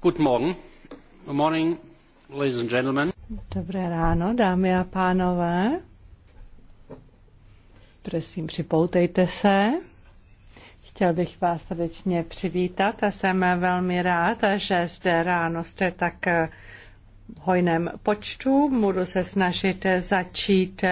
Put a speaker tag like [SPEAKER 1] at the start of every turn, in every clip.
[SPEAKER 1] Good morning,
[SPEAKER 2] ladies and gentlemen.
[SPEAKER 1] Dobré ráno, dámy a pánové. Prosím, připoutejte se. Chtěl bych vás srdečně přivítat a jsem velmi rád, že zde ráno jste tak hojném počtu. Budu se snažit začít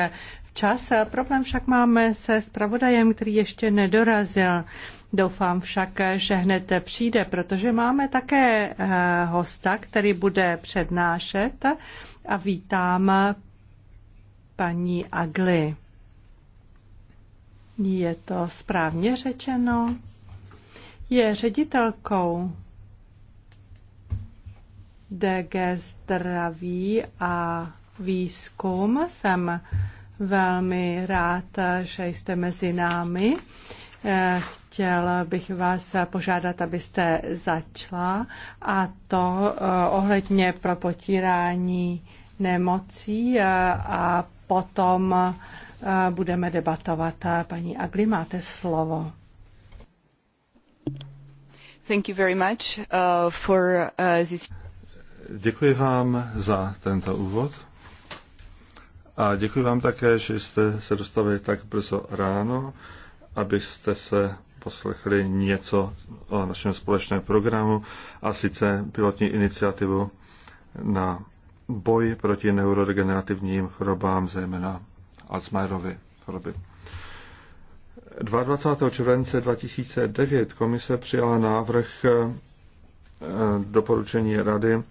[SPEAKER 1] včas. Problém však máme se spravodajem, který ještě nedorazil. Doufám však, že hned přijde, protože máme také eh, hosta, který bude přednášet a vítám paní Agli. Je to správně řečeno? Je ředitelkou DG Zdraví a výzkum. Jsem velmi rád, že jste mezi námi. Chtěl bych vás požádat, abyste začala a to eh, ohledně pro potírání nemocí eh, a potom eh, budeme debatovat. Paní Agli, máte slovo.
[SPEAKER 3] Thank you very much uh, for uh, this. Děkuji vám za tento úvod. A děkuji vám také, že jste se dostavili tak brzo ráno abyste se poslechli něco o našem společném programu a sice pilotní iniciativu na boj proti neurodegenerativním chorobám, zejména Alzheimerovy choroby. 22. července 2009 komise přijala návrh eh, doporučení rady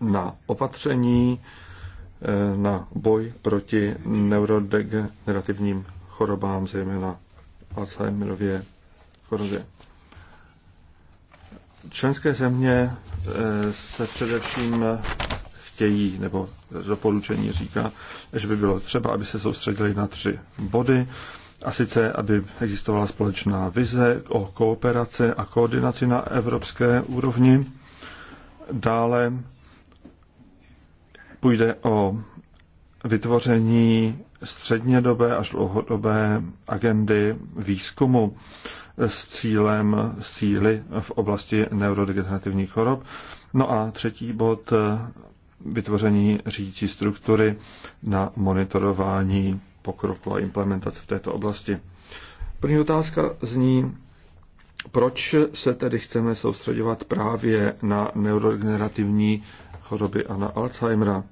[SPEAKER 3] na opatření eh, na boj proti neurodegenerativním chorobám, zejména Alzheimerově chorobě. Členské země eh, se především chtějí, nebo doporučení říká, že by bylo třeba, aby se soustředili na tři body, a sice, aby existovala společná vize o kooperaci a koordinaci na evropské úrovni. Dále půjde o vytvoření střednědobé až dlouhodobé agendy výzkumu s cílem, s cíly v oblasti neurodegenerativních chorob. No a třetí bod vytvoření řídící struktury na monitorování pokroku a implementace v této oblasti. První otázka zní, proč se tedy chceme soustředovat právě na neurodegenerativní choroby a na Alzheimera?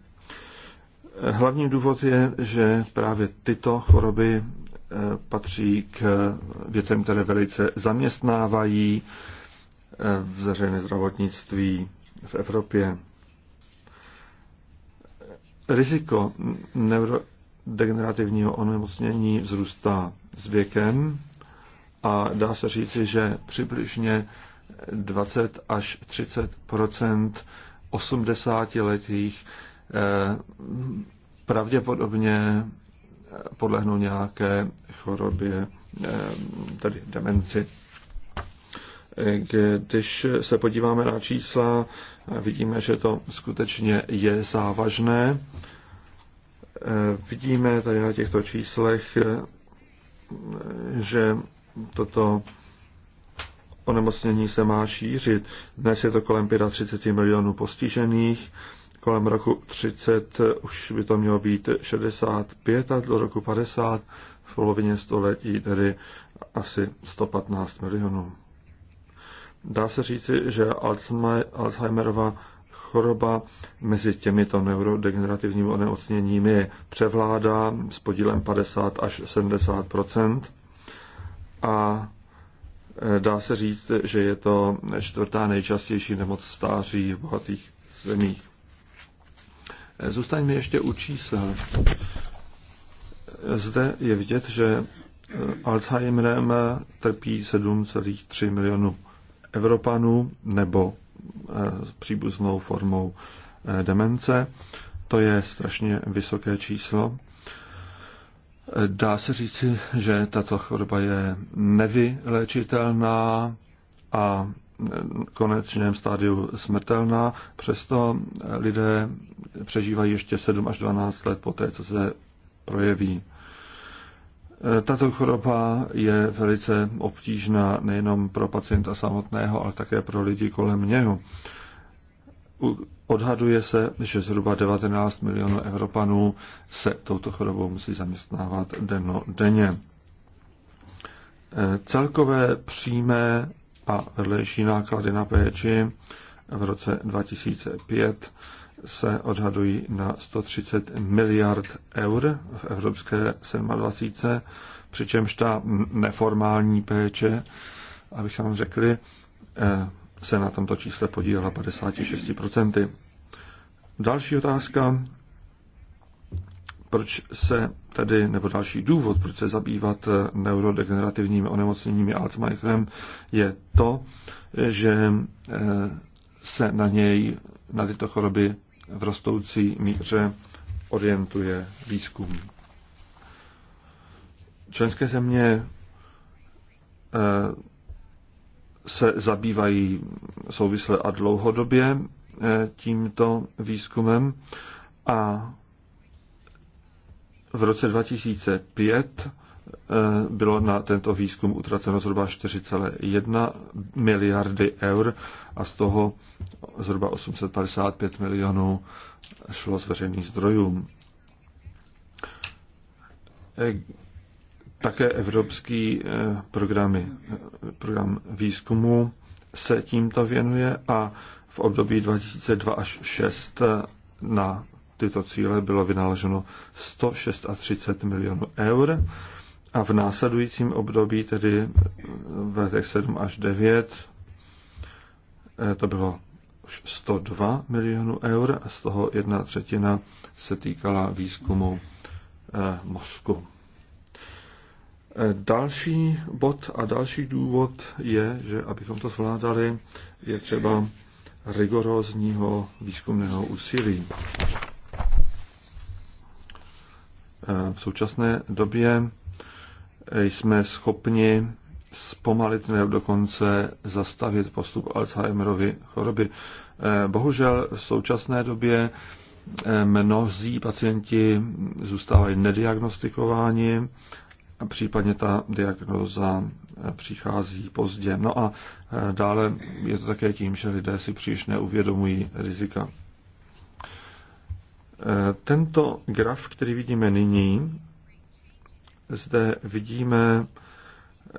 [SPEAKER 3] Hlavní důvod je, že právě tyto choroby eh, patří k věcem, které velice zaměstnávají v eh, veřejné zdravotnictví v Evropě. Riziko neurodegenerativního onemocnění vzrůstá s věkem a dá se říci, že přibližně 20 až 30 80-letých Eh, pravděpodobně podlehnou nějaké chorobě, eh, tedy demenci. Eh, když se podíváme na čísla, vidíme, že to skutečně je závažné. Vidíme tady na těchto číslech, že toto onemocnění se má šířit. Dnes je to kolem 35 milionů postižených kolem roku 30 už by to mělo být 65 a do roku 50 v polovině století tedy asi 115 milionů. Dá se říci, že Alzheimerova choroba mezi těmito neurodegenerativními onemocněními převládá s podílem 50 až 70 a e, dá se říct, že je to čtvrtá nejčastější nemoc stáří v bohatých zemích. Zůstaňme ještě u čísel. Zde je vidět, že eh, Alzheimerem trpí 7,3 milionů Evropanů nebo eh, příbuznou formou eh, demence. To je strašně vysoké číslo. Dá se říci, že tato choroba je nevyléčitelná a konečném stádiu smrtelná, přesto lidé přežívají ještě 7 až 12 let po té, co se projeví. Tato choroba je velice obtížná nejenom pro pacienta samotného, ale také pro lidi kolem něho. Odhaduje se, že zhruba 19 milionů Evropanů se touto chorobou musí zaměstnávat denno, denně. Celkové přímé a vedlejší náklady na péči v roce 2005 se odhadují na 130 miliard eur v Evropské 27, přičemž ta neformální péče, abych vám řekli, eh, se na tomto čísle podílela 56%. Další otázka, proč se tedy, nebo další důvod, proč se zabývat eh, neurodegenerativními onemocněními Alzheimerem, je to, že eh, se na něj, na tyto choroby v rostoucí míře orientuje výzkum. Členské země eh, se zabývají souvisle a dlouhodobě tímto výzkumem a v roce 2005 eh, bylo na tento výzkum utraceno zhruba 4,1 miliardy eur a z toho zhruba 855 milionů šlo z veřejných zdrojů. E, také evropský eh, programy, eh, program výzkumu se tímto věnuje a v období 2002 až 6 na tyto cíle bylo vynaloženo 136 milionů eur a v následujícím období, tedy v letech 7 až 9, eh, to bylo už 102 milionů eur a z toho jedna třetina se týkala výzkumu eh, mozku. Eh, další bod a další důvod je, že abychom to zvládali, je třeba rigorózního výzkumného úsilí. V současné době jsme schopni zpomalit nebo dokonce zastavit postup Alzheimerovy choroby. E, bohužel v současné době e, mnozí pacienti zůstávají nediagnostikováni a případně ta diagnoza přichází pozdě. No a e, dále je to také tím, že lidé si příliš neuvědomují rizika. Eh, tento graf, který vidíme nyní, zde vidíme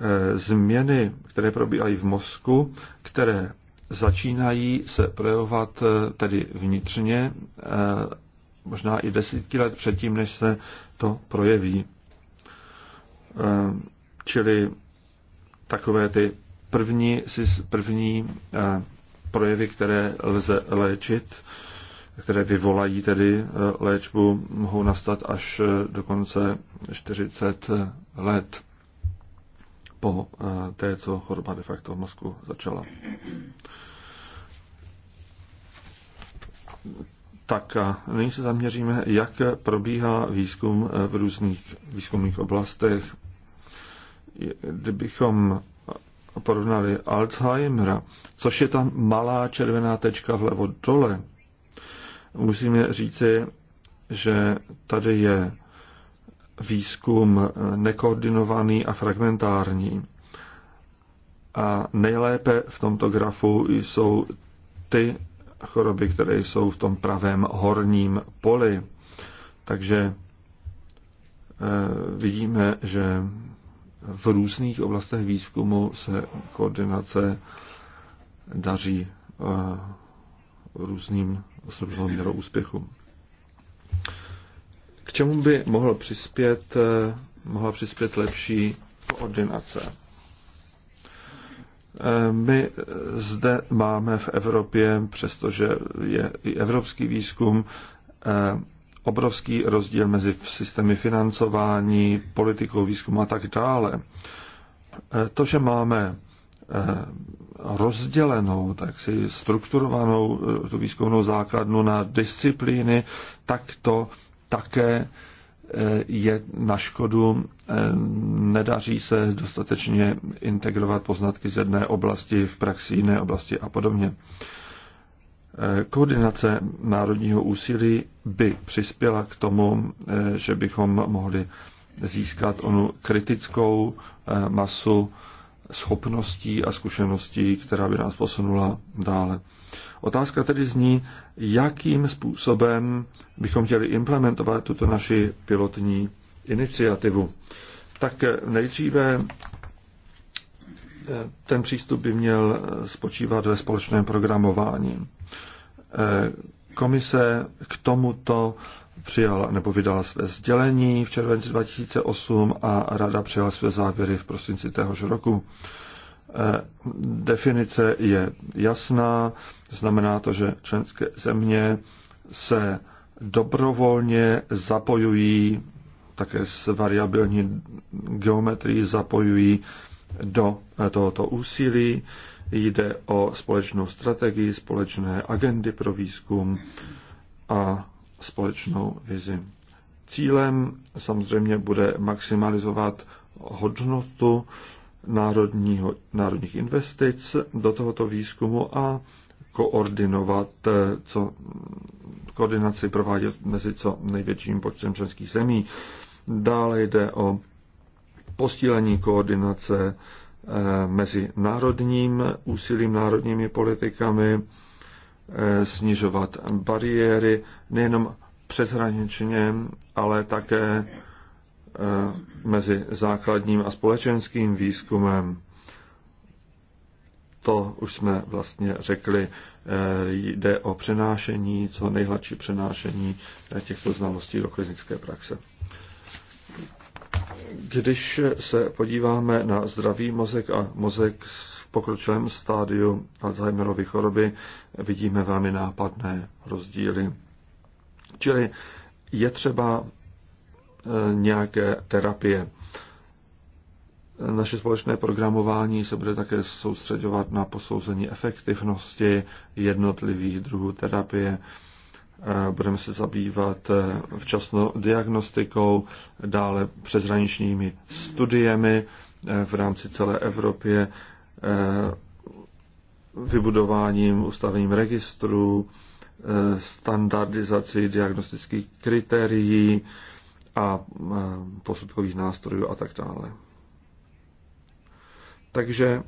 [SPEAKER 3] eh, změny, které probíhají v mozku, které začínají se projevovat eh, tedy vnitřně, možná i desítky let předtím, než se to projeví. Čili takové ty první, první projevy, které lze léčit, které vyvolají tedy e, léčbu, mohou nastat až e, dokonce 40 let po e, té, co choroba de facto v mozku začala. Tak a nyní se zaměříme, jak probíhá výzkum v různých výzkumných oblastech. Kdybychom porovnali Alzheimera, což je tam malá červená tečka vlevo dole, musíme říci, že tady je výzkum nekoordinovaný a fragmentární. A nejlépe v tomto grafu jsou ty choroby, které jsou v tom pravém horním poli. Takže eh, vidíme, že v různých oblastech výzkumu se koordinace daří eh, různým dosaženo měrou úspěchu. K čemu by mohl přispět, eh, mohla přispět lepší koordinace? Eh, my eh, zde máme v Evropě, přestože je i evropský výzkum, obrovský rozdíl mezi systémy financování, politikou výzkumu a tak dále. To, že máme Eh, rozdělenou, tak si strukturovanou eh, tu výzkumnou základnu na disciplíny, tak to také eh, je na škodu, nedaří se dostatečně integrovat poznatky z jedné oblasti v praxi jiné oblasti a podobně. Koordinace národního úsilí by přispěla k tomu, že bychom mohli získat onu kritickou masu schopností a zkušeností, která by nás posunula dále. Otázka tedy zní, jakým způsobem bychom chtěli implementovat tuto naši pilotní iniciativu. Tak nejdříve eh, ten přístup by měl spočívat ve společném programování. Eh, komise k tomuto přijala nebo vydala své sdělení v červenci 2008 a rada přijala své závěry v prosinci téhož roku. E, definice je jasná, znamená to, že členské země se dobrovolně zapojují, také s variabilní geometrií zapojují do e, tohoto úsilí. Jde o společnou strategii, společné agendy pro výzkum a společnou vizi. Cílem samozřejmě bude maximalizovat hodnotu národního, národních investic do tohoto výzkumu a koordinovat co, koordinaci provádět mezi co největším počtem členských zemí. Dále jde o posílení koordinace eh, mezi národním úsilím, národními politikami, Eh, snižovat bariéry nejenom přeshraničně, ale také eh, mezi základním a společenským výzkumem. To už jsme vlastně řekli, eh, jde o přenášení, co nejhladší přenášení těchto znalostí do klinické praxe. Když se podíváme na zdravý mozek a mozek s pokročilém stádiu Alzheimerovy choroby vidíme velmi nápadné rozdíly. Čili je třeba e, nějaké terapie. Naše společné programování se bude také soustředovat na posouzení efektivnosti jednotlivých druhů terapie. E, budeme se zabývat e, včasnou diagnostikou, dále přezraničními studiemi v rámci celé Evropy. Eh, vybudováním ustavením registru, eh, standardizací diagnostických kritérií a eh, posudkových nástrojů a tak dále. Takže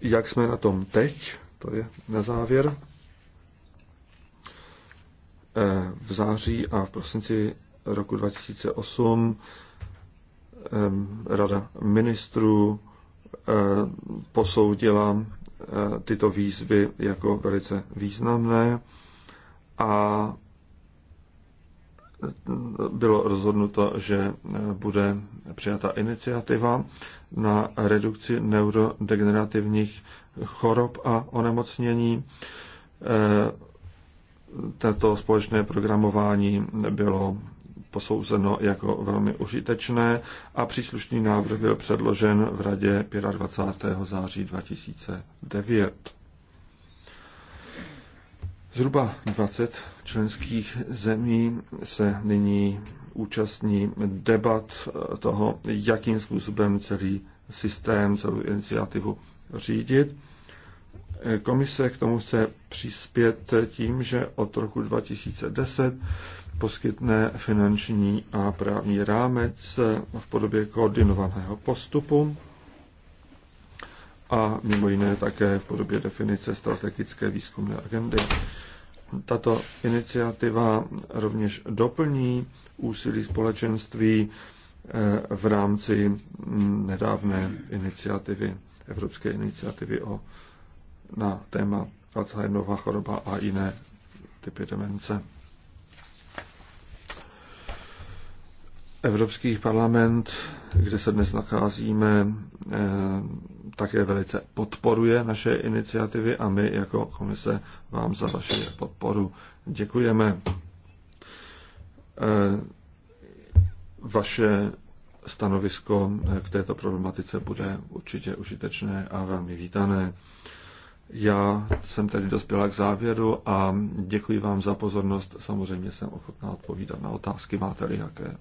[SPEAKER 3] jak jsme na tom teď, to je na závěr. V září a v prosinci roku 2008 Rada ministrů Eh, posoudila eh, tyto výzvy jako velice významné a eh, bylo rozhodnuto, že bude přijata iniciativa na redukci neurodegenerativních chorob a onemocnění. Tato společné programování bylo posouzeno jako velmi užitečné a příslušný návrh byl předložen v Radě 25. září 2009. Zhruba 20 členských zemí se nyní účastní debat toho, jakým způsobem celý systém, celou iniciativu řídit. Komise k tomu chce přispět tím, že od roku 2010 poskytne finanční a právní rámec v podobě koordinovaného postupu a mimo jiné také v podobě definice strategické výzkumné agendy. Tato iniciativa rovněž doplní úsilí společenství eh, v rámci mm, nedávné iniciativy, Evropské iniciativy o, na téma Alzheimerova choroba a jiné typy demence. Evropský parlament, kde se dnes nacházíme, eh, také velice podporuje naše iniciativy a my jako komise vám za vaši podporu děkujeme. Eh, vaše stanovisko k této problematice bude určitě užitečné a velmi vítané. Já jsem tedy dospěla k závěru a děkuji vám za pozornost. Samozřejmě jsem ochotná odpovídat na otázky, máte-li jaké.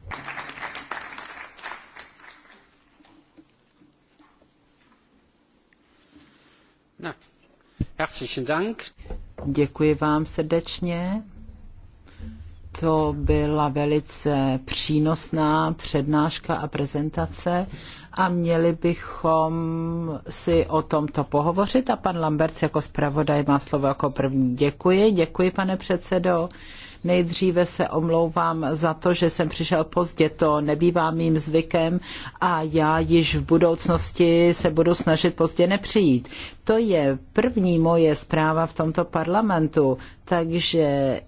[SPEAKER 2] Děkuji vám srdečně to byla velice přínosná přednáška a prezentace a měli bychom si o tomto pohovořit a pan Lamberts jako zpravodaj má slovo jako první. Děkuji, děkuji pane předsedo. Nejdříve se omlouvám za to, že jsem přišel pozdě, to nebývá mým zvykem a já již v budoucnosti se budu snažit pozdě nepřijít. To je první moje zpráva v tomto parlamentu, takže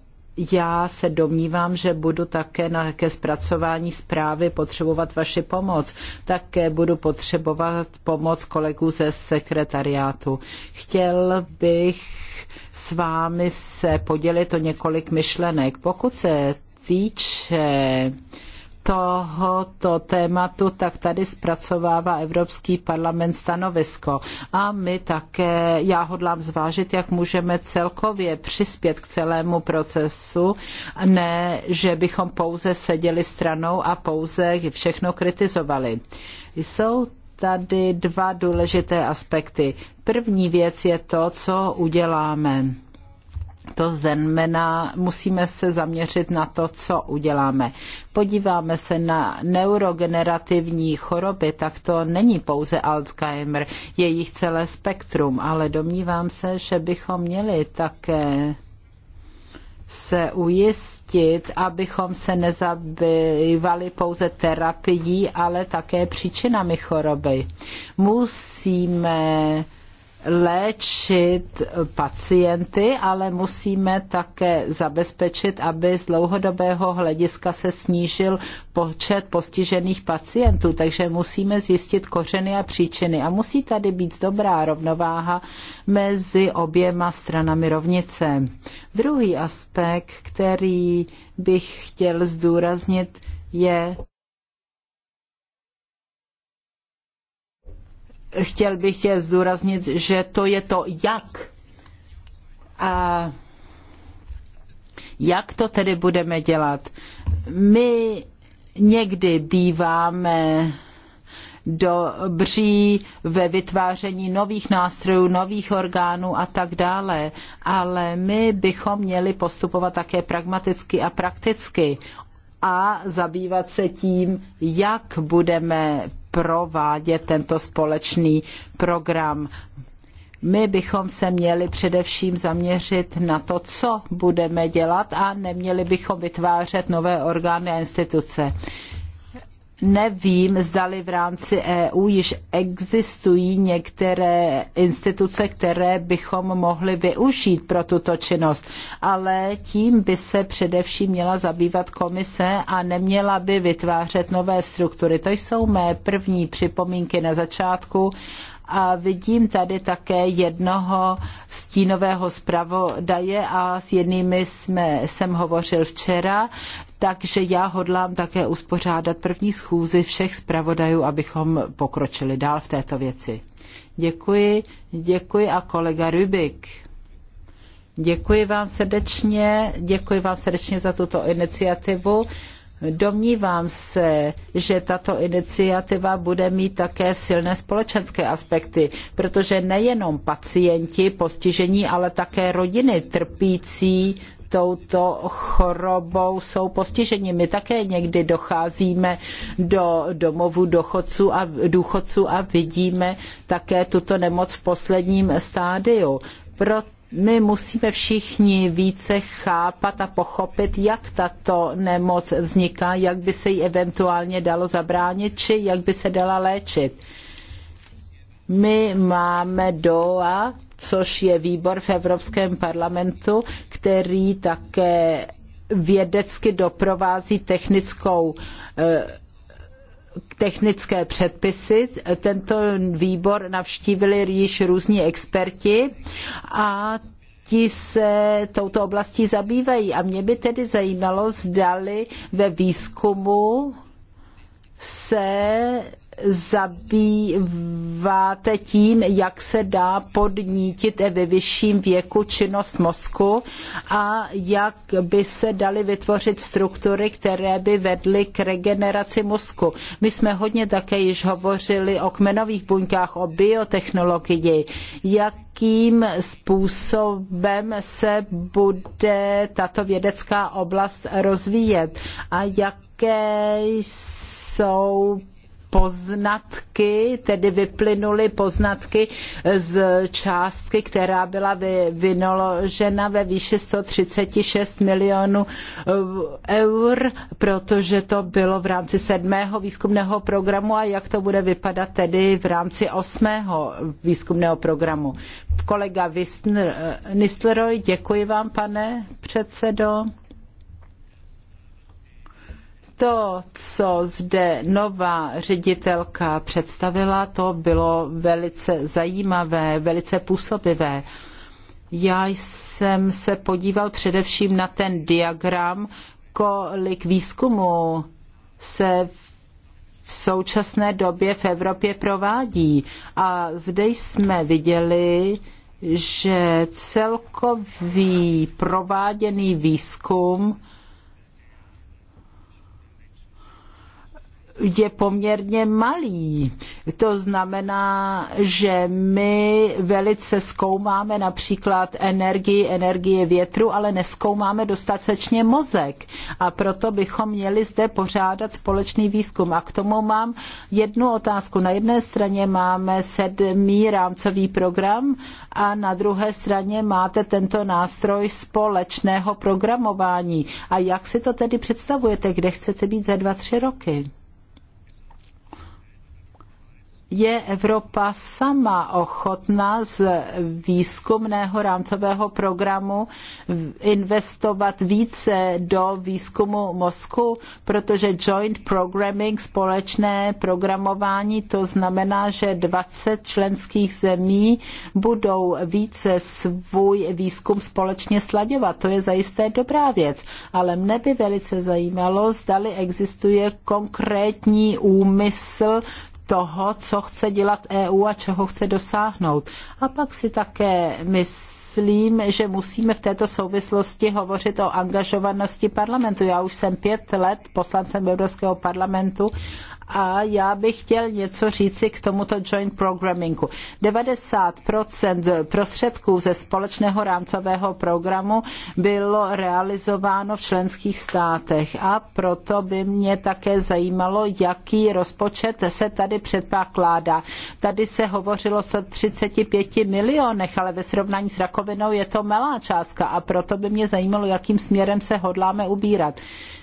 [SPEAKER 2] já se domnívám, že budu také na, ke zpracování zprávy potřebovat vaši pomoc. Také budu potřebovat pomoc kolegů ze sekretariátu. Chtěl bych s vámi se podělit o několik myšlenek. Pokud se týče tohoto tématu, tak tady zpracovává Evropský parlament stanovisko. A my také, já hodlám zvážit, jak můžeme celkově přispět k celému procesu, ne, že bychom pouze seděli stranou a pouze všechno kritizovali. Jsou tady dva důležité aspekty. První věc je to, co uděláme to znamená, musíme se zaměřit na to, co uděláme. Podíváme se na neurogenerativní choroby, tak to není pouze Alzheimer, je jich celé spektrum, ale domnívám se, že bychom měli také se ujistit, abychom se nezabývali pouze terapií, ale také příčinami choroby. Musíme léčit pacienty, ale musíme také zabezpečit, aby z dlouhodobého hlediska se snížil počet postižených pacientů. Takže musíme zjistit kořeny a příčiny. A musí tady být dobrá rovnováha mezi oběma stranami rovnice. Druhý aspekt, který bych chtěl zdůraznit, je chtěl bych je zdůraznit, že to je to jak. A jak to tedy budeme dělat? My někdy býváme dobří ve vytváření nových nástrojů, nových orgánů a tak dále, ale my bychom měli postupovat také pragmaticky a prakticky a zabývat se tím, jak budeme provádět tento společný program. My bychom se měli především zaměřit na to, co budeme dělat a neměli bychom vytvářet nové orgány a instituce nevím, zdali v rámci EU již existují některé instituce, které bychom mohli využít pro tuto činnost, ale tím by se především měla zabývat komise a neměla by vytvářet nové struktury. To jsou mé první připomínky na začátku a vidím tady také jednoho stínového zpravodaje a s jednými jsme, jsem hovořil včera takže já hodlám také uspořádat první schůzi všech zpravodajů, abychom pokročili dál v této věci. Děkuji, děkuji a kolega Rybik. Děkuji vám srdečně, děkuji vám srdečně za tuto iniciativu. Domnívám se, že tato iniciativa bude mít také silné společenské aspekty, protože nejenom pacienti postižení, ale také rodiny trpící touto chorobou jsou postiženi. My také někdy docházíme do domovů dochodců a, důchodců a vidíme také tuto nemoc v posledním stádiu. my musíme všichni více chápat a pochopit, jak tato nemoc vzniká, jak by se jí eventuálně dalo zabránit, či jak by se dala léčit. My máme DOA, což je výbor v Evropském parlamentu, který také vědecky doprovází technickou eh, technické předpisy. Tento výbor navštívili již různí experti a ti se touto oblastí zabývají. A mě by tedy zajímalo, zdali ve výzkumu se zabýváte tím, jak se dá podnítit ve vyšším věku činnost mozku a jak by se daly vytvořit struktury, které by vedly k regeneraci mozku. My jsme hodně také již hovořili o kmenových buňkách, o biotechnologii, jak jakým způsobem se bude tato vědecká oblast rozvíjet a jaké jsou poznatky, tedy vyplynuly poznatky z částky, která byla vynaložena ve výši 136 milionů eh, eur, protože to bylo v rámci sedmého výzkumného programu a jak to bude vypadat tedy v rámci osmého výzkumného programu. Kolega eh, Nistleroy, děkuji vám, pane předsedo to, co zde nová ředitelka představila, to bylo velice zajímavé, velice působivé. Já jsem se podíval především na ten diagram, kolik výzkumu se v současné době v Evropě provádí. A zde jsme viděli, že celkový prováděný výzkum je poměrně malý. To znamená, že my velice zkoumáme například energii, energie větru, ale neskoumáme dostatečně mozek. A proto bychom měli zde pořádat společný výzkum. A k tomu mám jednu otázku. Na jedné straně máme sedmý rámcový program a na druhé straně máte tento nástroj společného programování. A jak si to tedy představujete, kde chcete být za dva, tři roky? je Evropa sama ochotna z výzkumného rámcového programu investovat více do výzkumu mozku, protože joint programming, společné programování, to znamená, že 20 členských zemí budou více svůj výzkum společně sladěvat. To je zajisté dobrá věc, ale mne by velice zajímalo, zdali existuje konkrétní úmysl toho, co chce dělat EU a čeho chce dosáhnout. A pak si také myslím, že musíme v této souvislosti hovořit o angažovanosti parlamentu. Já už jsem pět let poslancem Evropského parlamentu a já bych chtěl něco říci k tomuto joint programmingu. 90% prostředků ze společného rámcového programu bylo realizováno v členských státech a proto by mě také zajímalo, jaký rozpočet se tady předpokládá. Tady se hovořilo o 35 milionech, ale ve srovnání s rakovinou je to malá částka a proto by mě zajímalo, jakým směrem se hodláme ubírat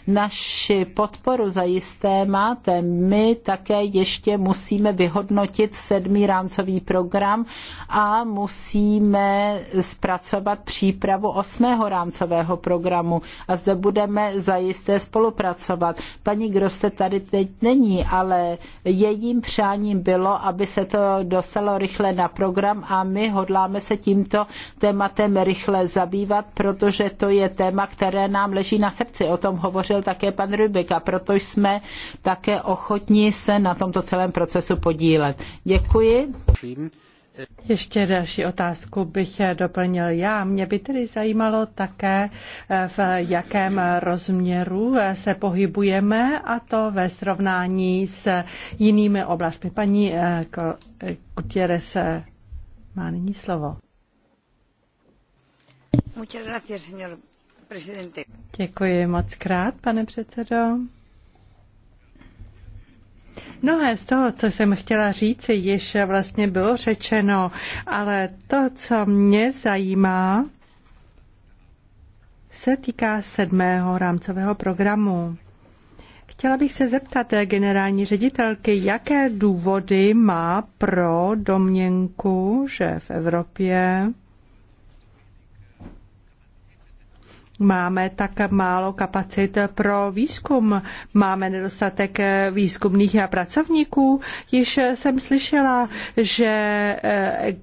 [SPEAKER 2] naši podporu zajisté máte. My také ještě musíme vyhodnotit sedmý rámcový program a musíme zpracovat přípravu osmého rámcového programu a zde budeme zajisté spolupracovat. Paní Groste tady teď není, ale jejím přáním bylo, aby se to dostalo rychle na program a my hodláme se tímto tématem rychle zabývat, protože to je téma, které nám leží na srdci. O tom hovořil zmínil také pan Rybik a proto jsme také ochotní se na tomto celém procesu podílet. Děkuji. Ještě další otázku bych doplnil
[SPEAKER 1] já. Mě by tedy zajímalo také, v jakém rozměru se pohybujeme a to ve srovnání s jinými oblastmi. Paní eh, eh, Gutierrez eh, má nyní slovo. Muchas gracias, señor presidente. Děkuji moc krát, pane předsedo. Mnohé z toho, co jsem chtěla říci, již vlastně bylo řečeno, ale to, co mě zajímá, se týká sedmého rámcového programu. Chtěla bych se zeptat generální ředitelky, jaké důvody má pro domněnku, že v Evropě Máme tak málo kapacit pro výzkum, máme nedostatek výzkumných pracovníků. Již jsem slyšela, že eh,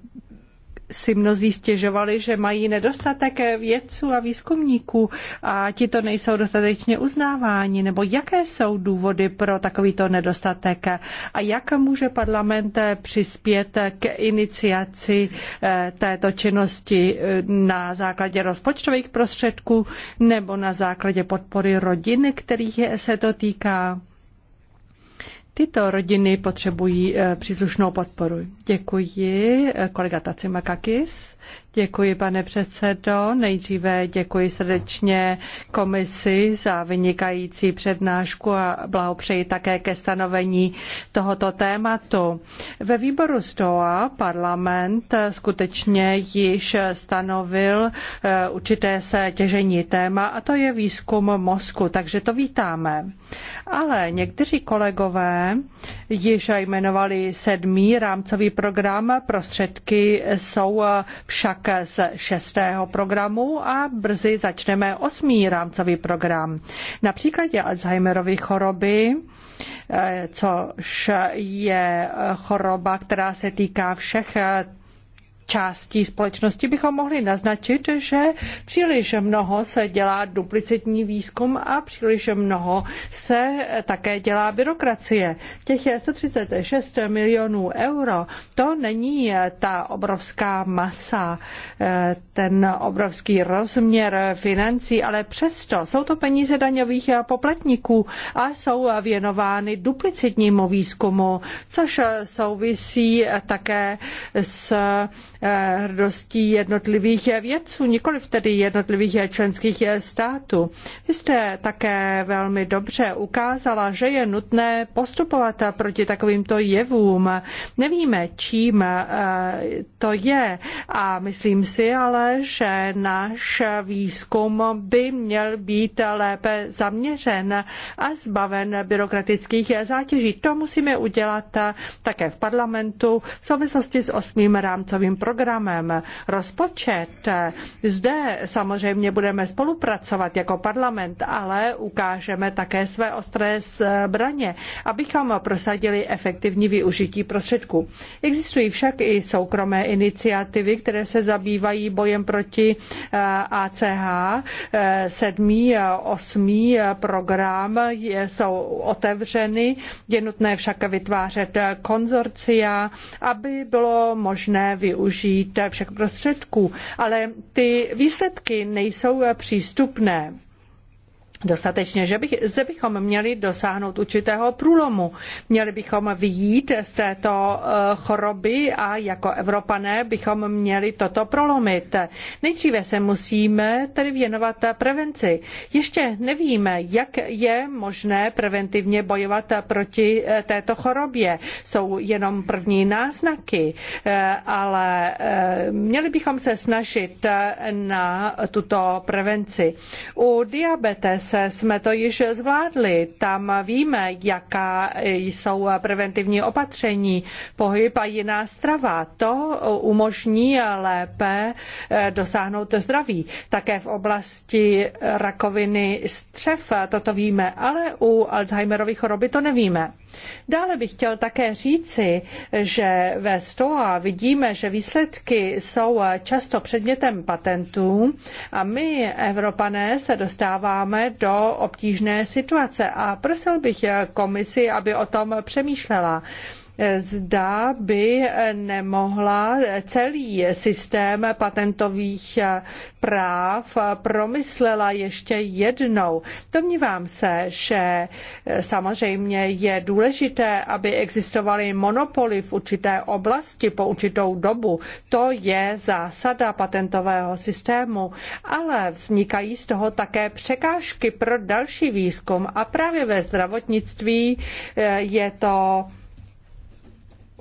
[SPEAKER 1] si mnozí stěžovali, že mají nedostatek vědců a výzkumníků a ti to nejsou dostatečně uznáváni, nebo jaké jsou důvody pro takovýto nedostatek a jak může parlament přispět k iniciaci eh, této činnosti eh, na základě rozpočtových prostředků nebo na základě podpory rodiny, kterých se to týká? Tyto rodiny potřebují eh, příslušnou podporu. Děkuji eh, kolega kakis. Děkuji, pane předsedo. Nejdříve děkuji srdečně komisi za vynikající přednášku a blahopřeji také ke stanovení tohoto tématu. Ve výboru STOA parlament skutečně již stanovil eh, určité těžení téma a to je výzkum mozku, takže to vítáme. Ale někteří kolegové již jmenovali sedmý rámcový program, prostředky jsou však z šestého programu a brzy začneme osmý rámcový program. Na příkladě Alzheimerovy choroby eh, což je choroba, která se týká všech části společnosti bychom mohli naznačit, že příliš mnoho se dělá duplicitní výzkum a příliš mnoho se také dělá byrokracie. Těch 136 milionů euro, to není ta obrovská masa, eh, ten obrovský rozměr financí, ale přesto jsou to peníze daňových poplatníků a jsou věnovány duplicitnímu výzkumu, což souvisí také s Eh, hrdostí jednotlivých vědců, nikoliv tedy jednotlivých členských států. Vy jste také velmi dobře ukázala, že je nutné postupovat proti takovýmto jevům. Nevíme, čím eh, to je a myslím si ale, že náš výzkum by měl být lépe zaměřen a zbaven byrokratických zátěží. To musíme udělat také v parlamentu v souvislosti s osmým rámcovým programem programem, rozpočet. Zde samozřejmě budeme spolupracovat jako parlament, ale ukážeme také své ostré zbraně, abychom prosadili efektivní využití prostředků. Existují však i soukromé iniciativy, které se zabývají bojem proti ACH. Eh, eh, sedmý, osmý program jsou otevřeny, je nutné však vytvářet konzorcia, aby bylo možné využít využít všech prostředků, ale ty výsledky nejsou přístupné dostatečně, že bych, že bychom měli dosáhnout určitého průlomu. Měli bychom vyjít z této eh, choroby a jako Evropané bychom měli toto prolomit. Nejdříve se musíme tedy věnovat prevenci. Ještě nevíme, jak je možné preventivně bojovat proti eh, této chorobě. Jsou jenom první náznaky, eh, ale měli bychom se snažit na tuto prevenci. U diabetes Americe jsme to již zvládli. Tam víme, jaká jsou preventivní opatření, pohyb a jiná strava. To umožní lépe eh, dosáhnout zdraví. Také v oblasti rakoviny střev eh, toto víme, ale u Alzheimerovy choroby to nevíme. Dále bych chtěl také říci, že ve STOA vidíme, že výsledky jsou často předmětem patentů a my, Evropané, se dostáváme do obtížné situace a prosil bych komisi, aby o tom přemýšlela zda by nemohla celý systém patentových práv promyslela ještě jednou. Domnívám se, že samozřejmě je důležité, aby existovaly monopoly v určité oblasti po určitou dobu. To je zásada patentového systému, ale vznikají z toho také překážky pro další výzkum a právě ve zdravotnictví je to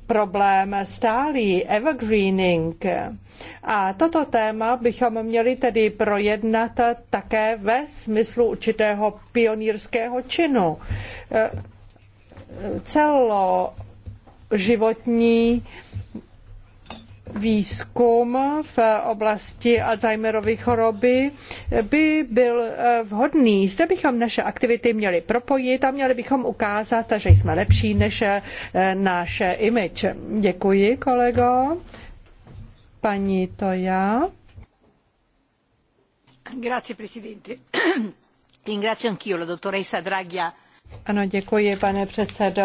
[SPEAKER 1] problém stálý, evergreening. A toto téma bychom měli tedy projednat také ve smyslu určitého pionýrského činu. E, e, Celo životní výzkum v oblasti Alzheimerovy choroby by byl eh, vhodný. Zde bychom naše aktivity měli propojit a měli bychom ukázat, že jsme lepší než eh, náš image. Děkuji, kolego. Paní Toja. Grazie, presidente. Ringrazio anch'io la dottoressa Draghia. Ano, děkuji, pane předsedo.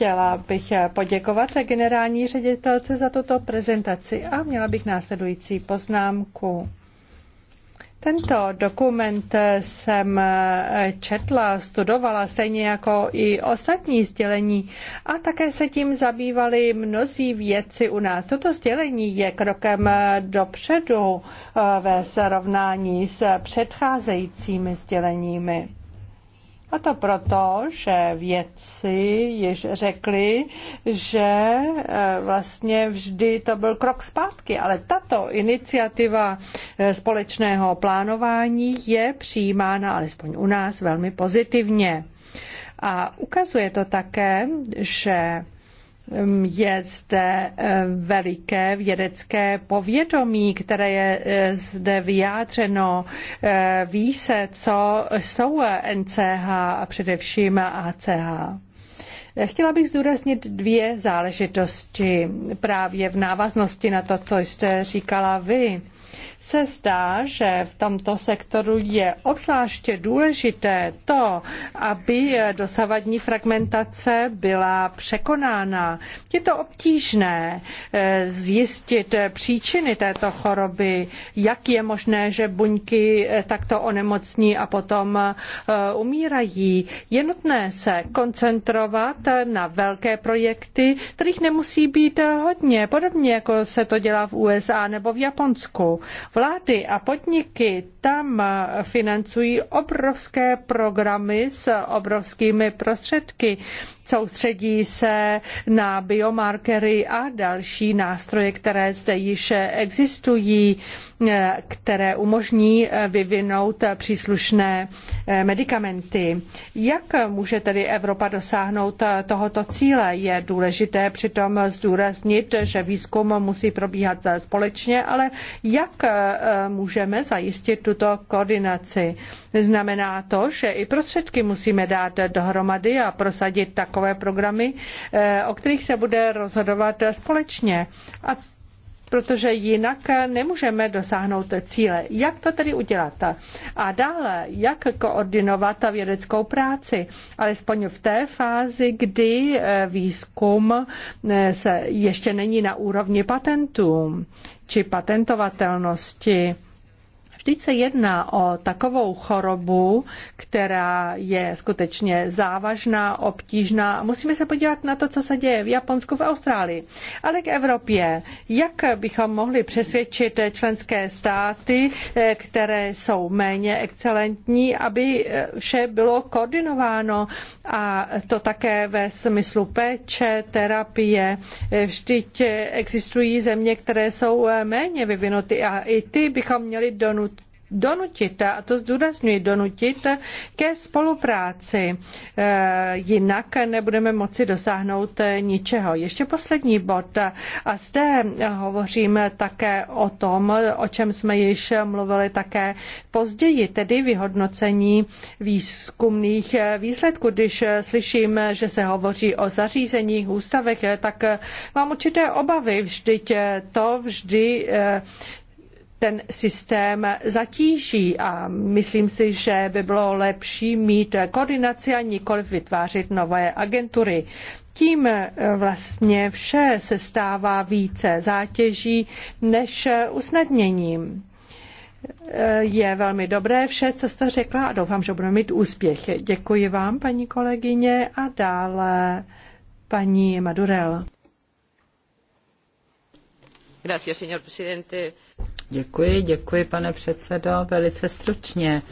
[SPEAKER 1] Chtěla bych poděkovat generální ředitelce za tuto prezentaci a měla bych následující poznámku. Tento dokument jsem četla, studovala stejně jako i ostatní sdělení a také se tím zabývali mnozí vědci u nás. Toto sdělení je krokem dopředu eh, ve srovnání s předcházejícími sděleními. A to proto, že vědci již řekli, že e, vlastně vždy to byl krok zpátky, ale tato iniciativa e, společného plánování je přijímána alespoň u nás velmi pozitivně. A ukazuje to také, že Ehm, je zde ehm, veliké vědecké povědomí, které je eh, zde vyjádřeno. Eh, ví se, co jsou NCH a především ACH. Eh, chtěla bych zdůraznit dvě záležitosti právě v návaznosti na to, co jste říkala vy se zdá, že v tomto sektoru je obzvláště důležité to, aby dosavadní fragmentace byla překonána. Je to obtížné eh, zjistit příčiny této choroby, jak je možné, že buňky eh, takto onemocní a potom eh, umírají. Je nutné se koncentrovat na velké projekty, kterých nemusí být hodně, podobně jako se to dělá v USA nebo v Japonsku. Vlády a podniky tam financují obrovské programy s obrovskými prostředky soustředí se na biomarkery a další nástroje, které zde již existují, eh, které umožní eh, vyvinout příslušné eh, medicamenty. Jak může tedy Evropa dosáhnout tohoto cíle? Je důležité přitom zdůraznit, že výzkum musí probíhat společně, ale jak můžeme zajistit tuto koordinaci? Znamená to, že i prostředky musíme dát dohromady a prosadit takové programy, eh, o kterých se bude rozhodovat společně. A protože jinak nemůžeme dosáhnout cíle. Jak to tedy udělat? A dále, jak koordinovat vědeckou práci, alespoň v té fázi, kdy eh, výzkum eh, se ještě není na úrovni patentů či patentovatelnosti. Vždyť se jedná o takovou chorobu, která je skutečně závažná, obtížná. Musíme se podívat na to, co se děje v Japonsku, v Austrálii, ale k Evropě. Jak bychom mohli přesvědčit členské státy, eh, které jsou méně excelentní, aby eh, vše bylo koordinováno a to také ve smyslu péče, terapie. Eh, vždyť existují země, které jsou méně vyvinuty a i ty bychom měli donutit donutit, a to zdůrazňuji, donutit ke spolupráci. E, jinak nebudeme moci dosáhnout ničeho. Ještě poslední bod. A zde hovoříme také o tom, o čem jsme již mluvili také později, tedy vyhodnocení výzkumných výsledků. Když slyším, že se hovoří o zařízeních, ústavech, tak mám určité obavy. Vždyť to vždy e, ten systém zatíží a myslím si, že by bylo lepší mít koordinaci a nikoliv vytvářet nové agentury. Tím eh, vlastně vše se stává více zátěží než usnadněním. Eh, je velmi dobré vše, co jste řekla a doufám, že budeme mít úspěch. Děkuji vám, paní kolegyně, a dále paní Madurel. Gracias, señor presidente.
[SPEAKER 2] Děkuji, děkuji, pane předsedo, velice stručně,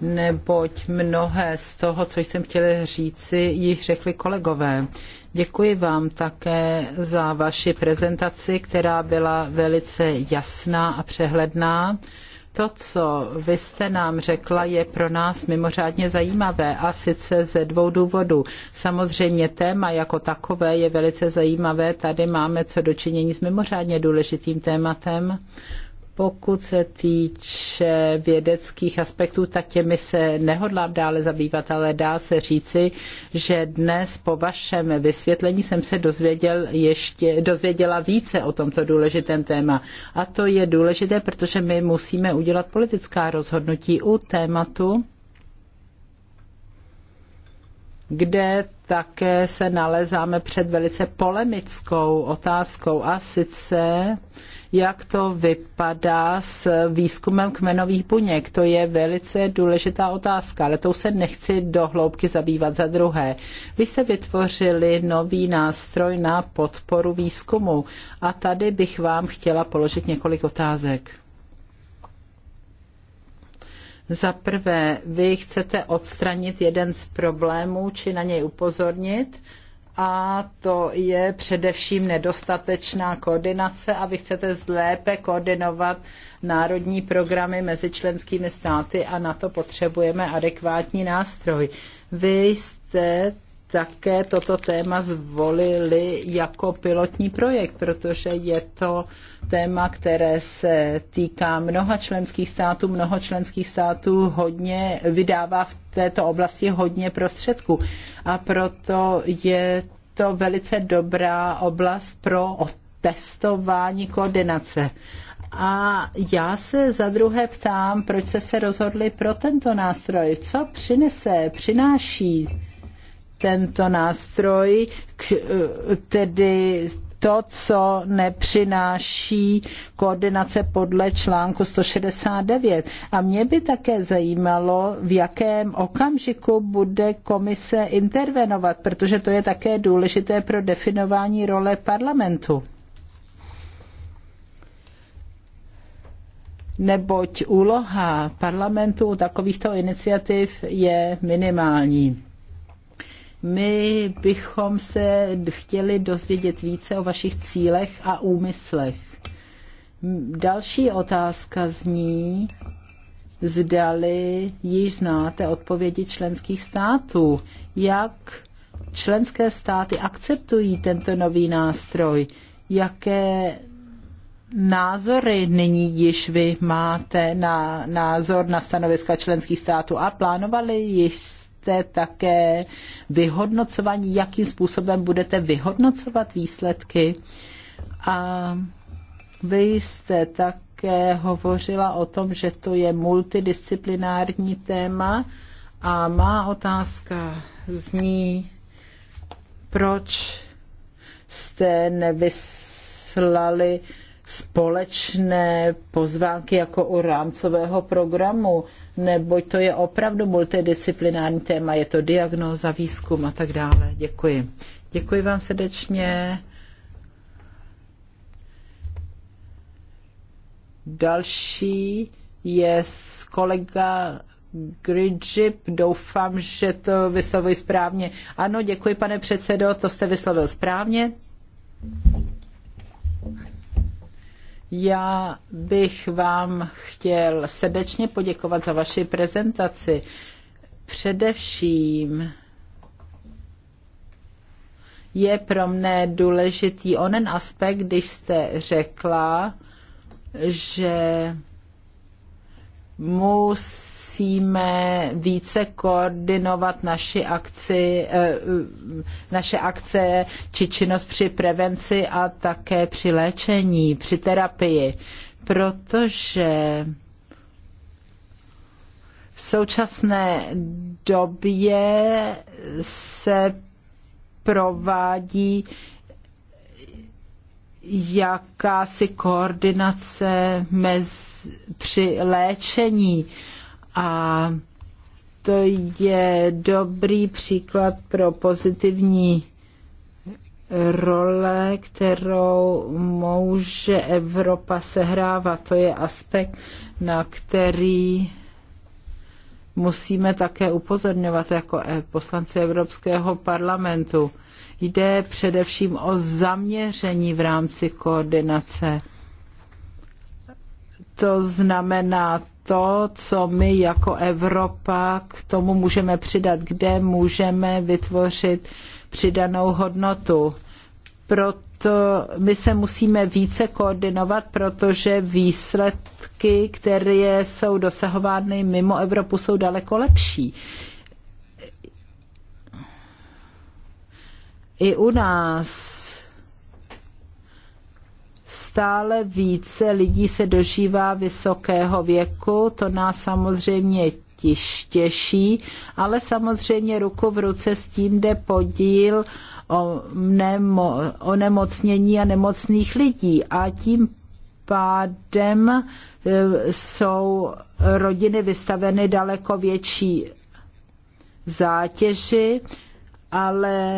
[SPEAKER 2] neboť mnohé z toho, co jsem chtěla říci, již řekli kolegové. Děkuji vám také za vaši prezentaci, která byla velice jasná a přehledná. To, co vy jste nám řekla, je pro nás mimořádně zajímavé a sice ze dvou důvodů. Samozřejmě téma jako takové je velice zajímavé. Tady máme co dočinění s mimořádně důležitým tématem pokud se týče vědeckých aspektů, tak těmi se nehodlám dále zabývat, ale dá se říci, že dnes po vašem vysvětlení jsem se dozvěděl ještě, dozvěděla více o tomto důležitém téma. A to je důležité, protože my musíme udělat politická rozhodnutí u tématu, kde také se nalezáme před velice polemickou otázkou a sice jak to vypadá s výzkumem kmenových buněk. To je velice důležitá otázka, ale tou se nechci do hloubky zabývat za druhé. Vy jste vytvořili nový nástroj na podporu výzkumu a tady bych vám chtěla položit několik otázek. Za prvé, vy chcete odstranit jeden z problémů či na něj upozornit a to je především nedostatečná koordinace a vy chcete lépe koordinovat národní programy mezi členskými státy a na to potřebujeme adekvátní nástroj. Vy jste také toto téma zvolili jako pilotní projekt, protože je to téma, které se týká mnoha členských států. Mnoho členských států hodně vydává v této oblasti hodně prostředků a proto je to velice dobrá oblast pro testování koordinace. A já se za druhé ptám, proč jste se rozhodli pro tento nástroj. Co přinese, přináší tento nástroj, k, eh, tedy to, co nepřináší koordinace podle článku 169. A mě by také zajímalo, v jakém okamžiku bude komise intervenovat, protože to je také důležité pro definování role parlamentu. Neboť úloha parlamentu u takovýchto iniciativ je minimální. My bychom se chtěli dozvědět více o vašich cílech a úmyslech. Další otázka zní, zdali již znáte odpovědi členských států. Jak členské státy akceptují tento nový nástroj? Jaké názory nyní již vy máte na názor na stanoviska členských států a plánovali již jste také vyhodnocování, jakým způsobem budete vyhodnocovat výsledky. A vy jste také hovořila o tom, že to je multidisciplinární téma a má otázka zní, proč jste nevyslali společné pozvánky jako u rámcového programu neboť to je opravdu multidisciplinární téma, je to diagnóza, výzkum a tak dále. Děkuji. Děkuji vám srdečně. Další je kolega Gridžip, doufám, že to vyslovuji správně. Ano, děkuji, pane předsedo, to jste vyslovil správně. Já bych vám chtěl srdečně poděkovat za vaši prezentaci. Především je pro mne důležitý onen aspekt, když jste řekla, že musí musíme více koordinovat naši akci, eh, eh, naše akce či činnost při prevenci a také při léčení, při terapii, protože v současné době se provádí jakási koordinace mezi, při léčení a to je dobrý příklad pro pozitivní role, kterou může Evropa sehrávat. To je aspekt, na který musíme také upozorňovat jako e, poslanci Evropského parlamentu. Jde především o zaměření v rámci koordinace. To znamená to, co my jako Evropa k tomu můžeme přidat, kde můžeme vytvořit přidanou hodnotu. Proto my se musíme více koordinovat, protože výsledky, které jsou dosahovány mimo Evropu, jsou daleko lepší. I u nás Stále více lidí se dožívá vysokého věku, to nás samozřejmě těší, ale samozřejmě ruku v ruce s tím jde podíl o, nemo, o nemocnění a nemocných lidí a tím pádem e, jsou rodiny vystaveny daleko větší zátěži, ale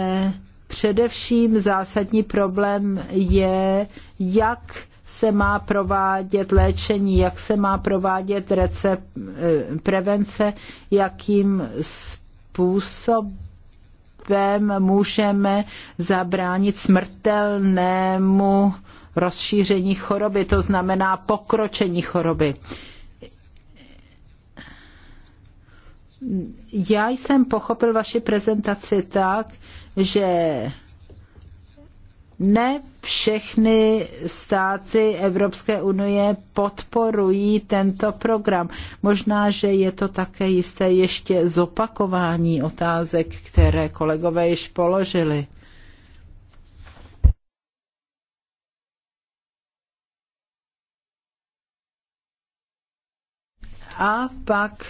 [SPEAKER 2] Především zásadní problém je, jak se má provádět léčení, jak se má provádět recept, eh, prevence, jakým způsobem můžeme zabránit smrtelnému rozšíření choroby, to znamená pokročení choroby. Já jsem pochopil vaši prezentaci tak, že ne všechny státy Evropské unie podporují tento program. Možná, že je to také jisté ještě zopakování otázek, které kolegové již položili. A pak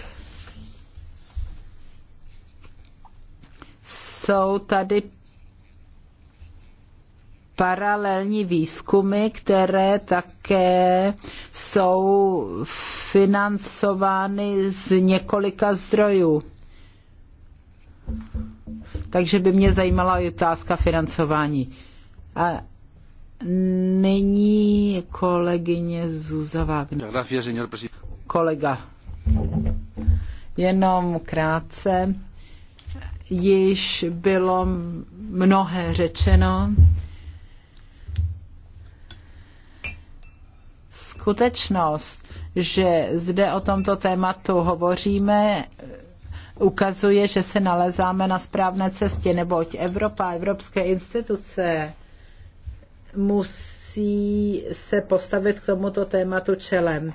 [SPEAKER 2] jsou tady paralelní výzkumy, které také jsou financovány z několika zdrojů. Takže by mě zajímala i otázka financování. A nyní kolegyně Zuza Wagner. Kolega. Jenom krátce již bylo mnohé řečeno. Skutečnost, že zde o tomto tématu hovoříme, ukazuje, že se nalezáme na správné cestě, neboť Evropa, evropské instituce musí se postavit k tomuto tématu čelem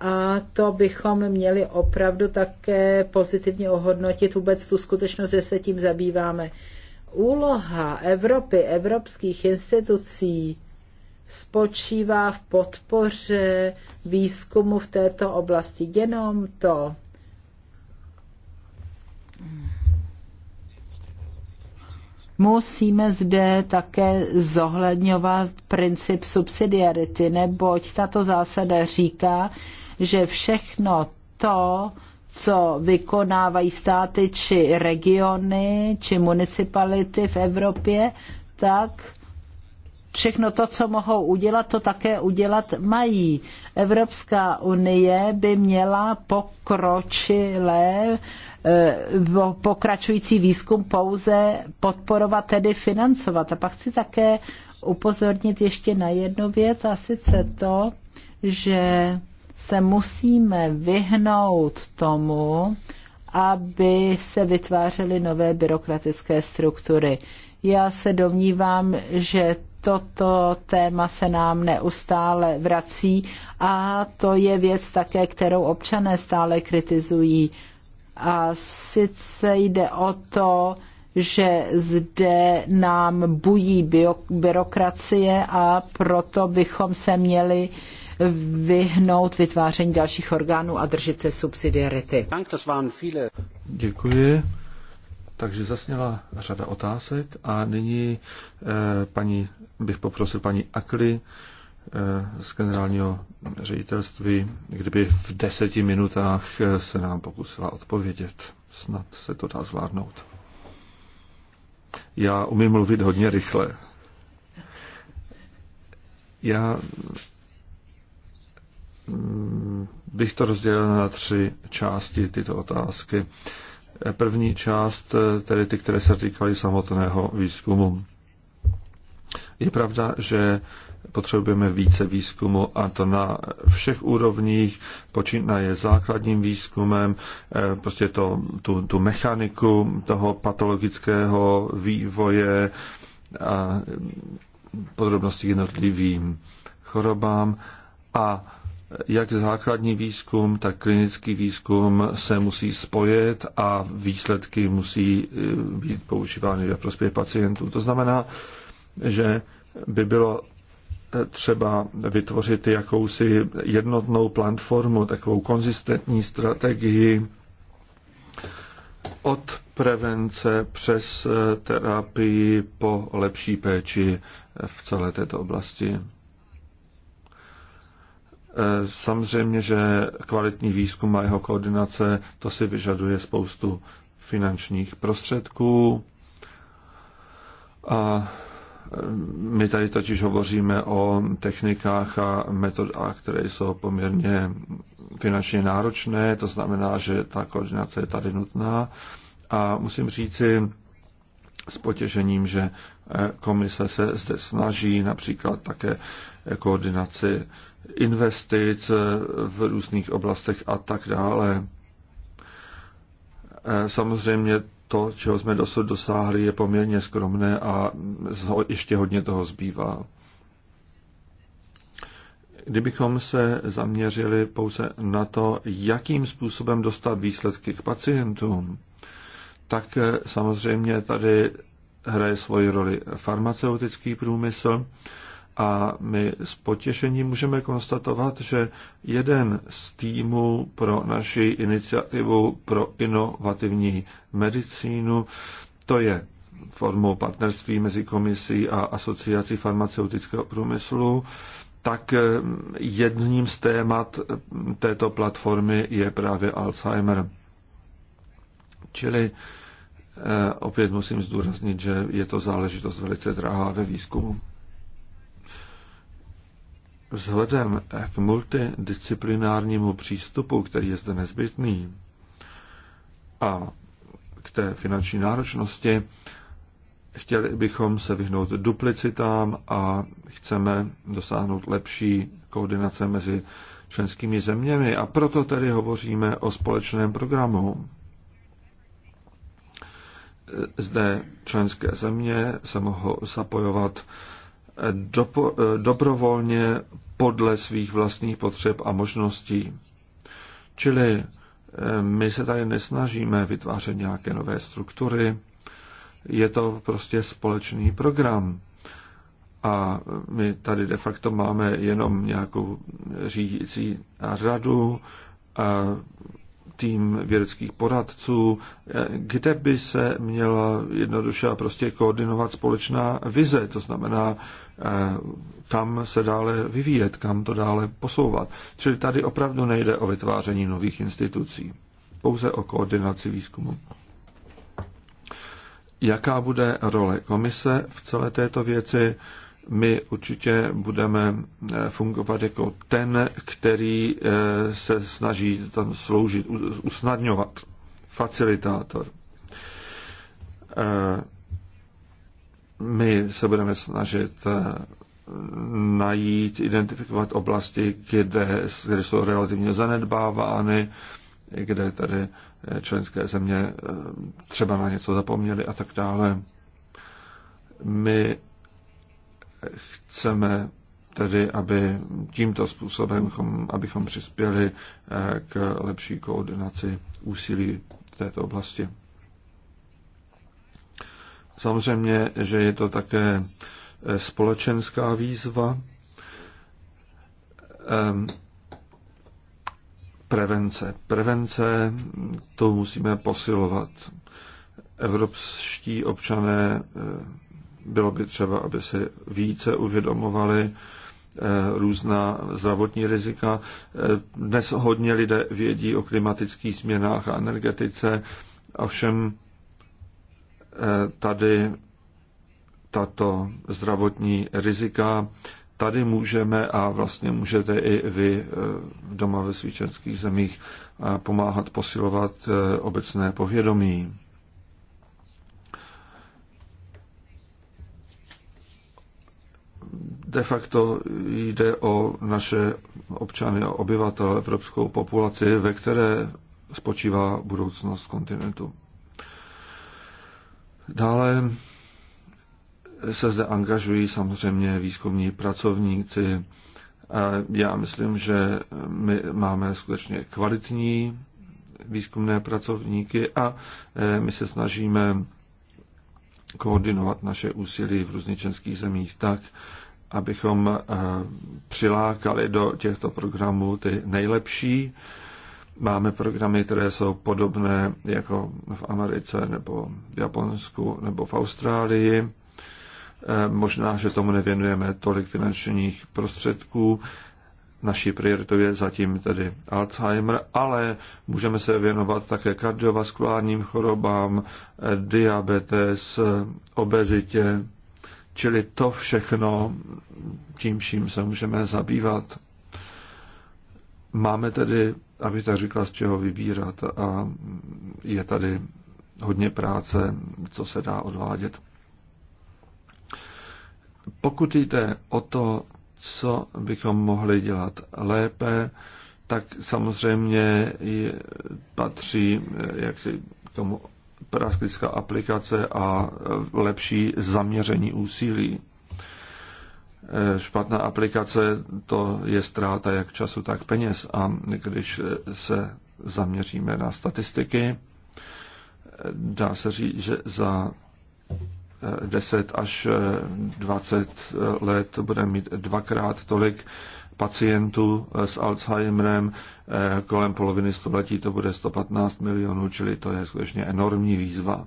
[SPEAKER 2] a to bychom měli opravdu také pozitivně ohodnotit vůbec tu skutečnost, že se tím zabýváme. Úloha Evropy, evropských institucí spočívá v podpoře výzkumu v této oblasti. Jenom to. Musíme zde také zohledňovat princip subsidiarity, neboť tato zásada říká, že všechno to, co vykonávají státy či regiony či municipality v Evropě, tak všechno to, co mohou udělat, to také udělat mají. Evropská unie by měla pokročilé eh, pokračující výzkum pouze podporovat, tedy financovat. A pak chci také upozornit ještě na jednu věc, a sice to, že se musíme vyhnout tomu, aby se vytvářely nové byrokratické struktury. Já se domnívám, že toto téma se nám neustále vrací a to je věc také, kterou občané stále kritizují. A sice jde o to, že zde nám bují byrokracie a proto bychom se měli vyhnout vytváření dalších orgánů a držet se subsidiarity.
[SPEAKER 3] Děkuji. Takže zasněla řada otázek a nyní eh, paní, bych poprosil paní Akli eh, z generálního ředitelství, kdyby v deseti minutách eh, se nám pokusila odpovědět. Snad se to dá zvládnout. Já umím mluvit hodně rychle. Já Mm, bych to rozdělil na tři části tyto otázky. První část, eh, tedy ty, které se týkaly samotného výzkumu. Je pravda, že potřebujeme více výzkumu a to na všech úrovních, počínaje základním výzkumem, eh, prostě to, tu, tu mechaniku toho patologického vývoje a podrobnosti jednotlivým chorobám a jak základní výzkum, tak klinický výzkum se musí spojit a výsledky musí e, být používány ve prospěch pacientů. To znamená, že by bylo e, třeba vytvořit jakousi jednotnou platformu, takovou konzistentní strategii od prevence přes e, terapii po lepší péči v celé této oblasti. Eh, samozřejmě, že kvalitní výzkum a jeho koordinace, to si vyžaduje spoustu finančních prostředků. A eh, my tady totiž hovoříme o technikách a metodách, které jsou poměrně finančně náročné, to znamená, že ta koordinace je tady nutná. A musím říci s potěšením, že eh, komise se zde snaží například také koordinaci investic v různých oblastech a tak dále. E, samozřejmě to, čeho jsme dosud dosáhli, je poměrně skromné a ještě hodně toho zbývá. Kdybychom se zaměřili pouze na to, jakým způsobem dostat výsledky k pacientům, tak e, samozřejmě tady hraje svoji roli farmaceutický průmysl, a my s potěšením můžeme konstatovat, že jeden z týmů pro naši iniciativu pro inovativní medicínu, to je formou partnerství mezi komisí a asociací farmaceutického průmyslu, tak jedním z témat této platformy je právě Alzheimer. Čili eh, opět musím zdůraznit, že je to záležitost velice drahá ve výzkumu vzhledem k multidisciplinárnímu přístupu, který je zde nezbytný, a k té finanční náročnosti, chtěli bychom se vyhnout duplicitám a chceme dosáhnout lepší koordinace mezi členskými zeměmi a proto tedy hovoříme o společném programu. Zde členské země se mohou zapojovat dopo, eh, dobrovolně podle svých vlastních potřeb a možností. Čili eh, my se tady nesnažíme vytvářet nějaké nové struktury, je to prostě společný program. A my tady de facto máme jenom nějakou řídící radu, a tým vědeckých poradců, eh, kde by se měla jednoduše a prostě koordinovat společná vize, to znamená Eh, kam se dále vyvíjet, kam to dále posouvat. Čili tady opravdu nejde o vytváření nových institucí, pouze o koordinaci výzkumu. Jaká bude role komise v celé této věci? My určitě budeme eh, fungovat jako ten, který eh, se snaží tam sloužit, usnadňovat, facilitátor my se budeme snažit eh, najít, identifikovat oblasti, kde, kde jsou relativně zanedbávány, kde tady eh, členské země eh, třeba na něco zapomněly a tak dále. My chceme tedy, aby tímto způsobem, abychom přispěli k lepší koordinaci úsilí v této oblasti. Samozřejmě, že je to také eh, společenská výzva, eh, prevence. Prevence to musíme posilovat. Evropští občané eh, bylo by třeba, aby se více uvědomovali různá zdravotní rizika. Dnes hodně lidé vědí o klimatických změnách a energetice, ovšem tady tato zdravotní rizika. Tady můžeme a vlastně můžete i vy eh, doma ve svíčenských zemích eh, pomáhat posilovat eh, obecné povědomí. De facto jde o naše občany a obyvatele, evropskou populaci, ve které spočívá budoucnost kontinentu. Dále se zde angažují samozřejmě výzkumní pracovníci. Já myslím, že my máme skutečně kvalitní výzkumné pracovníky a e, my se snažíme koordinovat naše úsilí v různých českých zemích tak, abychom e, přilákali do těchto programů ty nejlepší Máme programy, které jsou podobné jako v Americe nebo v Japonsku nebo v Austrálii. E, možná, že tomu nevěnujeme tolik finančních prostředků. Naší prioritou je zatím tedy Alzheimer, ale můžeme se věnovat také kardiovaskulárním chorobám, e, diabetes, obezitě, čili to všechno, tím čím se můžeme zabývat. Máme tedy aby tak řekla, z čeho vybírat a je tady hodně práce, co se dá odvádět. Pokud jde o to, co bychom mohli dělat lépe, tak samozřejmě patří eh, jaksi k tomu praktická aplikace a eh, lepší zaměření úsilí špatná aplikace, to je ztráta jak času, tak peněz. A když se zaměříme na statistiky, dá se říct, že za 10 eh, až 20 eh, let bude mít dvakrát tolik pacientů s Alzheimerem, eh, kolem poloviny století to bude 115 milionů, čili to je skutečně enormní výzva.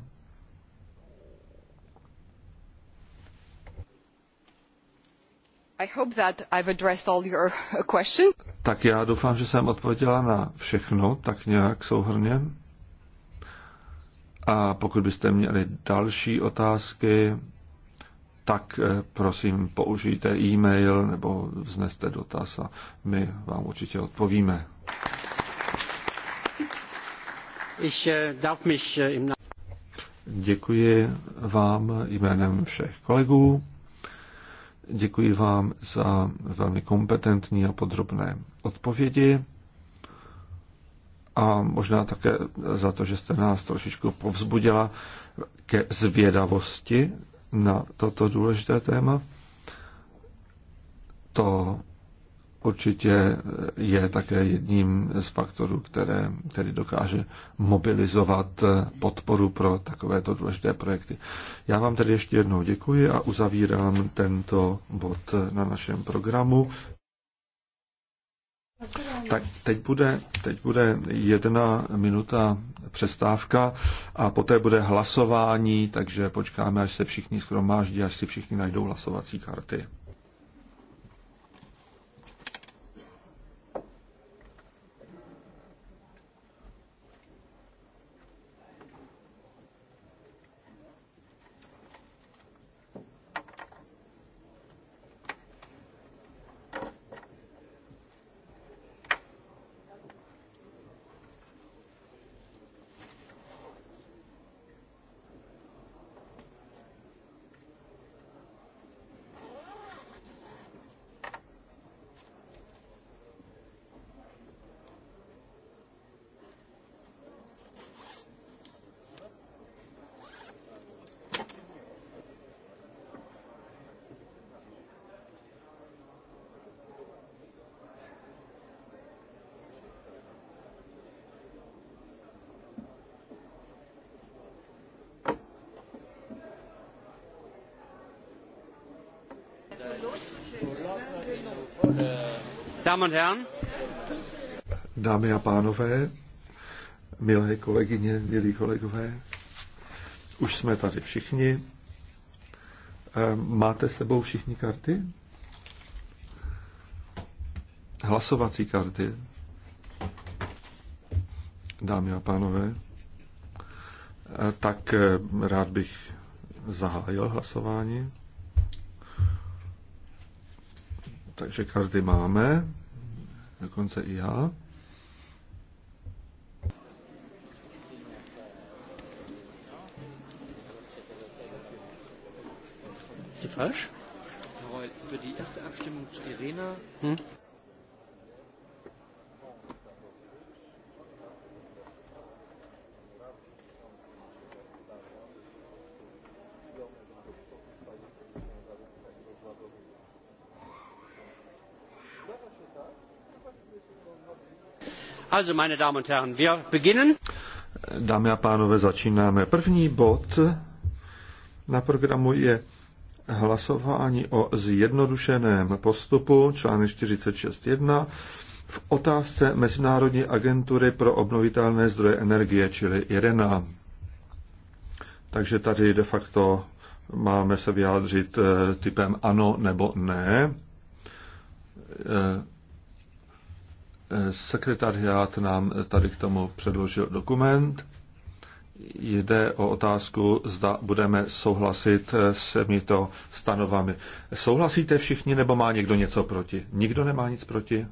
[SPEAKER 1] I hope that I've addressed all your questions.
[SPEAKER 3] Tak já doufám, že jsem odpověděla na všechno, tak nějak souhrně. A pokud byste měli další otázky, tak eh, prosím použijte e-mail nebo vzneste dotaz a my vám určitě odpovíme.
[SPEAKER 1] Ich eh, darf mich eh, im
[SPEAKER 3] Děkuji vám jménem všech kolegů. Děkuji vám za velmi kompetentní a podrobné odpovědi a možná také za to, že jste nás trošičku povzbudila ke zvědavosti na toto důležité téma. To určitě je také jedním z faktorů, které, který dokáže mobilizovat podporu pro takovéto důležité projekty. Já vám tedy ještě jednou děkuji a uzavírám tento bod na našem programu. Tak teď bude, teď bude jedna minuta přestávka a poté bude hlasování, takže počkáme, až se všichni schromáždí, až si všichni najdou hlasovací karty. Damen und Herren. Dámy a pánové, milé kolegyně, milí kolegové, už jsme tady všichni. Ehm, máte s sebou všichni karty? Hlasovací karty. Dámy a pánové, eh, tak eh, rád bych zahájil hlasování. Takže karty máme dokonce i já. falsch? Für die erste Abstimmung zu
[SPEAKER 1] Irena hm? Also, meine Damen und Herren, wir beginnen.
[SPEAKER 3] Dámy a pánové, začínáme. První bod na programu je hlasování o zjednodušeném postupu, článek 46.1, v otázce Mezinárodní agentury pro obnovitelné zdroje energie, čili IRENA. Takže tady de facto máme se vyjádřit eh, typem ano nebo ne eh, Sekretariát nám tady k tomu předložil dokument. Jde o otázku, zda budeme souhlasit s těmito stanovami. Souhlasíte všichni, nebo má někdo něco proti? Nikdo nemá nic proti?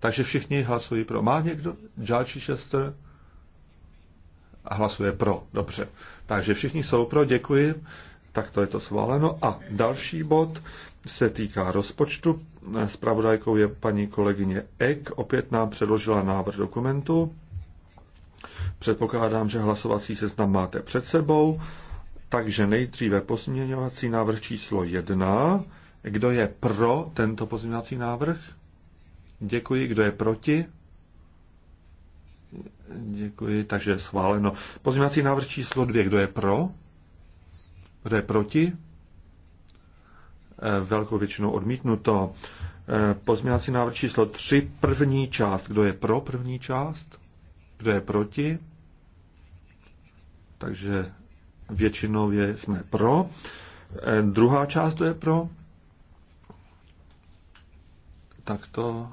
[SPEAKER 3] Takže všichni hlasují pro. Má někdo? Žáči Šester? Hlasuje pro. Dobře. Takže všichni jsou pro, děkuji. Tak to je to schváleno. A další bod se týká rozpočtu. Spravodajkou je paní kolegyně Ek. Opět nám předložila návrh dokumentu. Předpokládám, že hlasovací seznam máte před sebou. Takže nejdříve pozměňovací návrh číslo 1. Kdo je pro tento pozměňovací návrh? Děkuji. Kdo je proti? Děkuji, takže schváleno. Pozměňovací návrh číslo 2. Kdo je pro? Kdo je proti? Eh, velkou většinou odmítnuto. Eh, pozměňovací návrh číslo 3, první část. Kdo je pro první část? Kdo je proti? Takže většinově jsme pro. Eh, druhá část, kdo je pro? Tak to,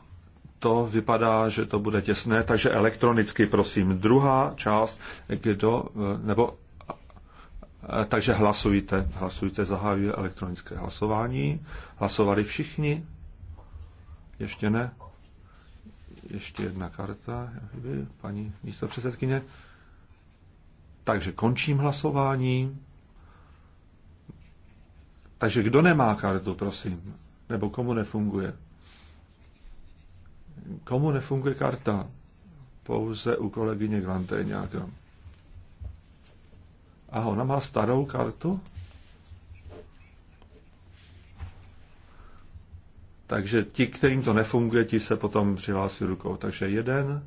[SPEAKER 3] to vypadá, že to bude těsné, takže elektronicky, prosím. Druhá část, kdo, nebo Eh, takže hlasujte, hlasujte, zahajuje elektronické hlasování. Hlasovali všichni? Ještě ne? Ještě jedna karta, paní místo předsedkyně. Takže končím hlasování. Takže kdo nemá kartu, prosím, nebo komu nefunguje? Komu nefunguje karta? Pouze u kolegyně Glantejňáka. nějaká. A ona má starou kartu? Takže ti, kterým to nefunguje, ti se potom přihlásí rukou. Takže jeden.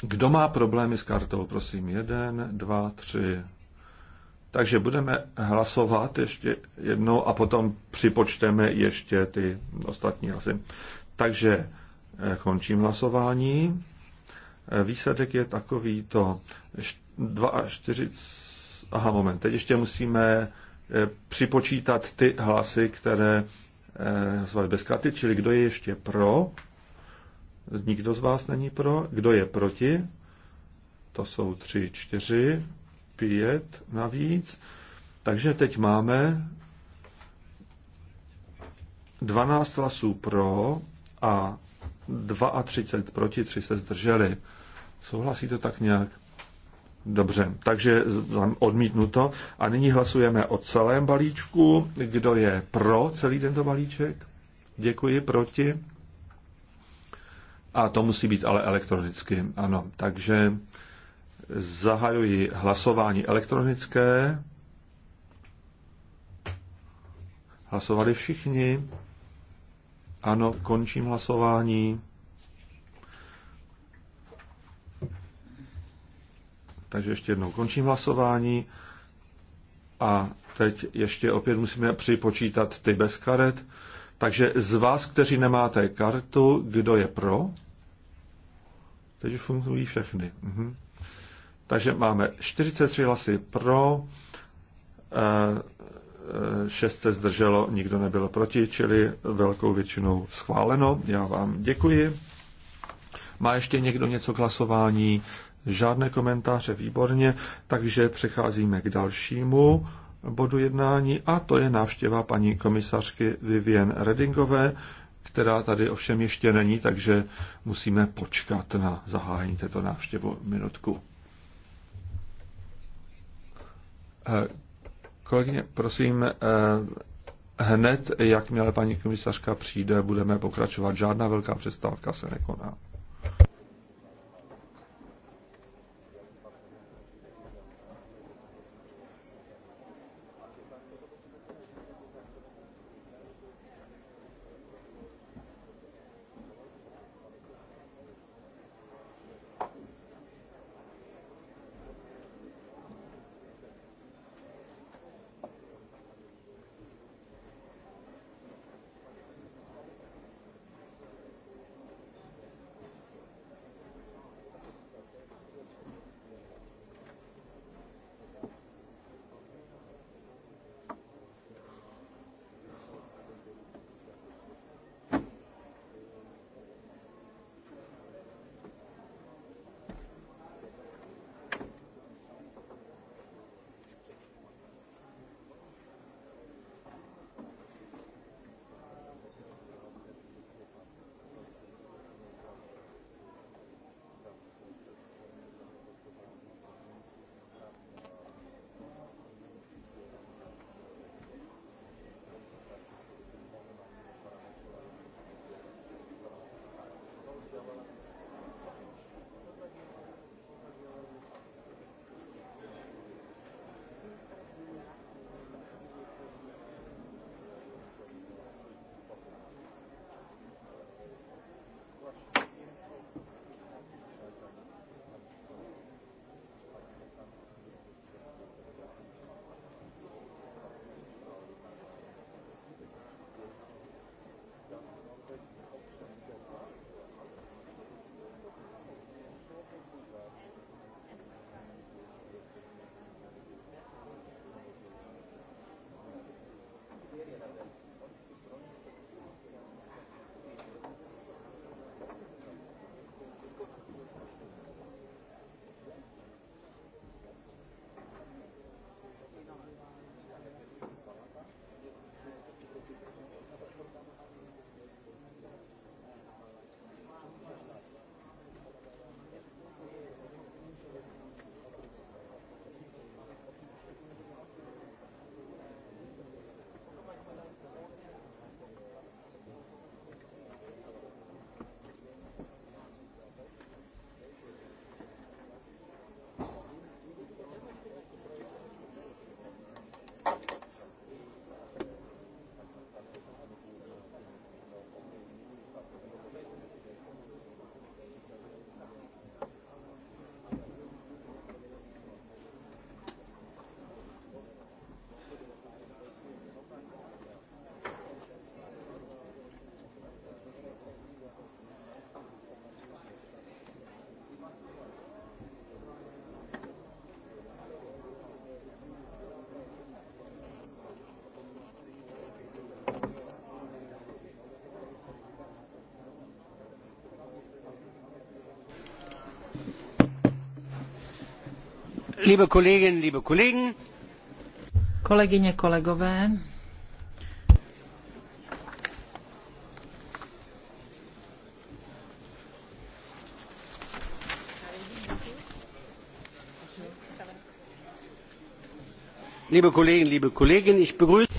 [SPEAKER 3] Kdo má problémy s kartou, prosím, jeden, dva, tři. Takže budeme hlasovat ještě jednou a potom připočteme ještě ty ostatní hlasy. Takže eh, končím hlasování. Výsledek je takový to 2 a 4... aha moment, teď ještě musíme eh, připočítat ty hlasy, které hlasovali eh, bez karty, čili kdo je ještě pro, nikdo z vás není pro, kdo je proti, to jsou 3, 4, 5 navíc, takže teď máme 12 hlasů pro a 32 proti, 3 se zdrželi. Souhlasí to tak nějak? Dobře, takže odmítnu to. A nyní hlasujeme o celém balíčku. Kdo je pro celý tento balíček? Děkuji, proti. A to musí být ale elektronicky, ano. Takže zahajuji hlasování elektronické. Hlasovali všichni. Ano, končím hlasování. Takže ještě jednou končím hlasování. A teď ještě opět musíme připočítat ty bez karet. Takže z vás, kteří nemáte kartu, kdo je pro? Teď už fungují všechny. Mhm. Takže máme 43 hlasy pro, 6 eh, eh, se zdrželo, nikdo nebyl proti, čili velkou většinou schváleno. Já vám děkuji. Má ještě někdo něco k hlasování? Žádné komentáře, výborně, takže přecházíme k dalšímu bodu jednání a to je návštěva paní komisařky Vivien Redingové, která tady ovšem ještě není, takže musíme počkat na zahájení této návštěvu minutku. Eh, kolegyně, prosím, eh, hned, jakmile paní komisařka přijde, budeme pokračovat. Žádná velká přestávka se nekoná.
[SPEAKER 1] Liebe Kolleginnen, liebe Kollegen.
[SPEAKER 2] Kolegyně, kolegové.
[SPEAKER 1] Liebe Kolleginnen, liebe Kollegen, ich begrüße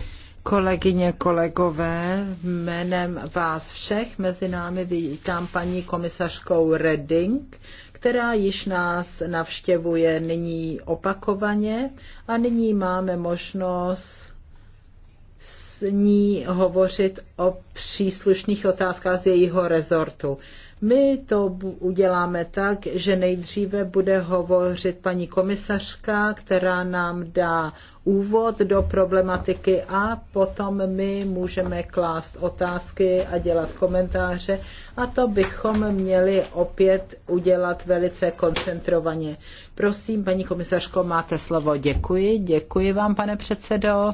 [SPEAKER 2] kolegyně, kolegové, jménem vás všech mezi námi vítám paní komisařkou Reding, která již nás navštěvuje nyní opakovaně a nyní máme možnost ní hovořit o příslušných otázkách z jejího rezortu. My to uděláme tak, že nejdříve bude hovořit paní komisařka, která nám dá úvod do problematiky a potom my můžeme klást otázky a dělat komentáře a to bychom měli opět udělat velice koncentrovaně. Prosím, paní komisařko, máte slovo. Děkuji, děkuji vám, pane předsedo.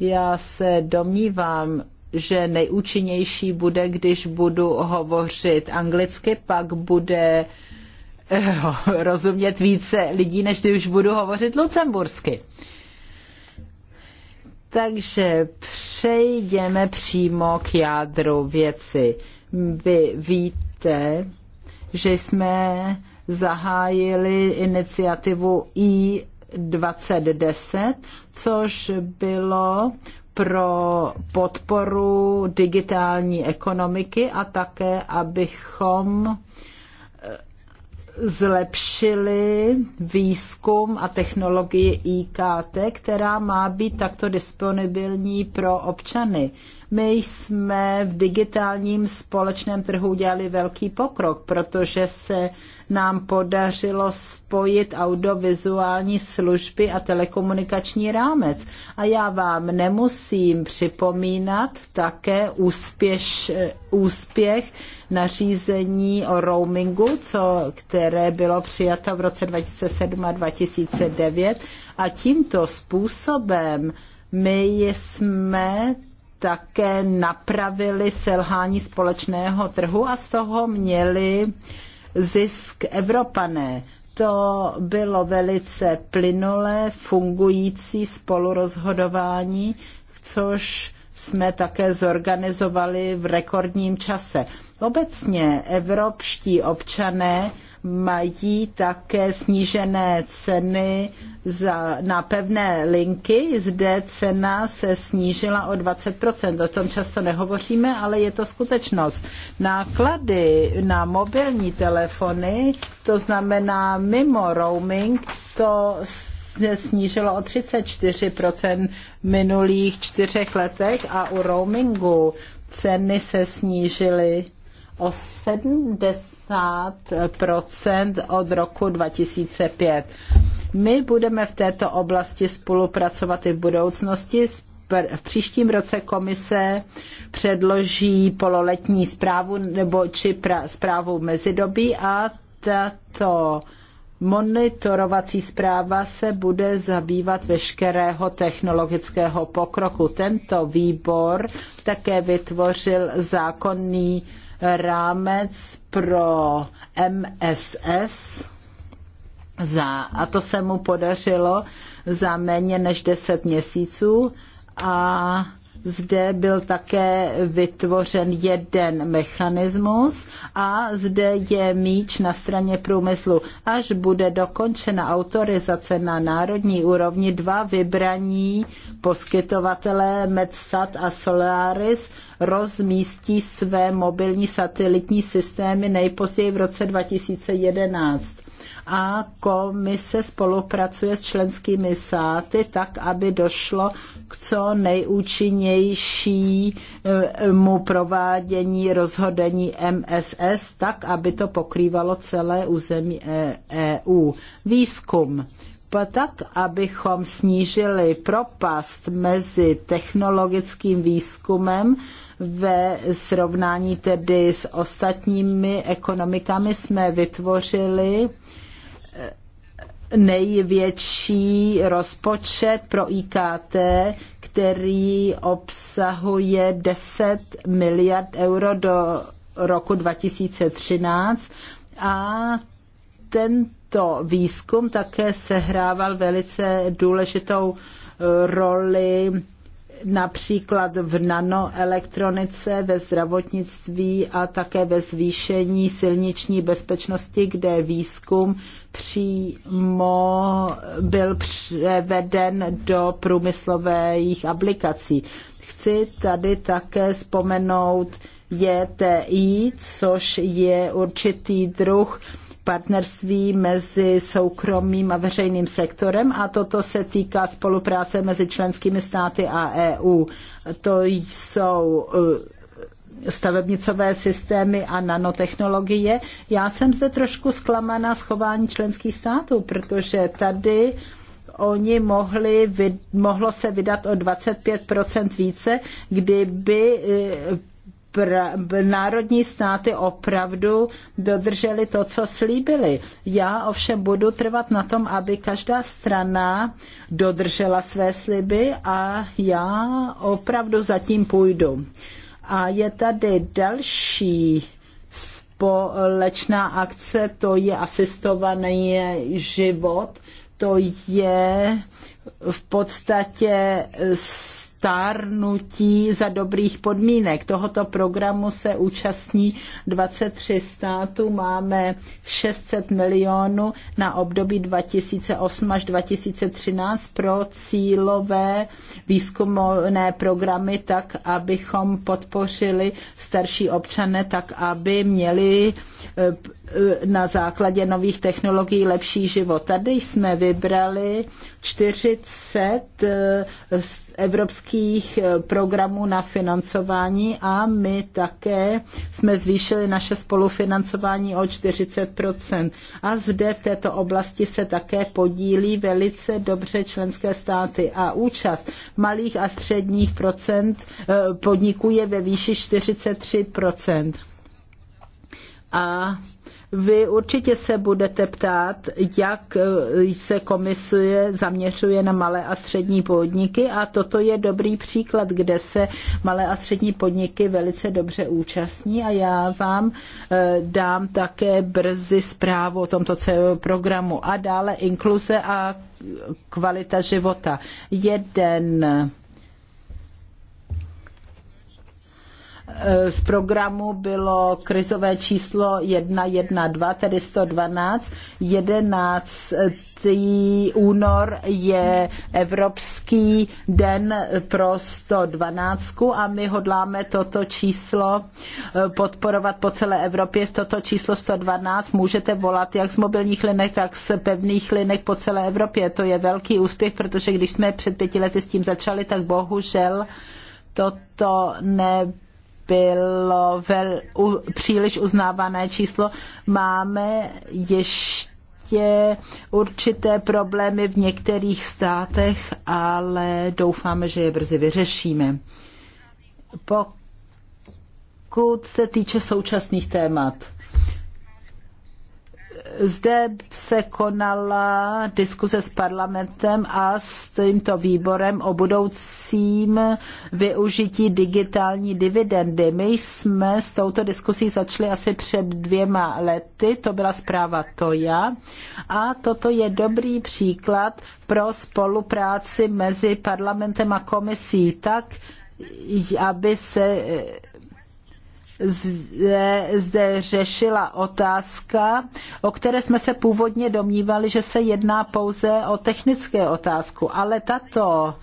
[SPEAKER 2] Já se domnívám, že nejúčinnější bude, když budu hovořit anglicky, pak bude eh, rozumět více lidí, než když budu hovořit lucembursky. Takže přejdeme přímo k jádru věci. Vy víte, že jsme zahájili iniciativu i 2010, což bylo pro podporu digitální ekonomiky a také, abychom eh, zlepšili výzkum a technologii IKT, která má být takto disponibilní pro občany. My jsme v digitálním společném trhu dělali velký pokrok, protože se nám podařilo spojit audiovizuální služby a telekomunikační rámec. A já vám nemusím připomínat také úspěš, úspěch nařízení o roamingu, co, které bylo přijato v roce 2007 a 2009. A tímto způsobem my jsme také napravili selhání společného trhu a z toho měli zisk Evropané. To bylo velice plynulé, fungující spolurozhodování, což jsme také zorganizovali v rekordním čase. Obecně evropští občané mají také snížené ceny za, na pevné linky. Zde cena se snížila o 20%. O tom často nehovoříme, ale je to skutečnost. Náklady na mobilní telefony, to znamená mimo roaming, to se snížilo o 34% v minulých čtyřech letech a u roamingu ceny se snížily o 70 50 od roku 2005. My budeme v této oblasti spolupracovat i v budoucnosti. V příštím roce komise předloží pololetní zprávu nebo či pra, zprávu mezidobí a tato Monitorovací zpráva se bude zabývat veškerého technologického pokroku. Tento výbor také vytvořil zákonný rámec pro MSS za, a to se mu podařilo za méně než 10 měsíců a zde byl také vytvořen jeden mechanismus a zde je míč na straně průmyslu. Až bude dokončena autorizace na národní úrovni, dva vybraní poskytovatelé MedSat a Solaris rozmístí své mobilní satelitní systémy nejpozději v roce 2011 a komise spolupracuje s členskými sáty tak, aby došlo k co nejúčinnějšímu provádění rozhodení MSS tak, aby to pokrývalo celé území EU. E Výzkum tak, abychom snížili propast mezi technologickým výzkumem ve srovnání tedy s ostatními ekonomikami, jsme vytvořili eh, největší rozpočet pro IKT, který obsahuje 10 miliard euro do roku 2013 a ten to výzkum také sehrával velice důležitou eh, roli například v nanoelektronice, ve zdravotnictví a také ve zvýšení silniční bezpečnosti, kde výzkum přímo byl převeden do průmyslových aplikací. Chci tady také vzpomenout JTI, což je určitý druh partnerství mezi soukromým a veřejným sektorem a toto se týká spolupráce mezi členskými státy a EU. To jsou eh, stavebnicové systémy a nanotechnologie. Já jsem zde trošku zklamaná schování členských států, protože tady oni mohli, mohlo se vydat o 25% více, kdyby eh, národní státy opravdu dodržely to, co slíbily. Já ovšem budu trvat na tom, aby každá strana dodržela své sliby a já opravdu zatím půjdu. A je tady další společná akce, to je asistovaný život, to je v podstatě s stárnutí za dobrých podmínek. Tohoto programu se účastní 23 států, máme 600 milionů na období 2008 až 2013 pro cílové výzkumné programy, tak abychom podpořili starší občany, tak aby měli eh, Eh, na základě nových technologií lepší život. Tady jsme vybrali 40 eh, evropských eh, programů na financování a my také jsme zvýšili naše spolufinancování o 40 A zde v této oblasti se také podílí velice dobře členské státy a účast malých a středních procent podniků je ve výši 43 A vy určitě se budete ptát, jak eh, se komise zaměřuje na malé a střední podniky a toto je dobrý příklad, kde se malé a střední podniky velice dobře účastní a já vám eh, dám také brzy zprávu o tomto programu a dále inkluze a kvalita života. Jeden Eh, z programu bylo krizové číslo 112, tedy 112. 11. únor je Evropský den pro 112 a my hodláme toto číslo eh, podporovat po celé Evropě. V toto číslo 112 můžete volat jak z mobilních linek, tak z pevných linek po celé Evropě. To je velký úspěch, protože když jsme před pěti lety s tím začali, tak bohužel toto ne bylo vel, u, příliš uznávané číslo. Máme ještě určité problémy v některých státech, ale doufáme, že je brzy vyřešíme. Pokud se týče současných témat, zde se konala diskuse s parlamentem a s tímto výborem o budoucím využití digitální dividendy. My jsme s touto diskusí začali asi před dvěma lety, to byla zpráva TOJA a toto je dobrý příklad pro spolupráci mezi parlamentem a komisí tak, aby se zde, zde řešila otázka, o které jsme se původně domnívali, že se jedná pouze o technické otázku, ale tato,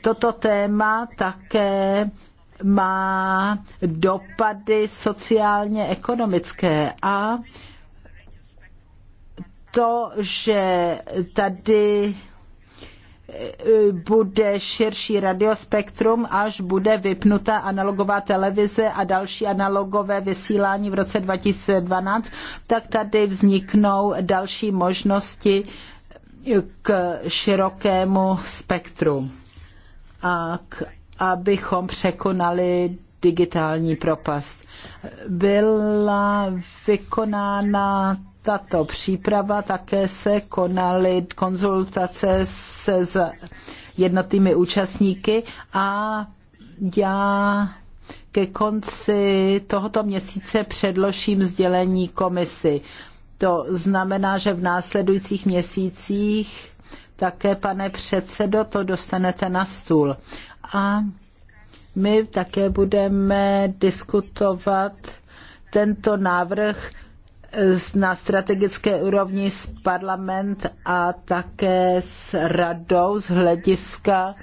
[SPEAKER 2] toto téma také má dopady sociálně-ekonomické a to, že tady bude širší radiospektrum, až bude vypnuta analogová televize a další analogové vysílání v roce 2012, tak tady vzniknou další možnosti k širokému spektru a k, abychom překonali digitální propast. Byla vykonána tato příprava také se konaly konzultace se s jednotými účastníky a já ke konci tohoto měsíce předložím sdělení komisi. To znamená, že v následujících měsících také, pane předsedo, to dostanete na stůl. A my také budeme diskutovat tento návrh na strategické úrovni s parlament a také s radou z hlediska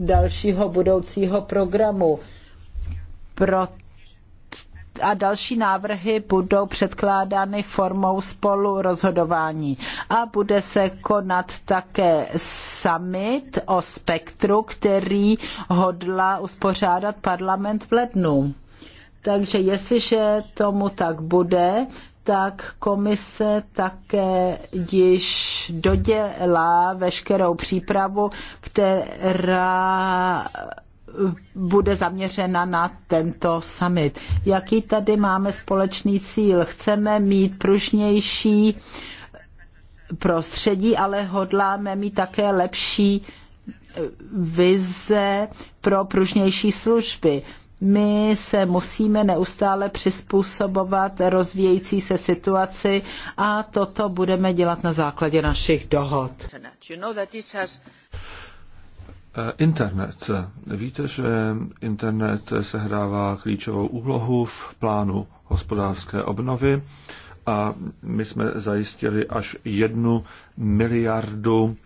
[SPEAKER 2] dalšího budoucího programu. Pro a další návrhy budou předkládány formou spolurozhodování. A bude se konat také summit o spektru, který hodla uspořádat parlament v lednu. Takže jestliže tomu tak bude, tak komise také již dodělá veškerou přípravu, která bude zaměřena na tento summit. Jaký tady máme společný cíl? Chceme mít pružnější prostředí, ale hodláme mít také lepší vize pro pružnější služby my se musíme neustále přizpůsobovat rozvíjející se situaci a toto budeme dělat na základě našich dohod.
[SPEAKER 3] Eh, internet. Víte, že internet sehrává klíčovou úlohu v plánu hospodářské obnovy a my jsme zajistili až jednu miliardu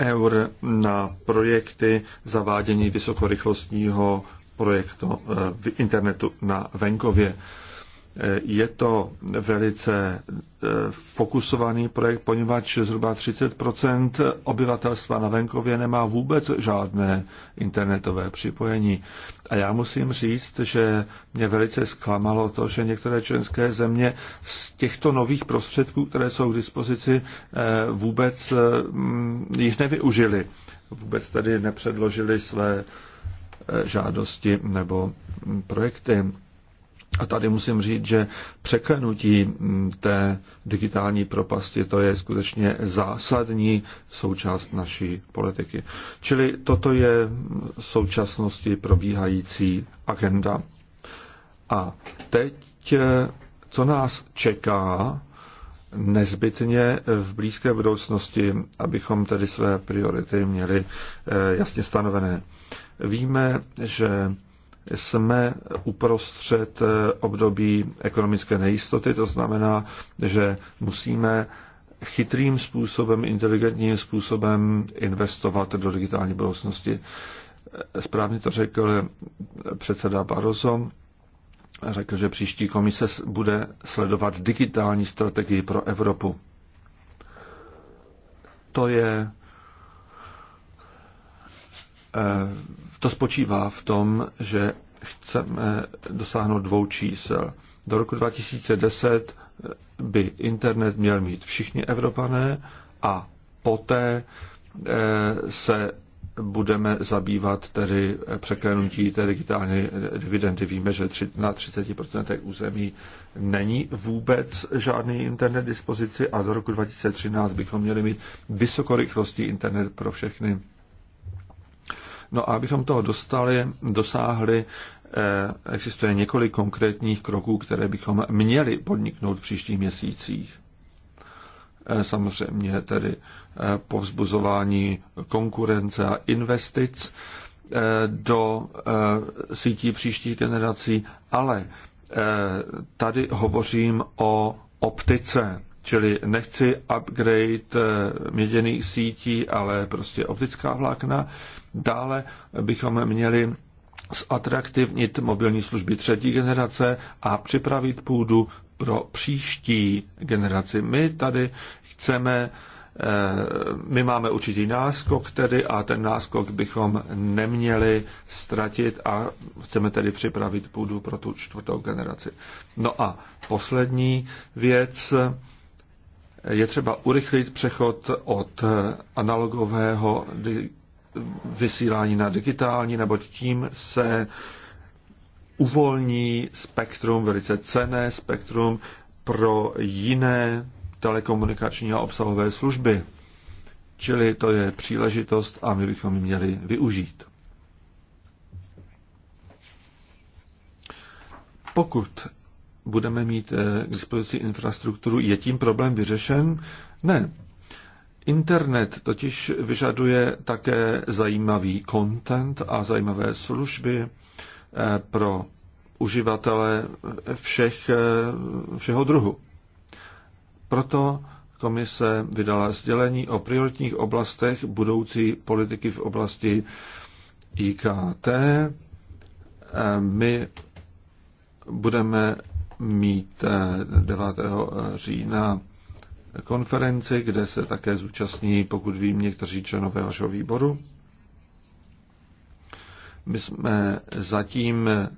[SPEAKER 3] eur na projekty zavádění vysokorychlostního projektu eh, v internetu na venkově. Eh, je to velice eh, fokusovaný projekt, poněvadž zhruba 30 obyvatelstva na venkově nemá vůbec žádné internetové připojení. A já musím říct, že mě velice zklamalo to, že některé členské země z těchto nových prostředků, které jsou k dispozici, vůbec jich nevyužili. Vůbec tady nepředložili své žádosti nebo projekty. A tady musím říct, že překlenutí té digitální propasti, to je skutečně zásadní součást naší politiky. Čili toto je v současnosti probíhající agenda. A teď, co nás čeká nezbytně v blízké budoucnosti, abychom tedy své priority měli eh, jasně stanovené. Víme, že jsme uprostřed období ekonomické nejistoty, to znamená, že musíme chytrým způsobem, inteligentním způsobem investovat do digitální budoucnosti. Správně to řekl předseda Barroso, řekl, že příští komise bude sledovat digitální strategii pro Evropu. To je eh, to spočívá v tom, že chceme dosáhnout dvou čísel. Do roku 2010 by internet měl mít všichni Evropané a poté eh, se budeme zabývat tedy překlenutí té digitální dividendy. Víme, že na 30% území není vůbec žádný internet dispozici a do roku 2013 bychom měli mít vysokorychlostní internet pro všechny. No a abychom toho dostali, dosáhli, eh, existuje několik konkrétních kroků, které bychom měli podniknout v příštích měsících. Eh, samozřejmě tedy eh, povzbuzování konkurence a investic do sítí příštích generací, ale tady hovořím o optice, čili nechci upgrade měděných sítí, ale prostě optická vlákna. Dále bychom měli zatraktivnit mobilní služby třetí generace a připravit půdu pro příští generaci. My tady chceme, eh, my máme určitý náskok tedy a ten náskok bychom neměli ztratit a chceme tedy připravit půdu pro tu čtvrtou generaci. No a poslední věc, je třeba urychlit přechod od eh, analogového vysílání na digitální, neboť tím se uvolní spektrum, velice cené spektrum pro jiné telekomunikační a obsahové služby. Čili to je příležitost a my bychom ji měli využít. Pokud budeme mít eh, k dispozici infrastrukturu, je tím problém vyřešen? Ne, Internet totiž vyžaduje také zajímavý content a zajímavé služby eh, pro uživatele všech, eh, všeho druhu. Proto komise vydala sdělení o prioritních oblastech budoucí politiky v oblasti IKT. Eh, my budeme mít 9. října konferenci, kde se také zúčastní, pokud vím, někteří členové vašeho výboru. My jsme zatím eh,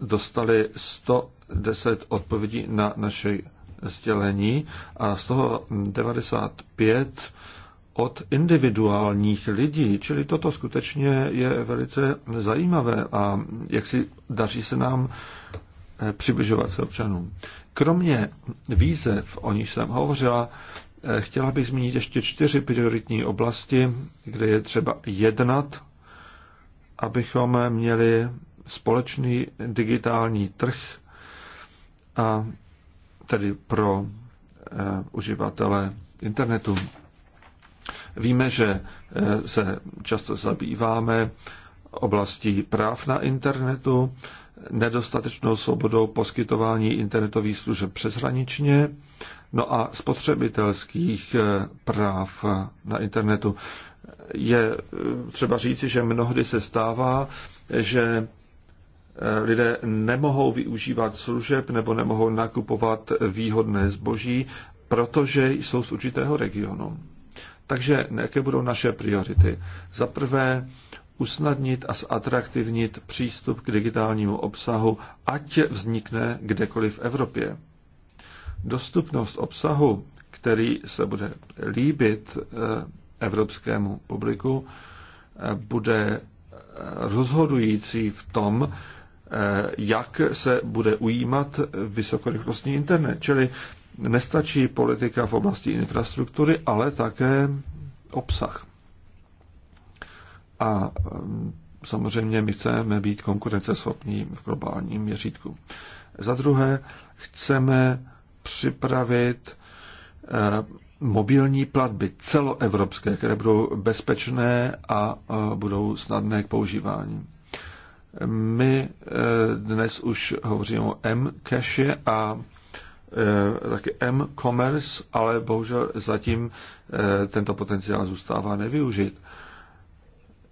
[SPEAKER 3] dostali 110 odpovědí na naše sdělení a z toho 95 od individuálních lidí. Čili toto skutečně je velice zajímavé a jak si daří se nám eh, přibližovat se občanům. Kromě výzev, o níž jsem hovořila, eh, chtěla bych zmínit ještě čtyři prioritní oblasti, kde je třeba jednat, abychom měli společný digitální trh a tedy pro eh, uživatele internetu. Víme, že eh, se často zabýváme oblastí práv na internetu nedostatečnou svobodou poskytování internetových služeb přeshraničně, no a spotřebitelských eh, práv na internetu. Je eh, třeba říci, že mnohdy se stává, že eh, lidé nemohou využívat služeb nebo nemohou nakupovat výhodné zboží, protože jsou z určitého regionu. Takže jaké budou naše priority? Za prvé usnadnit a zatraktivnit přístup k digitálnímu obsahu, ať vznikne kdekoliv v Evropě. Dostupnost obsahu, který se bude líbit eh, evropskému publiku, eh, bude eh, rozhodující v tom, jak se bude ujímat vysokorychlostní internet. Čili nestačí politika v oblasti infrastruktury, ale také obsah. A mm, samozřejmě my chceme být konkurenceschopní v globálním měřítku. Za druhé, chceme připravit e, mobilní platby celoevropské, které budou bezpečné a e, budou snadné k používání. My e, dnes už hovoříme o M-cache a taky M-commerce, ale bohužel zatím tento potenciál zůstává nevyužit.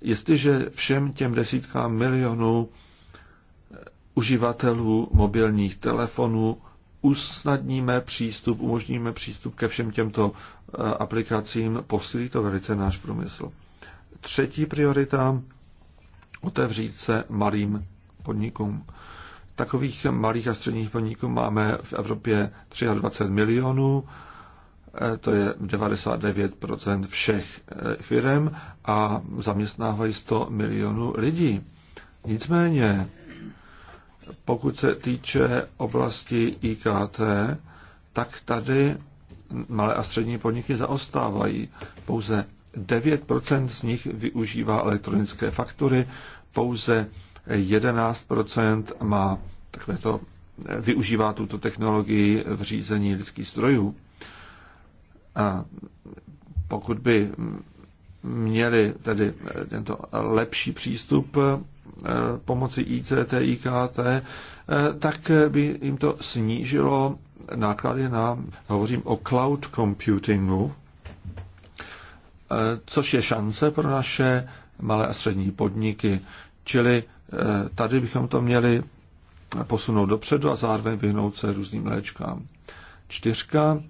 [SPEAKER 3] Jestliže všem těm desítkám milionů eh, uživatelů mobilních telefonů usnadníme přístup, umožníme přístup ke všem těmto eh, aplikacím, posílí to velice náš průmysl. Třetí priorita otevřít se malým podnikům. Takových malých a středních podniků máme v Evropě 23 milionů E, to je 99% všech e, firm a zaměstnávají 100 milionů lidí. Nicméně, pokud se týče oblasti IKT, tak tady malé a střední podniky zaostávají. Pouze 9% z nich využívá elektronické faktury, pouze 11% má takové to, e, využívá tuto technologii v řízení lidských strojů. A pokud by měli tedy eh, tento lepší přístup eh, pomocí ICT, IKT, eh, tak by jim to snížilo náklady na, hovořím o cloud computingu, což je šance pro naše malé a střední podniky. Čili tady bychom to měli posunout dopředu a zároveň vyhnout se různým léčkám. Čtyřka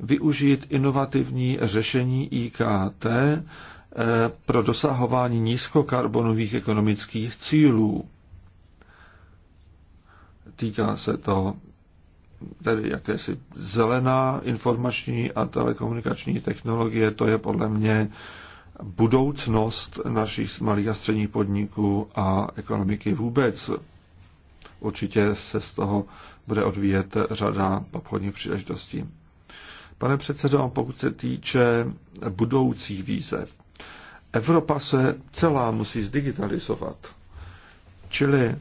[SPEAKER 3] využít inovativní řešení IKT eh, pro dosahování nízkokarbonových ekonomických cílů. Týká se to tedy jakési zelená informační a telekomunikační technologie, to je podle mě budoucnost našich malých a středních podniků a ekonomiky vůbec. Určitě se z toho bude odvíjet řada obchodních příležitostí. Pane předsedo, pokud se týče budoucích výzev, Evropa se celá musí zdigitalizovat. Čili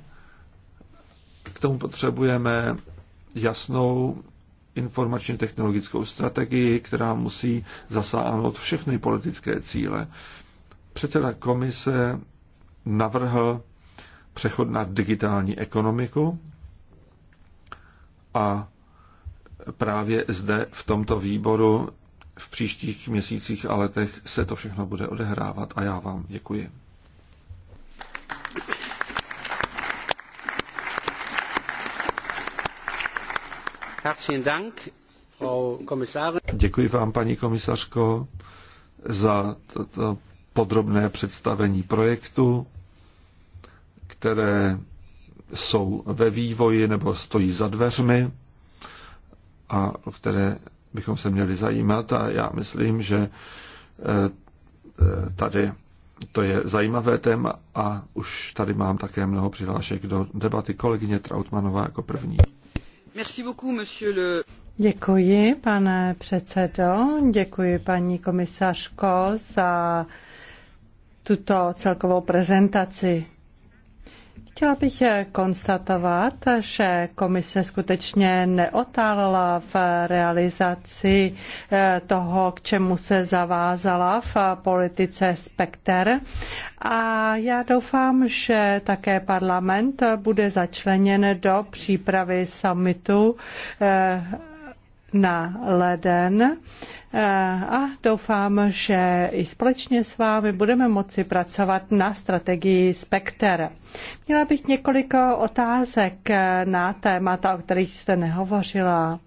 [SPEAKER 3] k tomu potřebujeme jasnou informačně technologickou strategii, která musí zasáhnout všechny politické cíle. Předseda komise navrhl přechod na digitální ekonomiku a právě zde v tomto výboru v příštích měsících a letech se to všechno bude odehrávat a já vám děkuji. Děkuji vám, paní komisařko, za toto podrobné představení projektu, které jsou ve vývoji nebo stojí za dveřmi a o které bychom se měli zajímat. A já myslím, že eh, tady to je zajímavé téma a už tady mám také mnoho přihlášek do debaty. Kolegyně Trautmanová jako první.
[SPEAKER 1] Merci beaucoup,
[SPEAKER 2] monsieur le...
[SPEAKER 1] Děkuji, pane předsedo, děkuji paní komisařko za tuto celkovou prezentaci. Chtěla bych eh, konstatovat, že komise skutečně neotálela v realizaci eh, toho, k čemu se zavázala v eh, politice Spekter. A já doufám, že také parlament bude začleněn do přípravy summitu na leden eh, a doufám, že i společně s vámi budeme moci pracovat na strategii Spekter. Měla bych několik otázek na témata, o kterých jste nehovořila.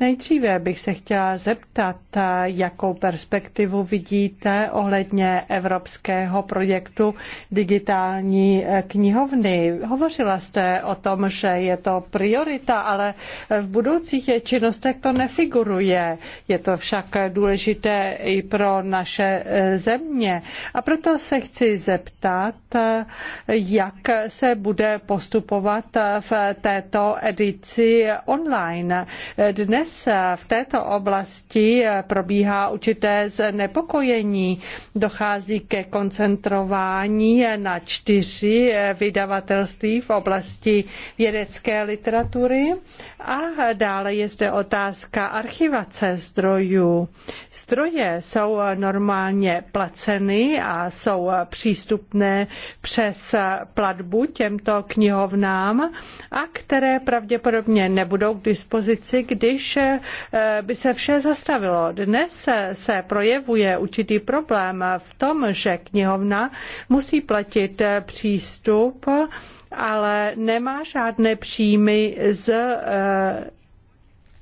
[SPEAKER 1] Nejdříve bych se chtěla zeptat, jakou perspektivu vidíte ohledně evropského projektu digitální eh, knihovny. Hovořila jste o tom, že je to priorita, ale v budoucích činnostech to nefiguruje. Je to však důležité i pro naše eh, země. A proto se chci zeptat, eh, jak se bude postupovat v této edici online. Dnes dnes v této oblasti probíhá určité znepokojení. Dochází ke koncentrování na čtyři vydavatelství v oblasti vědecké literatury a dále je zde otázka archivace zdrojů. Zdroje jsou normálně placeny a jsou přístupné přes platbu těmto knihovnám a které pravděpodobně nebudou k dispozici, když vše, eh, by se vše zastavilo. Dnes se projevuje určitý problém v tom, že knihovna musí platit eh, přístup ale nemá žádné příjmy z eh,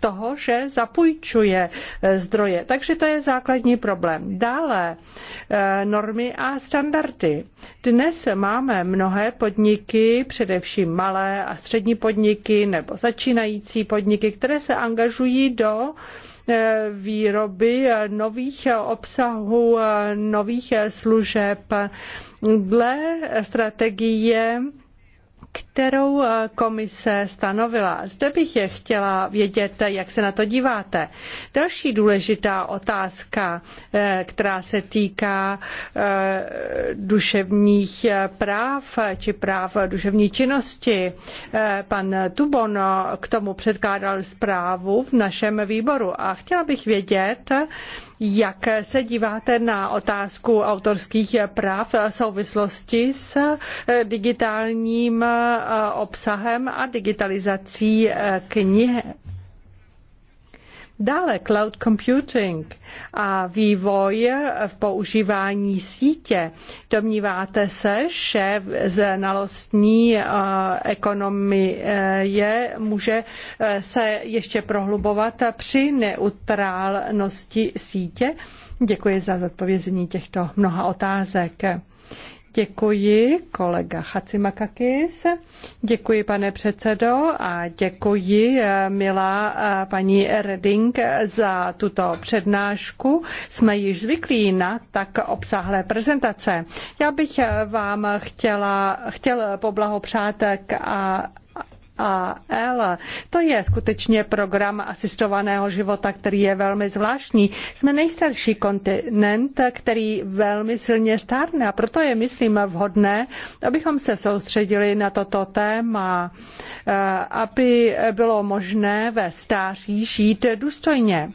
[SPEAKER 1] toho, že zapůjčuje eh, zdroje. Takže to je základní problém. Dále eh, normy a standardy. Dnes máme mnohé podniky, především malé a střední podniky nebo začínající podniky, které se angažují do eh, výroby nových obsahů, nových služeb dle strategie kterou eh, komise stanovila. Zde bych je chtěla vědět, jak se na to díváte. Další důležitá otázka, eh, která se týká eh, duševních práv či práv duševní činnosti. Pan Tubon k tomu předkládal zprávu v našem výboru a chtěla bych vědět, jak se díváte na otázku autorských práv v souvislosti s eh, digitálním eh, obsahem a digitalizací eh, knih? Dále cloud computing a vývoj v používání sítě. Domníváte se, že znalostní eh, ekonomie může eh, se ještě prohlubovat při neutrálnosti sítě? Děkuji za zodpovězení těchto mnoha otázek. Děkuji, kolega Chacimakakis. Děkuji, pane předsedo, a děkuji, eh, milá eh, paní Reding, za tuto přednášku. Jsme již zvyklí na tak obsáhlé prezentace. Já bych eh, vám chtěla, chtěl poblahopřát k a AL. To je skutečně program asistovaného života, který je velmi zvláštní. Jsme nejstarší kontinent, který velmi silně stárne a proto je, myslím, vhodné, abychom se soustředili na toto téma, eh, aby bylo možné ve stáří žít důstojně.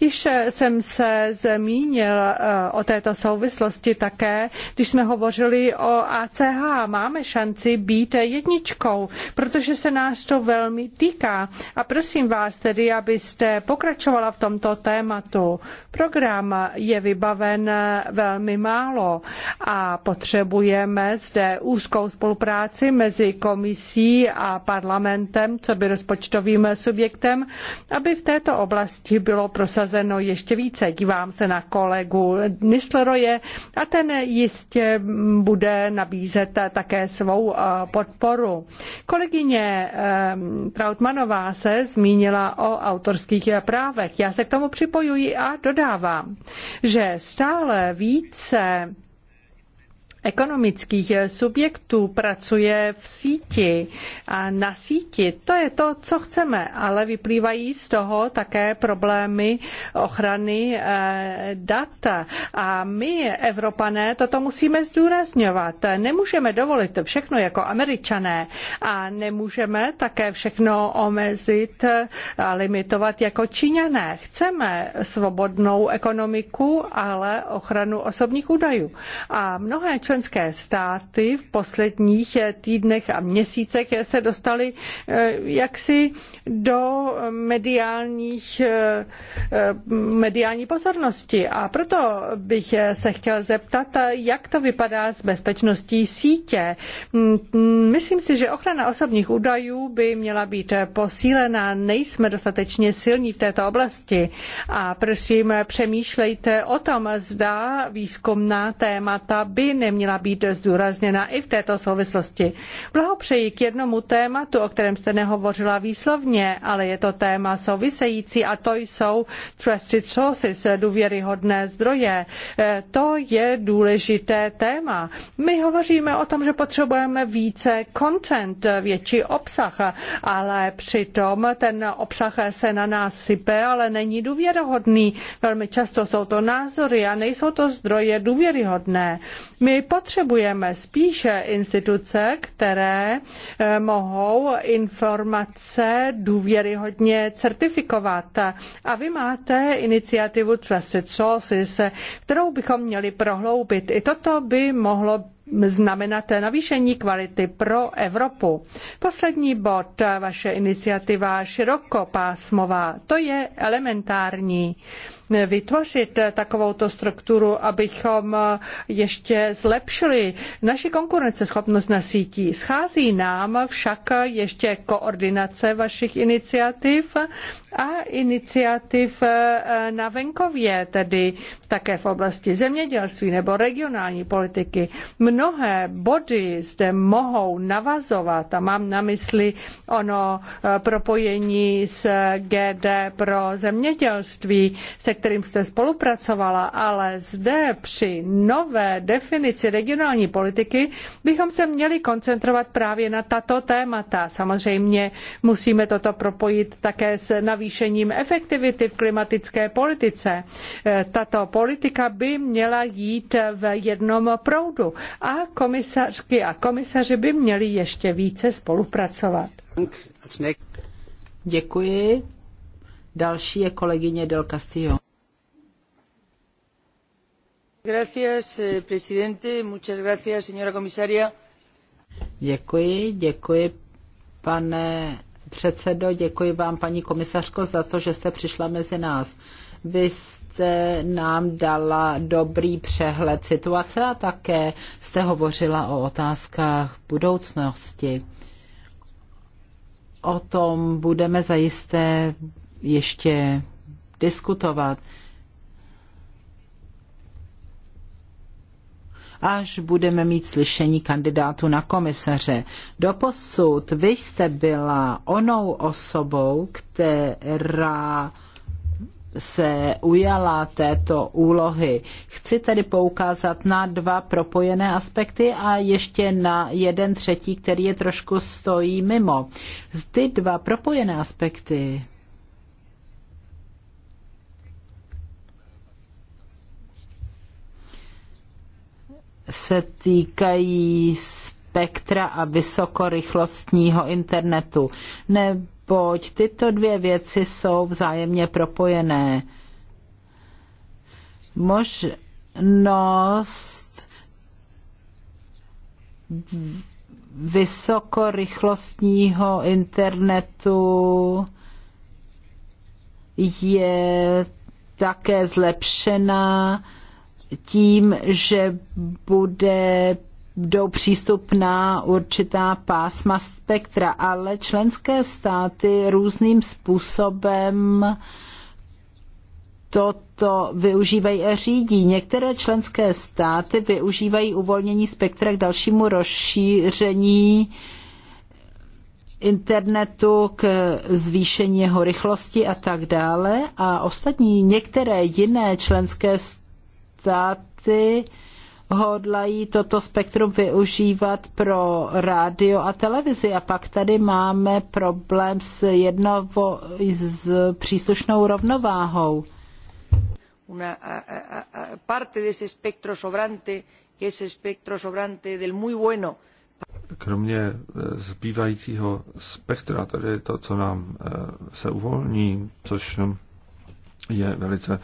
[SPEAKER 1] Již jsem se zmínil eh, o této souvislosti také, když jsme hovořili o ACH. Máme šanci být jedničkou, protože se na nás to velmi týká. A prosím vás tedy, abyste pokračovala v tomto tématu. Program je vybaven velmi málo a potřebujeme zde úzkou spolupráci mezi komisí a parlamentem, co by rozpočtovým subjektem, aby v této oblasti bylo prosazeno ještě více. Dívám se na kolegu Nisleroje a ten jistě bude nabízet také svou podporu. Kolegyně Eh, Trautmanová se zmínila o autorských právech. Já se k tomu připojuji a dodávám, že stále více ekonomických subjektů pracuje v síti a na síti. To je to, co chceme, ale vyplývají z toho také problémy ochrany eh, dat. A my, Evropané, toto musíme zdůrazňovat. Nemůžeme dovolit všechno jako američané a nemůžeme také všechno omezit a limitovat jako Číňané. Chceme svobodnou ekonomiku, ale ochranu osobních údajů. A mnohé členské státy v posledních eh, týdnech a měsících eh, se dostaly eh, jaksi do mediálních, mediální pozornosti. A proto bych se chtěl zeptat, jak to vypadá s bezpečností sítě. Mm, mm, myslím si, že ochrana osobních údajů by měla být posílena. Nejsme dostatečně silní v této oblasti. A prosím, přemýšlejte o tom, zda výzkumná témata by neměla měla být zdůrazněna i v této souvislosti. Blahopřeji k jednomu tématu, o kterém jste nehovořila výslovně, ale je to téma související a to jsou trusted sources, důvěryhodné zdroje. E, to je důležité téma. My hovoříme o tom, že potřebujeme více content, větší obsah, ale přitom ten obsah se na nás sype, ale není důvěryhodný. Velmi často jsou to názory a nejsou to zdroje důvěryhodné. My potřebujeme spíše instituce, které eh, mohou informace důvěryhodně certifikovat. A vy máte iniciativu Trusted Sources, kterou bychom měli prohloubit. I toto by mohlo znamenat navýšení kvality pro Evropu. Poslední bod, vaše iniciativa širokopásmová, to je elementární vytvořit takovouto strukturu, abychom ještě zlepšili naši konkurenceschopnost na sítí. Schází nám však ještě koordinace vašich iniciativ a iniciativ na venkově, tedy také v oblasti zemědělství nebo regionální politiky. Mnohé body zde mohou navazovat a mám na mysli ono propojení s GD pro zemědělství, se kterým jste spolupracovala, ale zde při nové definici regionální politiky bychom se měli koncentrovat právě na tato témata. Samozřejmě musíme toto propojit také s navýšením efektivity v klimatické politice. E, tato politika by měla jít v jednom proudu a komisařky a komisaři
[SPEAKER 2] by měli ještě více spolupracovat. Děkuji. Další je kolegyně Del Castillo.
[SPEAKER 1] Gracias, eh, presidente. señora komisaria.
[SPEAKER 2] Děkuji, děkuji, pane předsedo, děkuji vám, paní komisařko, za to, že jste přišla mezi nás. Vy jste nám dala dobrý přehled situace a také jste hovořila o otázkách budoucnosti. O tom budeme zajisté ještě diskutovat. až budeme mít slyšení kandidátu na komisaře. Doposud vy jste byla onou osobou, která se ujala této úlohy. Chci tedy poukázat na dva propojené aspekty a ještě na jeden třetí, který je trošku stojí mimo. Ty dva propojené aspekty se týkají spektra a vysokorychlostního internetu, neboť tyto dvě věci jsou vzájemně propojené. Možnost vysokorychlostního internetu je také zlepšená tím, že bude budou přístupná určitá pásma spektra, ale členské státy různým způsobem toto využívají a řídí. Některé členské státy využívají uvolnění spektra k dalšímu rozšíření internetu, k zvýšení jeho rychlosti a tak dále. A ostatní některé jiné členské státy státy hodlají toto spektrum využívat pro rádio a televizi. A pak tady máme problém s, jednovo, s příslušnou rovnováhou.
[SPEAKER 1] Una, a, a, a,
[SPEAKER 2] parte de ese espectro sobrante, que es espectro sobrante del muy bueno.
[SPEAKER 3] Kromě eh, zbývajícího spektra, tedy to, co nám eh, se uvolní, což je velice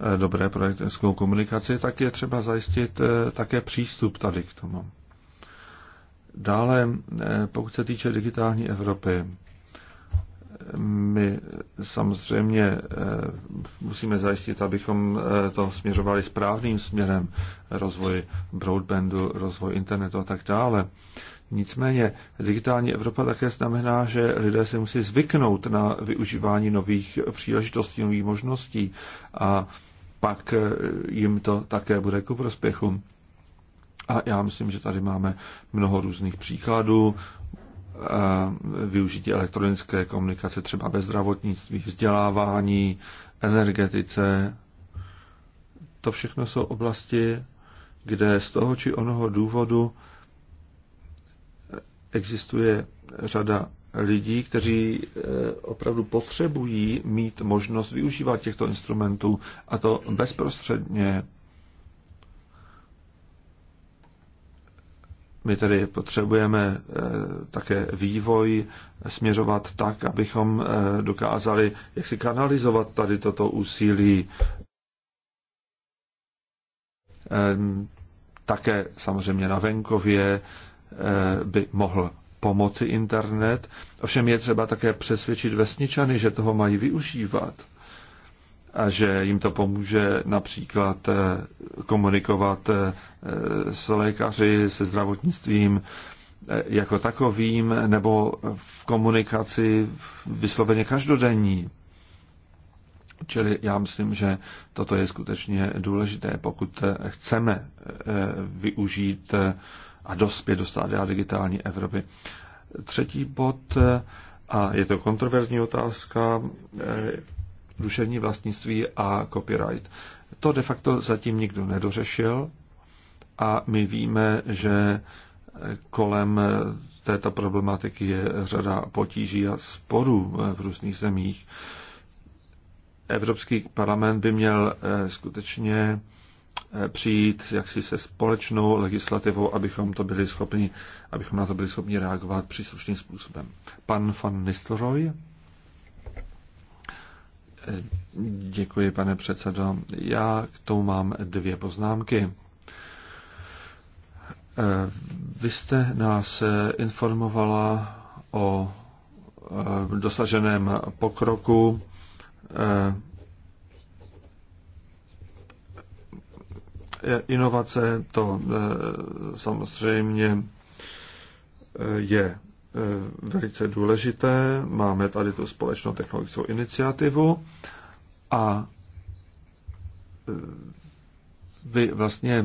[SPEAKER 3] Eh, dobré projektovskou komunikaci, tak je třeba zajistit eh, také přístup tady k tomu. Dále, eh, pokud se týče digitální Evropy, my samozřejmě musíme zajistit, abychom to směřovali správným směrem rozvoj broadbandu, rozvoj internetu a tak dále. Nicméně digitální Evropa také znamená, že lidé se musí zvyknout na využívání nových příležitostí, nových možností a pak eh, jim to také bude ku prospěchu. A já myslím, že tady máme mnoho různých příkladů eh, využití elektronické komunikace třeba ve zdravotnictví, vzdělávání, energetice. To všechno jsou oblasti, kde z toho či onoho důvodu eh, existuje řada lidí, kteří eh, opravdu potřebují mít možnost využívat těchto instrumentů a to bezprostředně. My tedy potřebujeme eh, také vývoj směřovat tak, abychom eh, dokázali jak si kanalizovat tady toto úsilí. Také samozřejmě na venkově by mohl pomoci internet, ovšem je třeba také přesvědčit vesničany, že toho mají využívat a že jim to pomůže například eh, komunikovat eh, s lékaři, se zdravotnictvím eh, jako takovým, nebo v komunikaci vysloveně každodenní. Čili já myslím, že toto je skutečně důležité, pokud chceme využít a dospět do stádia digitální Evropy. Třetí bod, a je to kontroverzní otázka, duševní eh, vlastnictví a copyright. To de facto zatím nikdo nedořešil a my víme, že eh, kolem eh, této problematiky je řada potíží a sporů v různých zemích. Evropský parlament by měl skutečně Eh, přijít jaksi se společnou legislativou, abychom to byli schopni, abychom na to byli schopni reagovat příslušným způsobem. Pan van Nistelrooy. Eh, děkuji, pane předsedo. Já k tomu mám dvě poznámky. Eh, vy jste nás informovala o dosaženém pokroku E, inovace to e, samozřejmě e, je velice důležité. Máme tady tu společnou technologickou iniciativu a vy vlastně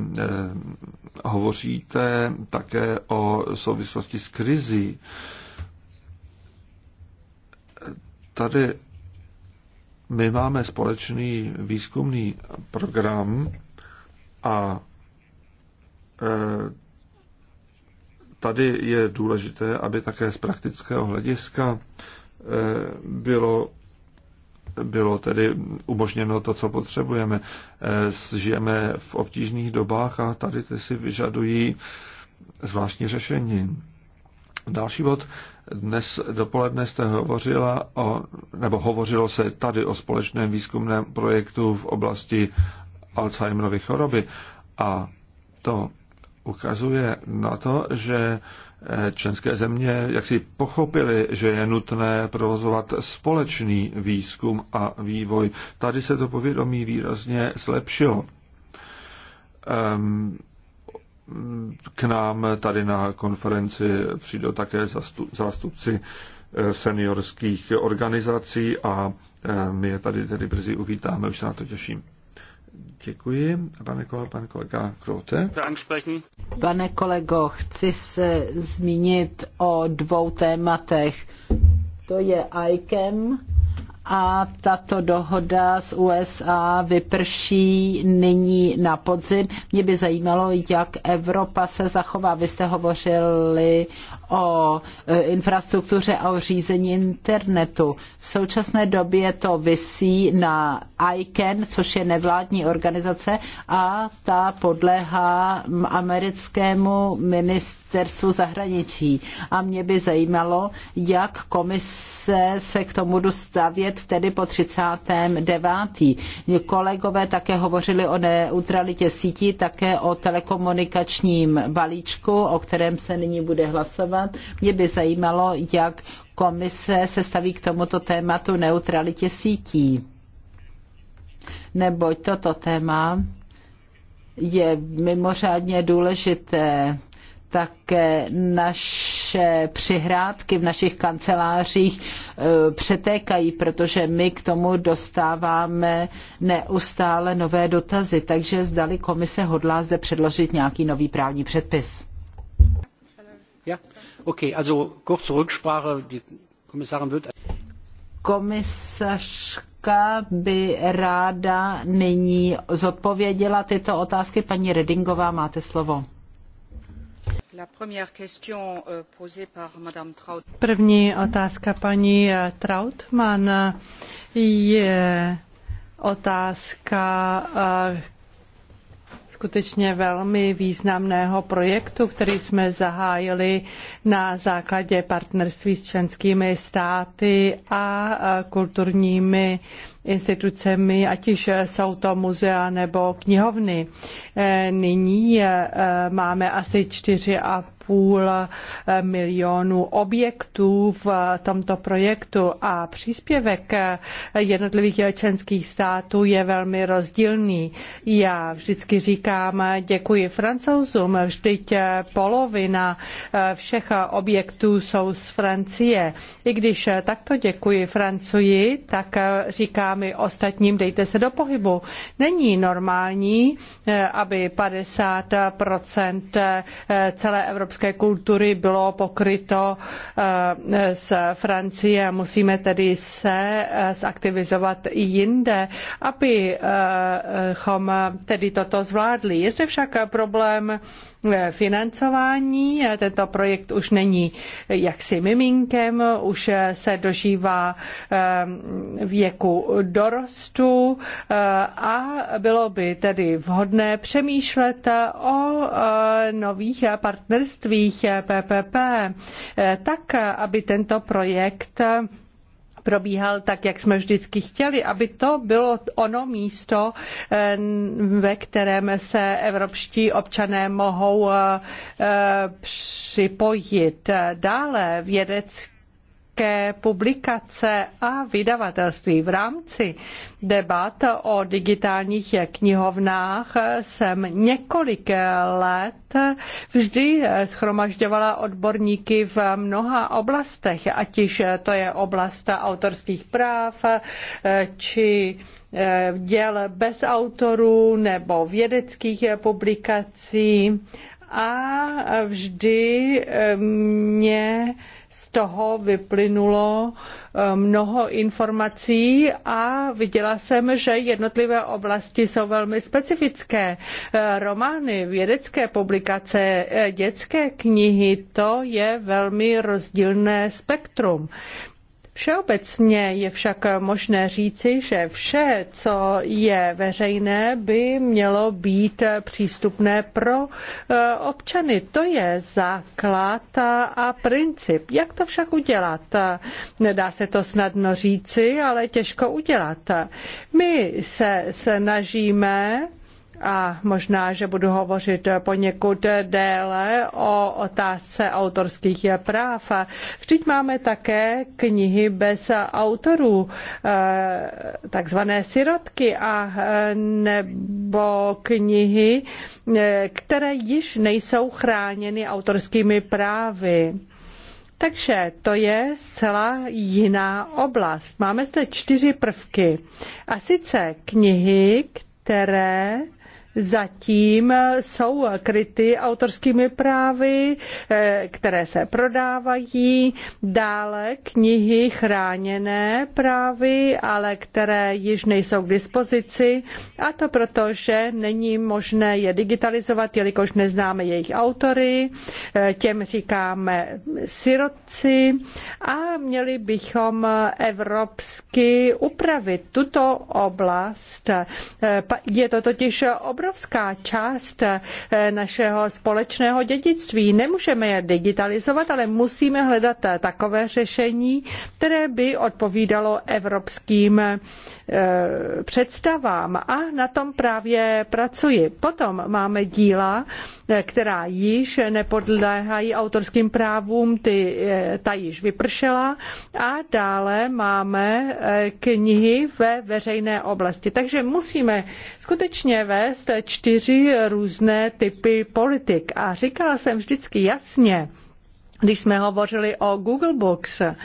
[SPEAKER 3] hovoříte také o souvislosti s krizí. Tady my máme společný výzkumný program a e, tady je důležité, aby také z praktického hlediska e, bylo bylo tedy umožněno to, co potřebujeme. E, žijeme v obtížných dobách a tady ty si vyžadují zvláštní řešení. Další bod. Dnes dopoledne jste hovořila o, nebo hovořilo se tady o společném výzkumném projektu v oblasti Alzheimerovy choroby. A to ukazuje na to, že eh, členské země jaksi pochopili, že je nutné provozovat společný výzkum a vývoj. Tady se to povědomí výrazně zlepšilo. Ehm, k nám tady na konferenci přijdou také zástupci eh, seniorských organizací a eh, my je tady tedy brzy uvítáme, už se na to těším. Děkuji. Pane, kolego, pane kolega Krote.
[SPEAKER 2] Pane kolego, chci se zmínit o dvou tématech. To je ICAM a tato dohoda s USA vyprší nyní na podzim. Mě by zajímalo, jak Evropa se zachová. Vy jste hovořili o e, infrastruktuře a o řízení internetu. V současné době to vysí na ICANN, což je nevládní organizace a ta podléhá americkému ministerstvu zahraničí. A mě by zajímalo, jak komise se k tomu dostavět tedy po 39. Kolegové také hovořili o neutralitě sítí, také o telekomunikačním balíčku, o kterém se nyní bude hlasovat mě by zajímalo, jak komise se staví k tomuto tématu neutralitě sítí. Neboť toto téma je mimořádně důležité také naše přihrádky v našich kancelářích e, přetékají, protože my k tomu dostáváme neustále nové dotazy. Takže zdali komise hodlá zde předložit nějaký nový právní předpis. Yeah. Komisařka by ráda nyní zodpověděla tyto otázky. Paní Redingová, máte slovo. Euh,
[SPEAKER 1] První otázka paní eh, Trautmann je otázka, eh, skutečně velmi významného projektu, který jsme zahájili na základě partnerství s členskými státy a kulturními institucemi, ať již jsou to muzea nebo knihovny. E, nyní e, máme asi a půl eh, milionu objektů v eh, tomto projektu a příspěvek eh, jednotlivých členských států je velmi rozdílný. Já vždycky říkám, děkuji francouzům, vždyť polovina všech objektů jsou z Francie. I když takto děkuji Francii, tak říkám i ostatním, dejte se do pohybu. Není normální, aby 50% celé Evropské evropské kultury bylo pokryto z eh, Francie a musíme tedy se eh, zaktivizovat i jinde, abychom eh, tedy toto zvládli. Je zde však problém Eh, financování. Eh, tento projekt už není eh, jaksi miminkem, už se dožívá věku dorostu a bylo by tedy vhodné přemýšlet o nových partnerstvích PPP tak, aby tento projekt probíhal tak, jak jsme vždycky chtěli, aby to bylo ono místo, eh, ve kterém se evropští občané mohou eh, připojit. Dále vědecky české publikace a vydavatelství. V rámci debat o digitálních knihovnách jsem několik let vždy schromažďovala odborníky v mnoha oblastech, ať již to je oblast autorských práv či eh, děl bez autorů nebo vědeckých publikací a vždy eh, mě z toho vyplynulo eh, mnoho informací a viděla jsem, že jednotlivé oblasti jsou velmi specifické. Eh, romány, vědecké publikace, eh, dětské knihy, to je velmi rozdílné spektrum. Všeobecně je však možné říci, že vše, co je veřejné, by mělo být přístupné pro eh, občany. To je základ a princip. Jak to však udělat? Nedá se to snadno říci, ale těžko udělat. My se snažíme a možná, že budu hovořit poněkud déle o otázce autorských práv. Vždyť máme také knihy bez autorů, eh, takzvané sirotky a eh, nebo knihy, eh, které již nejsou chráněny autorskými právy. Takže to je zcela jiná oblast. Máme zde čtyři prvky. A sice knihy, které zatím jsou kryty autorskými právy, eh, které se prodávají, dále knihy chráněné právy, ale které již nejsou k dispozici a to proto, že není možné je digitalizovat, jelikož neznáme jejich autory, eh, těm říkáme sirotci a měli bychom evropsky upravit tuto oblast. Eh, je to totiž oblast obrovská část eh, našeho společného dědictví. Nemůžeme je digitalizovat, ale musíme hledat eh, takové řešení, které by odpovídalo evropským eh, představám. A na tom právě pracuji. Potom máme díla, která již nepodléhají autorským právům, ty, ta již vypršela. A dále máme knihy ve veřejné oblasti. Takže musíme skutečně vést čtyři různé typy politik a říkala jsem vždycky jasně, když jsme hovořili o Google Books, eh,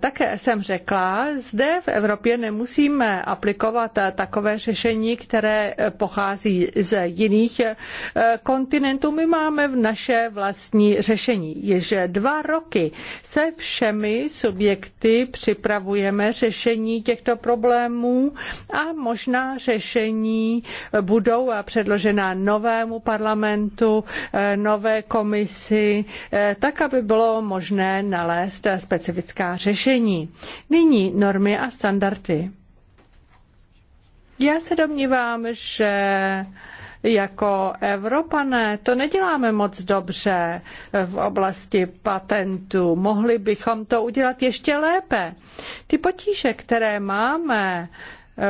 [SPEAKER 1] také jsem řekla, zde v Evropě nemusíme aplikovat eh, takové řešení, které eh, pochází z jiných kontinentů. My máme v naše vlastní řešení. Ježe dva roky se všemi subjekty připravujeme řešení těchto problémů a možná řešení budou předložena novému parlamentu, nové komisi, tak, aby bylo možné nalézt specifická řešení. Nyní normy a standardy. Já se domnívám, že jako Evropané to neděláme moc dobře v oblasti patentů. Mohli bychom to udělat ještě lépe. Ty potíže, které máme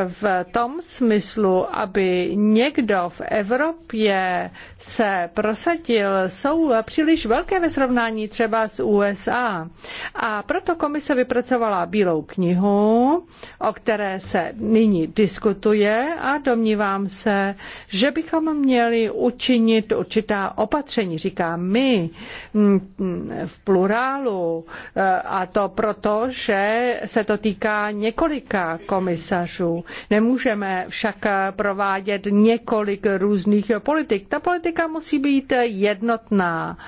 [SPEAKER 1] v tom smyslu, aby někdo v Evropě se prosadil, jsou příliš velké ve srovnání třeba s USA. A proto komise vypracovala Bílou knihu, o které se nyní diskutuje a domnívám se, že bychom měli učinit určitá opatření, říkám my, mm, v plurálu e, a to proto, že se to týká několika komisařů. Nemůžeme však provádět několik různých politik. Ta politika musí být jednotná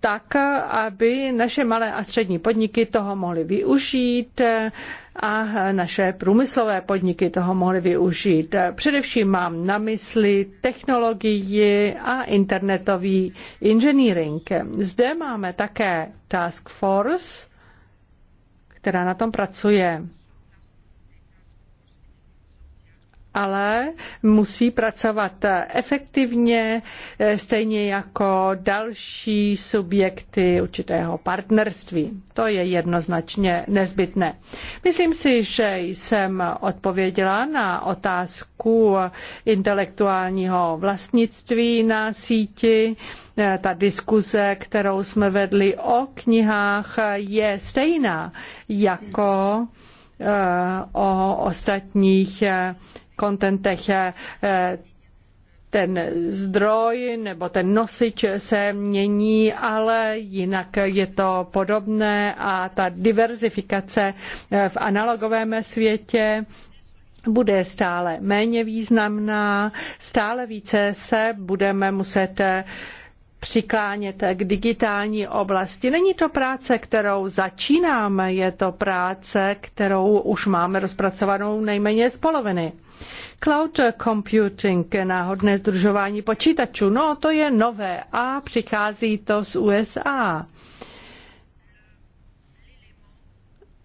[SPEAKER 1] tak, aby naše malé a střední podniky toho mohly využít a naše průmyslové podniky toho mohly využít. Především mám na mysli technologii a internetový engineering. Zde máme také task force, která na tom pracuje. ale musí pracovat efektivně, eh, stejně jako další subjekty určitého partnerství. To je jednoznačně nezbytné. Myslím si, že jsem odpověděla na otázku intelektuálního vlastnictví na síti. Eh, ta diskuze, kterou jsme vedli o knihách, je stejná jako eh, o ostatních kontentech eh, ten zdroj nebo ten nosič se mění, ale jinak je to podobné a ta diverzifikace eh, v analogovém světě bude stále méně významná, stále více se budeme muset eh, přiklánět k digitální oblasti. Není to práce, kterou začínáme, je to práce, kterou už máme rozpracovanou nejméně z poloviny. Cloud computing, náhodné združování počítačů, no to je nové a přichází to z USA.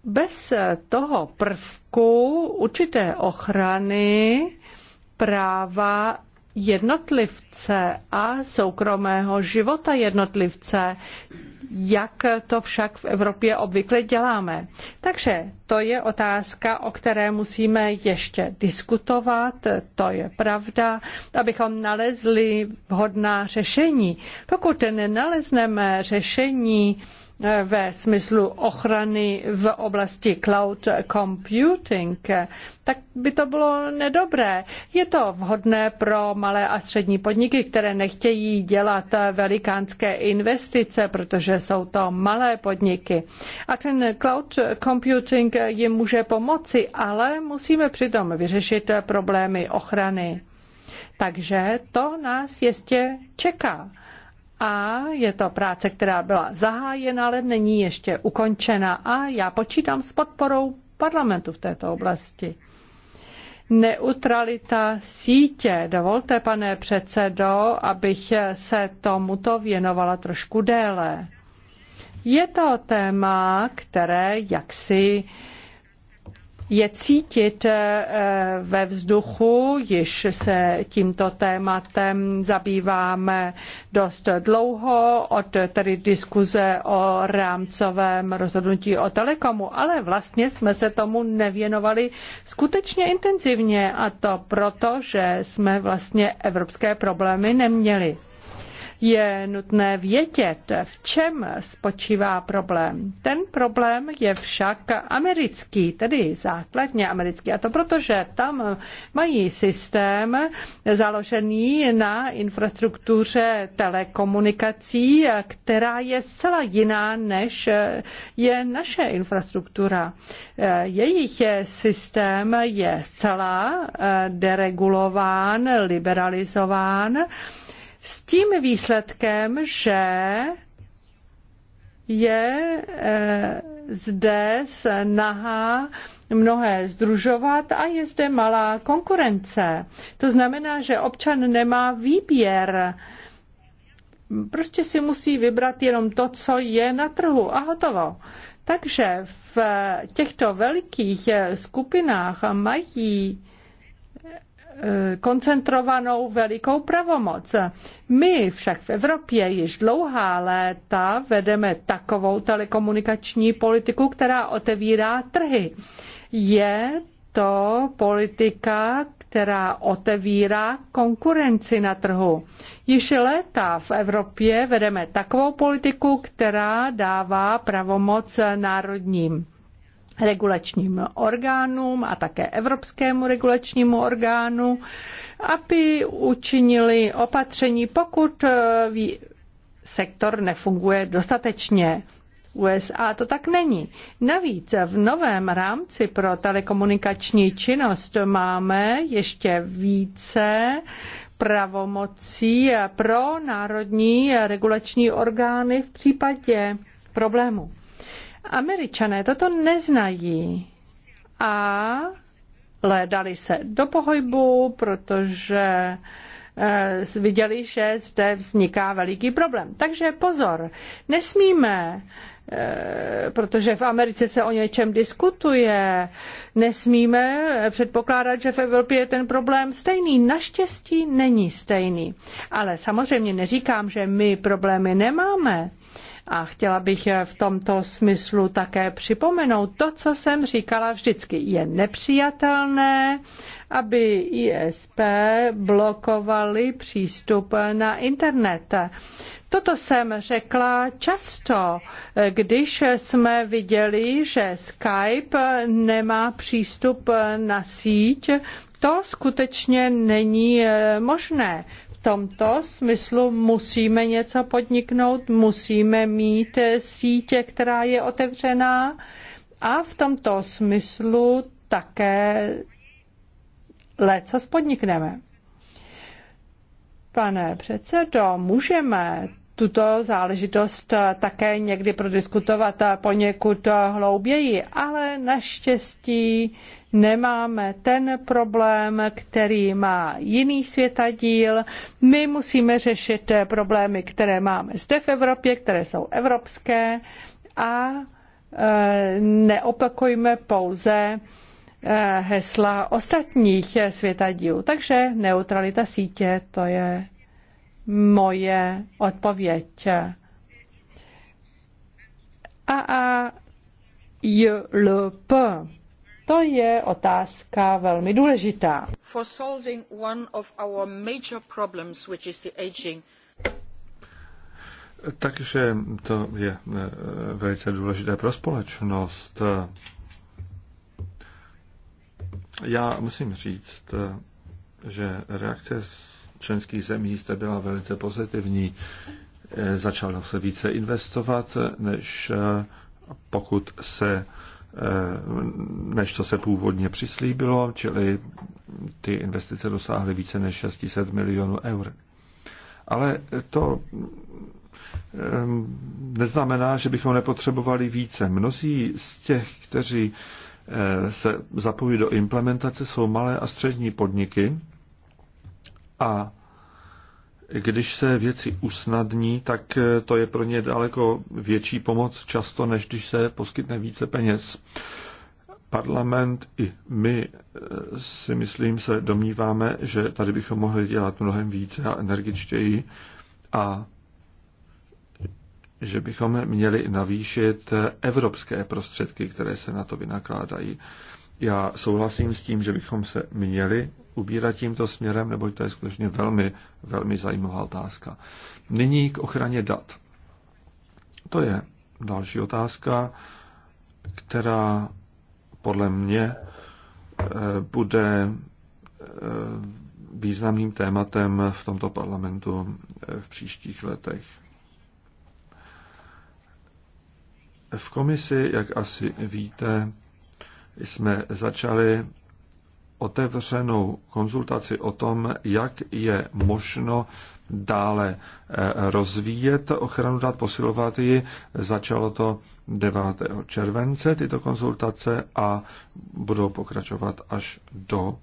[SPEAKER 1] Bez toho prvku určité ochrany práva jednotlivce a soukromého života jednotlivce jak to však v Evropě obvykle děláme. Takže to je otázka, o které musíme ještě diskutovat, to je pravda, abychom nalezli vhodná řešení. Pokud nenalezneme řešení, Eh, ve smyslu ochrany v oblasti cloud computing, tak by to bylo nedobré. Je to vhodné pro malé a střední podniky, které nechtějí dělat velikánské investice, protože jsou to malé podniky. A ten cloud computing jim může pomoci, ale musíme přitom vyřešit problémy ochrany. Takže to nás ještě čeká a je to práce, která byla zahájena, ale není ještě ukončena a já počítám s podporou parlamentu v této oblasti. Neutralita sítě. Dovolte, pane předsedo, abych se tomuto věnovala trošku déle. Je to téma, které jaksi je cítit eh, ve vzduchu, již se tímto tématem zabýváme dost dlouho, od tedy diskuze o rámcovém rozhodnutí o telekomu, ale vlastně jsme se tomu nevěnovali skutečně intenzivně a to proto, že jsme vlastně evropské problémy neměli je nutné vědět, v čem spočívá problém. Ten problém je však americký, tedy základně americký. A to proto, že tam mají systém založený na infrastruktuře telekomunikací, která je zcela jiná, než je naše infrastruktura. Jejich systém je zcela deregulován, liberalizován, s tím výsledkem, že je eh, zde snaha mnohé združovat a je zde malá konkurence. To znamená, že občan nemá výběr. Prostě si musí vybrat jenom to, co je na trhu a hotovo. Takže v těchto velikých skupinách mají Eh, koncentrovanou velikou pravomoc. My však v Evropě již dlouhá léta vedeme takovou telekomunikační politiku, která otevírá trhy. Je to politika, která otevírá konkurenci na trhu. Již léta v Evropě vedeme takovou politiku, která dává pravomoc národním regulačním orgánům a také Evropskému regulačnímu orgánu, aby učinili opatření, pokud eh, sektor nefunguje dostatečně. USA to tak není. Navíc v novém rámci pro telekomunikační činnost máme ještě více pravomocí pro národní regulační orgány v případě problému. Američané toto neznají a dali se do pohybu, protože eh, viděli, že zde vzniká veliký problém. Takže pozor, nesmíme eh, protože v Americe se o něčem diskutuje. Nesmíme předpokládat, že v Evropě je ten problém stejný. Naštěstí není stejný. Ale samozřejmě neříkám, že my problémy nemáme. A chtěla bych v tomto smyslu také připomenout to, co jsem říkala vždycky. Je nepřijatelné, aby ISP blokovali přístup na internet. Toto jsem řekla často, když jsme viděli, že Skype nemá přístup na síť, to skutečně není možné tomto smyslu musíme něco podniknout, musíme mít sítě, která je otevřená a v tomto smyslu také leco spodnikneme. Pane předsedo, můžeme tuto záležitost eh, také někdy prodiskutovat eh, poněkud eh, hlouběji, ale naštěstí nemáme ten problém, který má jiný světadíl. My musíme řešit problémy, které máme zde v Evropě, které jsou evropské a neopakujme pouze hesla ostatních světadílů. Takže neutralita sítě, to je moje odpověď. A a j l p. To je otázka velmi důležitá.
[SPEAKER 2] For solving one of our major problems, which is the aging.
[SPEAKER 3] Takže to je e, velice důležité pro společnost. Já musím říct, e, že reakce z členských zemí jste byla velice pozitivní. Eh, začalo se více investovat, než eh, pokud se eh, než co se původně přislíbilo, čili ty investice dosáhly více než 600 milionů eur. Ale to neznamená, že bychom nepotřebovali více. Mnozí z těch, kteří se zapojí do implementace, jsou malé a střední podniky a když se věci usnadní, tak eh, to je pro ně daleko větší pomoc často, než když se poskytne více peněz. Parlament i my eh, si myslím se domníváme, že tady bychom mohli dělat mnohem více a energičtěji a že bychom měli navýšit evropské prostředky, které se na to vynakládají. Já souhlasím s tím, že bychom se měli ubírat tímto směrem, neboť to je skutečně velmi, velmi zajímavá otázka. Nyní k ochraně dat. To je další otázka, která podle mě eh, bude eh, významným tématem v tomto parlamentu eh, v příštích letech. V komisi, jak asi víte, jsme začali otevřenou konzultaci o tom, jak je možno dále eh, rozvíjet ochranu dát, posilovat ji. Začalo to 9. července tyto konzultace a budou pokračovat až do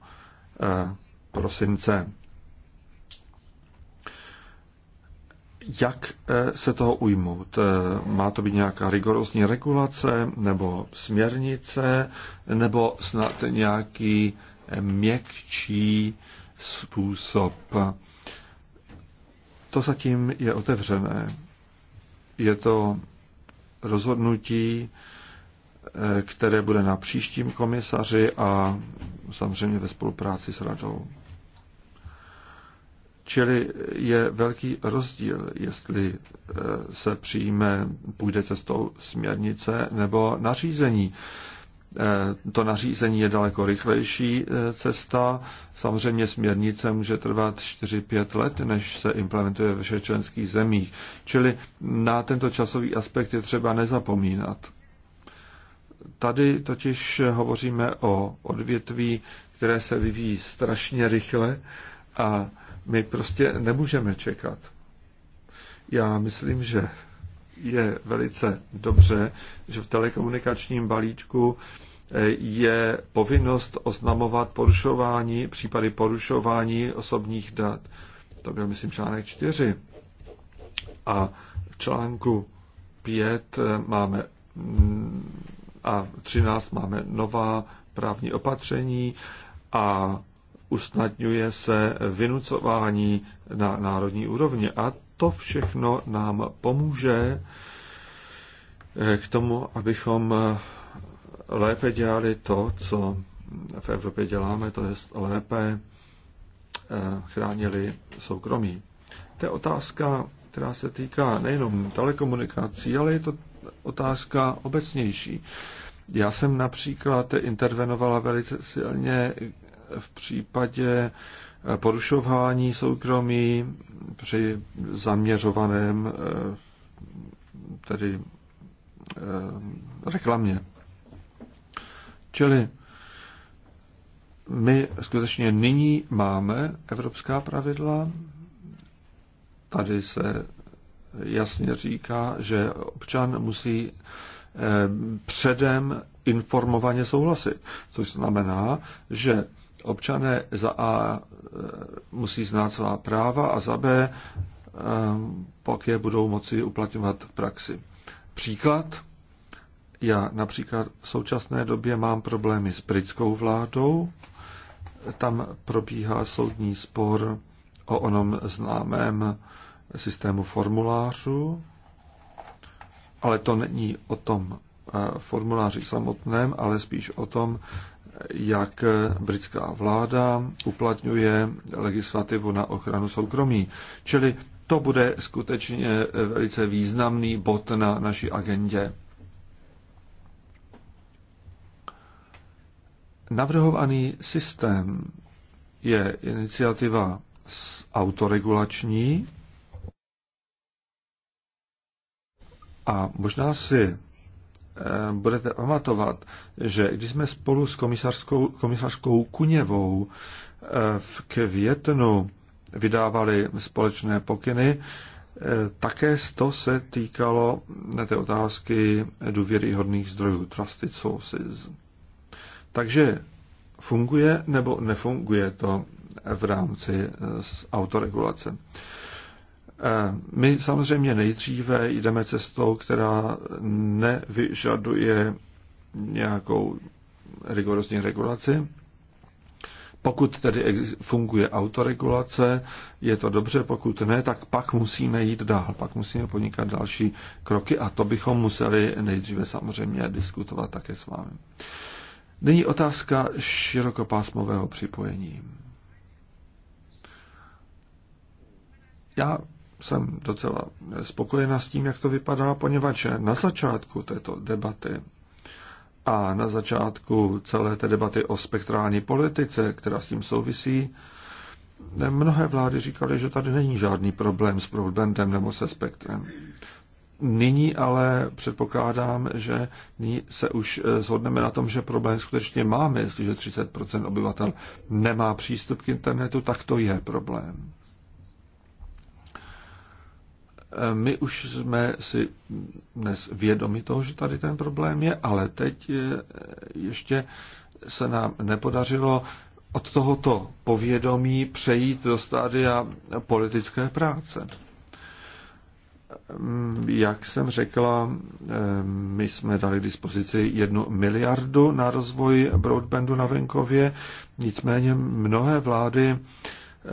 [SPEAKER 3] eh, prosince. Jak eh, se toho ujmout? Má to být nějaká rigorózní regulace nebo směrnice nebo snad nějaký měkčí způsob. To zatím je otevřené. Je to rozhodnutí, eh, které bude na příštím komisaři a samozřejmě ve spolupráci s radou. Čili je velký rozdíl, jestli eh, se přijme, půjde cestou směrnice nebo nařízení. Eh, to nařízení je daleko rychlejší eh, cesta. Samozřejmě směrnice může trvat 4-5 let, než se implementuje ve všech členských zemích. Čili na tento časový aspekt je třeba nezapomínat. Tady totiž hovoříme o odvětví, které se vyvíjí strašně rychle a my prostě nemůžeme čekat. Já myslím, že je velice dobře, že v telekomunikačním balíčku je povinnost oznamovat porušování, případy porušování osobních dat. To byl, myslím, článek 4. A v článku 5 máme a 13 máme nová právní opatření a usnadňuje se vynucování na národní úrovni. A to všechno nám pomůže k tomu, abychom lépe dělali to, co v Evropě děláme, to je lépe eh, chránili soukromí. To je otázka, která se týká nejenom telekomunikací, ale je to otázka obecnější. Já jsem například intervenovala velice silně v případě eh, porušování soukromí při zaměřovaném eh, tedy reklamě. Čili my skutečně nyní máme evropská pravidla. Tady se jasně říká, že občan musí eh, předem informovaně souhlasit, což znamená, že občané za A eh, musí znát svá práva a za B eh, pak je budou moci uplatňovat v praxi. Příklad, já například v současné době mám problémy s britskou vládou. Tam probíhá soudní spor o onom známém systému formulářů, ale to není o tom eh, formuláři samotném, ale spíš o tom, jak britská vláda uplatňuje legislativu na ochranu soukromí. Čili to bude skutečně velice významný bod na naší agendě. Navrhovaný systém je iniciativa autoregulační a možná si eh, budete pamatovat, že když jsme spolu s komisařskou, komisařkou Kuněvou eh, v květnu vydávali společné pokyny, eh, také to se týkalo té otázky důvěryhodných zdrojů, trusted sources. Takže funguje nebo nefunguje to v rámci eh, autoregulace. Eh, my samozřejmě nejdříve jdeme cestou, která nevyžaduje nějakou rigorozní regulaci. Pokud tedy funguje autoregulace, je to dobře, pokud ne, tak pak musíme jít dál, pak musíme podnikat další kroky a to bychom museli nejdříve samozřejmě diskutovat také s vámi. Nyní otázka širokopásmového připojení. Já jsem docela spokojená s tím, jak to vypadá, poněvadž na začátku této debaty a na začátku celé té debaty o spektrální politice, která s tím souvisí, mnohé vlády říkaly, že tady není žádný problém s broadbandem nebo se spektrem. Nyní ale předpokládám, že nyní se už eh, shodneme na tom, že problém skutečně máme, jestliže 30 obyvatel nemá přístup k internetu, tak to je problém. Eh, my už jsme si dnes vědomi toho, že tady ten problém je, ale teď eh, ještě se nám nepodařilo od tohoto povědomí přejít do stádia politické práce jak jsem řekla, eh, my jsme dali k dispozici jednu miliardu na rozvoj broadbandu na venkově, nicméně mnohé vlády eh,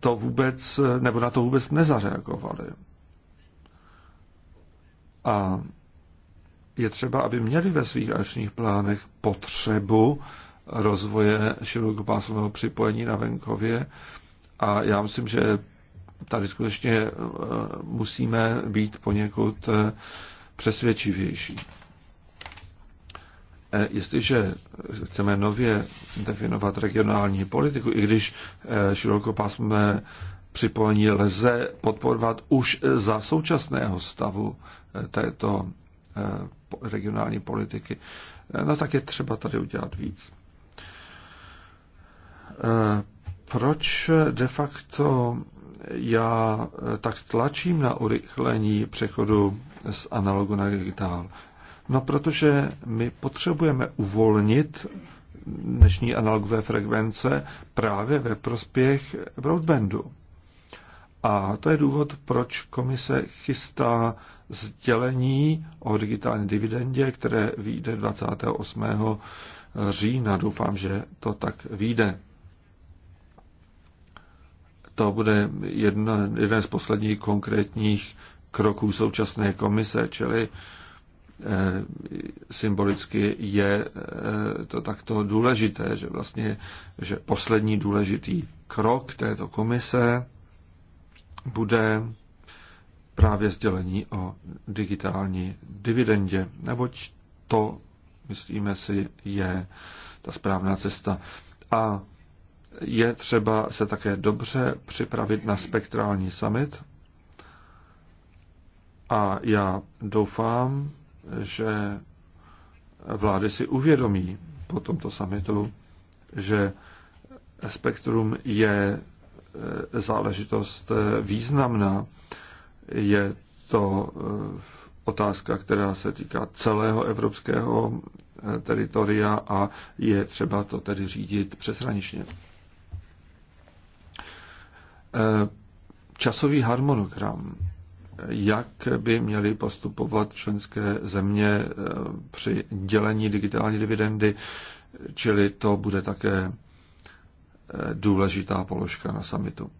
[SPEAKER 3] to vůbec, nebo na to vůbec nezareagovaly. A je třeba, aby měli ve svých akčních plánech potřebu rozvoje širokopásmového připojení na venkově. A já myslím, že tady skutečně eh, musíme být poněkud eh, přesvědčivější. Eh, jestliže chceme nově definovat regionální politiku, i když širokopásmové připojení lze podporovat už za současného stavu této regionální politiky, no tak je třeba tady udělat víc. Proč de facto já eh, tak tlačím na urychlení přechodu z analogu na digitál. No protože my potřebujeme uvolnit dnešní analogové frekvence právě ve prospěch broadbandu. A to je důvod, proč komise chystá sdělení o digitální dividendě, které vyjde 28. října. Doufám, že to tak vyjde. To bude jedna, jeden z posledních konkrétních kroků současné komise, čili eh, symbolicky je eh, to takto důležité, že vlastně že poslední důležitý krok této komise bude právě sdělení o digitální dividendě, neboť to, myslíme si, je ta správná cesta. A je třeba se také dobře připravit na spektrální summit a já doufám, že vlády si uvědomí po tomto summitu, že spektrum je e, záležitost e, významná. Je to e, otázka, která se týká celého evropského teritoria a je třeba to tedy řídit přeshraničně. Eh, časový harmonogram, jak by měly postupovat členské země eh, při dělení digitální dividendy, čili to bude také eh, důležitá položka na samitu.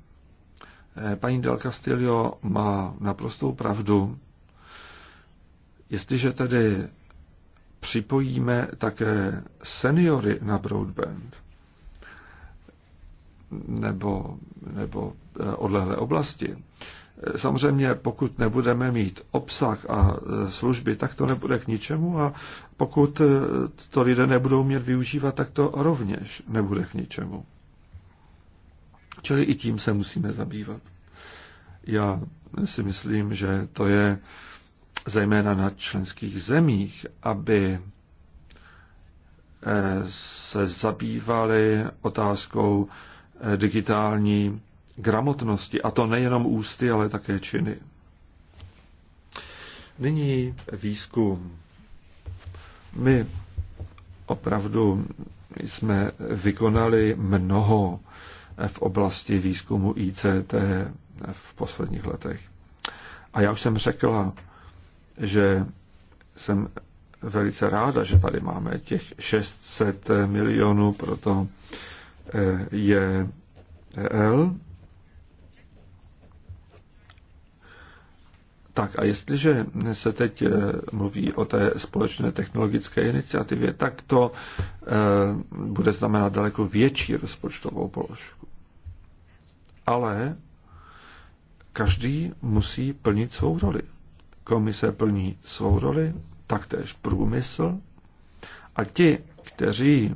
[SPEAKER 3] Paní Del Castillo má naprostou pravdu. Jestliže tedy připojíme také seniory na broadband, nebo, nebo eh, odlehlé oblasti. Eh, samozřejmě, pokud nebudeme mít obsah a eh, služby, tak to nebude k ničemu a pokud to lidé nebudou mět využívat, tak to rovněž nebude k ničemu. Čili i tím se musíme zabývat. Já si myslím, že to je zejména na členských zemích, aby se zabývali otázkou digitální gramotnosti, a to nejenom ústy, ale také činy. Nyní výzkum. My opravdu jsme vykonali mnoho v oblasti výzkumu ICT v posledních letech. A já už jsem řekla, že jsem velice ráda, že tady máme těch 600 milionů pro to je L. Tak a jestliže se teď eh, mluví o té společné technologické iniciativě, tak to eh, bude znamenat daleko větší rozpočtovou položku. Ale každý musí plnit svou roli. Komise plní svou roli, taktéž průmysl. A ti, kteří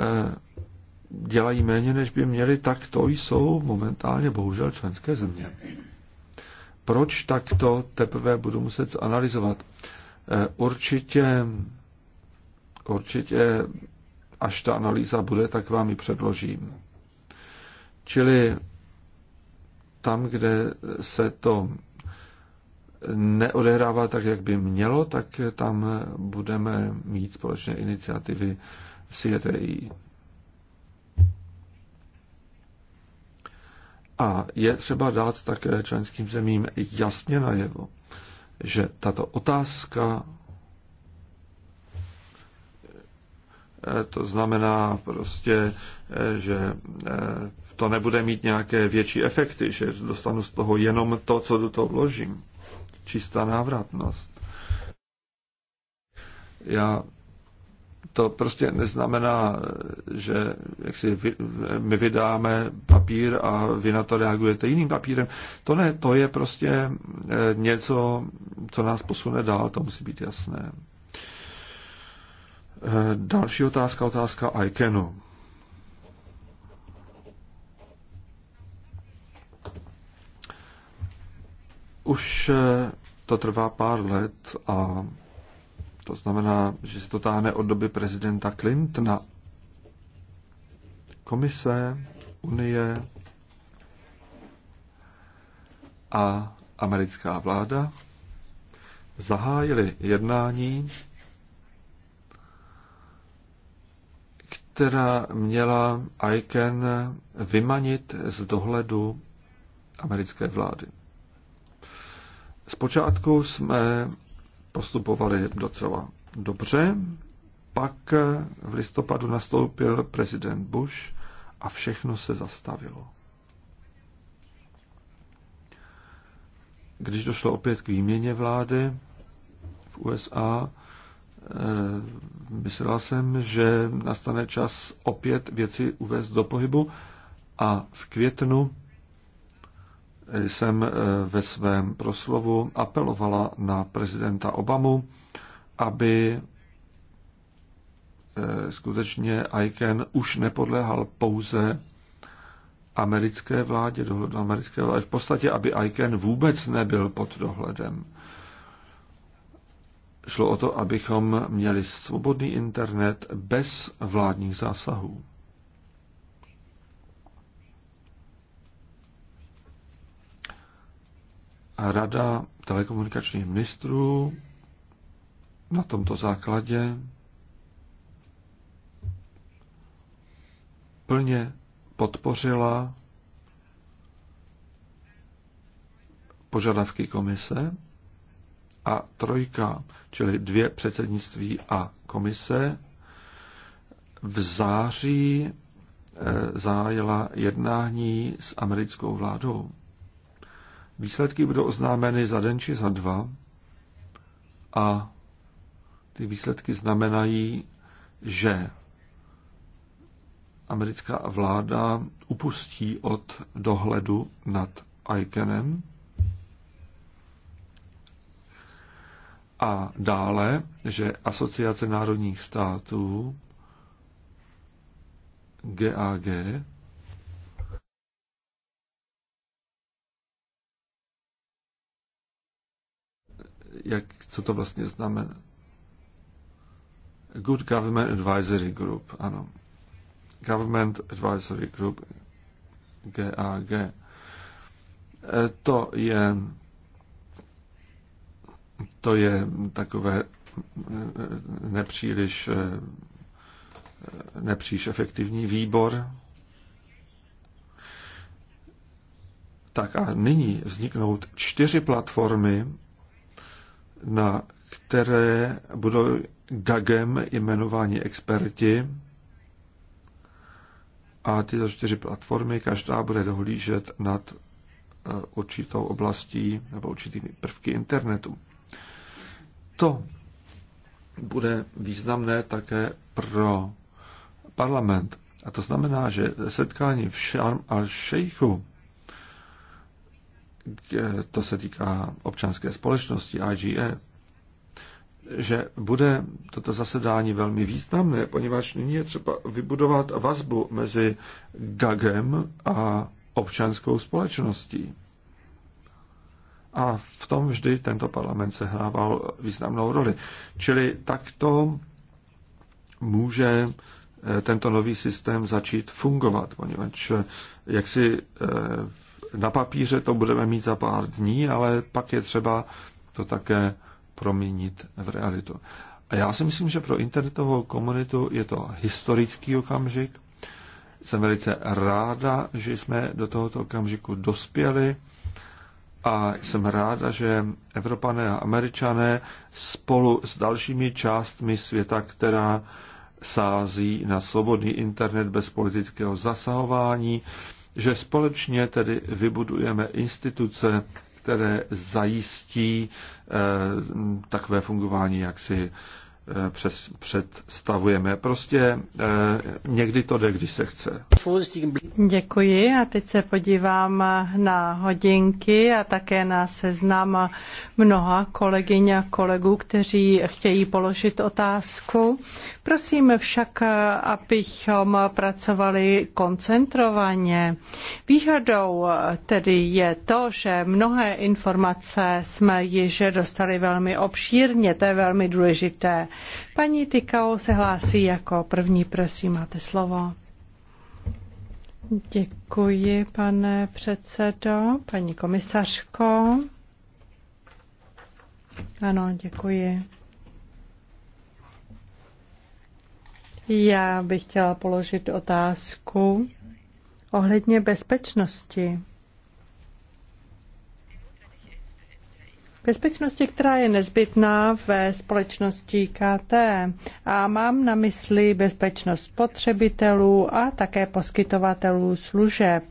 [SPEAKER 3] eh, dělají méně, než by měli, tak to jsou momentálně bohužel členské země. Proč tak to teprve budu muset analyzovat? Eh, určitě, určitě, až ta analýza bude, tak vám ji předložím. Čili tam, kde se to neodehrává tak, jak by mělo, tak tam budeme mít společné iniciativy CTI. A je třeba dát také členským zemím jasně najevo, že tato otázka, to znamená prostě, že eh, to nebude mít nějaké větší efekty, že dostanu z toho jenom to, co do toho vložím. Čistá návratnost. Já to prostě neznamená, že jak si vy, my vydáme papír a vy na to reagujete jiným papírem. To ne, to je prostě eh, něco, co nás posune dál, to musí být jasné. Eh, další otázka, otázka Ikenu. Už eh, to trvá pár let a to znamená, že se to táhne od doby prezidenta Clintona. Komise, Unie a americká vláda zahájili jednání, která měla Aiken vymanit z dohledu americké vlády. Zpočátku jsme postupovali docela dobře. Pak v listopadu nastoupil prezident Bush a všechno se zastavilo. Když došlo opět k výměně vlády v USA, eh, myslel jsem, že nastane čas opět věci uvést do pohybu a v květnu jsem eh, ve svém proslovu apelovala na prezidenta Obamu, aby eh, skutečně ICANN už nepodléhal pouze americké vládě, dohledu americké vládě, v podstatě, aby ICANN vůbec nebyl pod dohledem. Šlo o to, abychom měli svobodný internet bez vládních zásahů. Rada telekomunikačních ministrů na tomto základě plně podpořila požadavky komise a trojka, čili dvě předsednictví a komise, v září eh, zájela jednání s americkou vládou. Výsledky budou oznámeny za den či za dva a ty výsledky znamenají, že americká vláda upustí od dohledu nad Aikenem a dále, že Asociace národních států GAG jak, co to vlastně znamená. Good Government Advisory Group, ano. Government Advisory Group, GAG. E, to je, to je takové e, nepříliš, e, nepříliš efektivní výbor. Tak a nyní vzniknou čtyři platformy, na které budou GAGem jmenováni experti a tyto čtyři platformy, každá bude dohlížet nad eh, určitou oblastí nebo určitými prvky internetu. To bude významné také pro parlament. A to znamená, že setkání v Sharm al-Sheikhu to se týká občanské společnosti IGE, že bude toto zasedání velmi významné, poněvadž nyní je třeba vybudovat vazbu mezi GAGem a občanskou společností. A v tom vždy tento parlament sehrával významnou roli. Čili takto může eh, tento nový systém začít fungovat, poněvadž eh, jak si eh, na papíře to budeme mít za pár dní, ale pak je třeba to také proměnit v realitu. A já si myslím, že pro internetovou komunitu je to historický okamžik. Jsem velice ráda, že jsme do tohoto okamžiku dospěli a jsem ráda, že Evropané a Američané spolu s dalšími částmi světa, která sází na svobodný internet bez politického zasahování, že společně tedy vybudujeme instituce, které zajistí eh, takové fungování jaksi Eh, přes, představujeme. Prostě eh, někdy to jde, když se chce.
[SPEAKER 1] Děkuji a teď se podívám na hodinky a také na seznam mnoha kolegyň a kolegů, kteří chtějí položit otázku. Prosím však, abychom pracovali koncentrovaně. Výhodou tedy je to, že mnohé informace jsme již dostali velmi obšírně, to je velmi důležité. Paní Tykao se hlásí jako první, prosím, máte slovo. Děkuji, pane předsedo, paní komisařko. Ano, děkuji. Já bych chtěla položit otázku ohledně bezpečnosti. bezpečnosti, která je nezbytná ve společnosti KT. A mám na mysli bezpečnost spotřebitelů a také poskytovatelů služeb.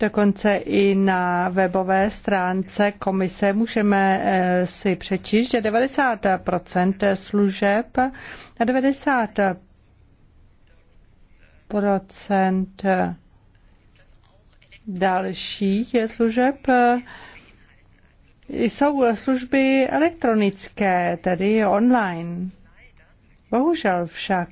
[SPEAKER 1] Dokonce i na webové stránce komise můžeme eh, si přečíst, že 90 služeb a 90 dalších služeb eh, jsou služby elektronické, tedy online. Bohužel však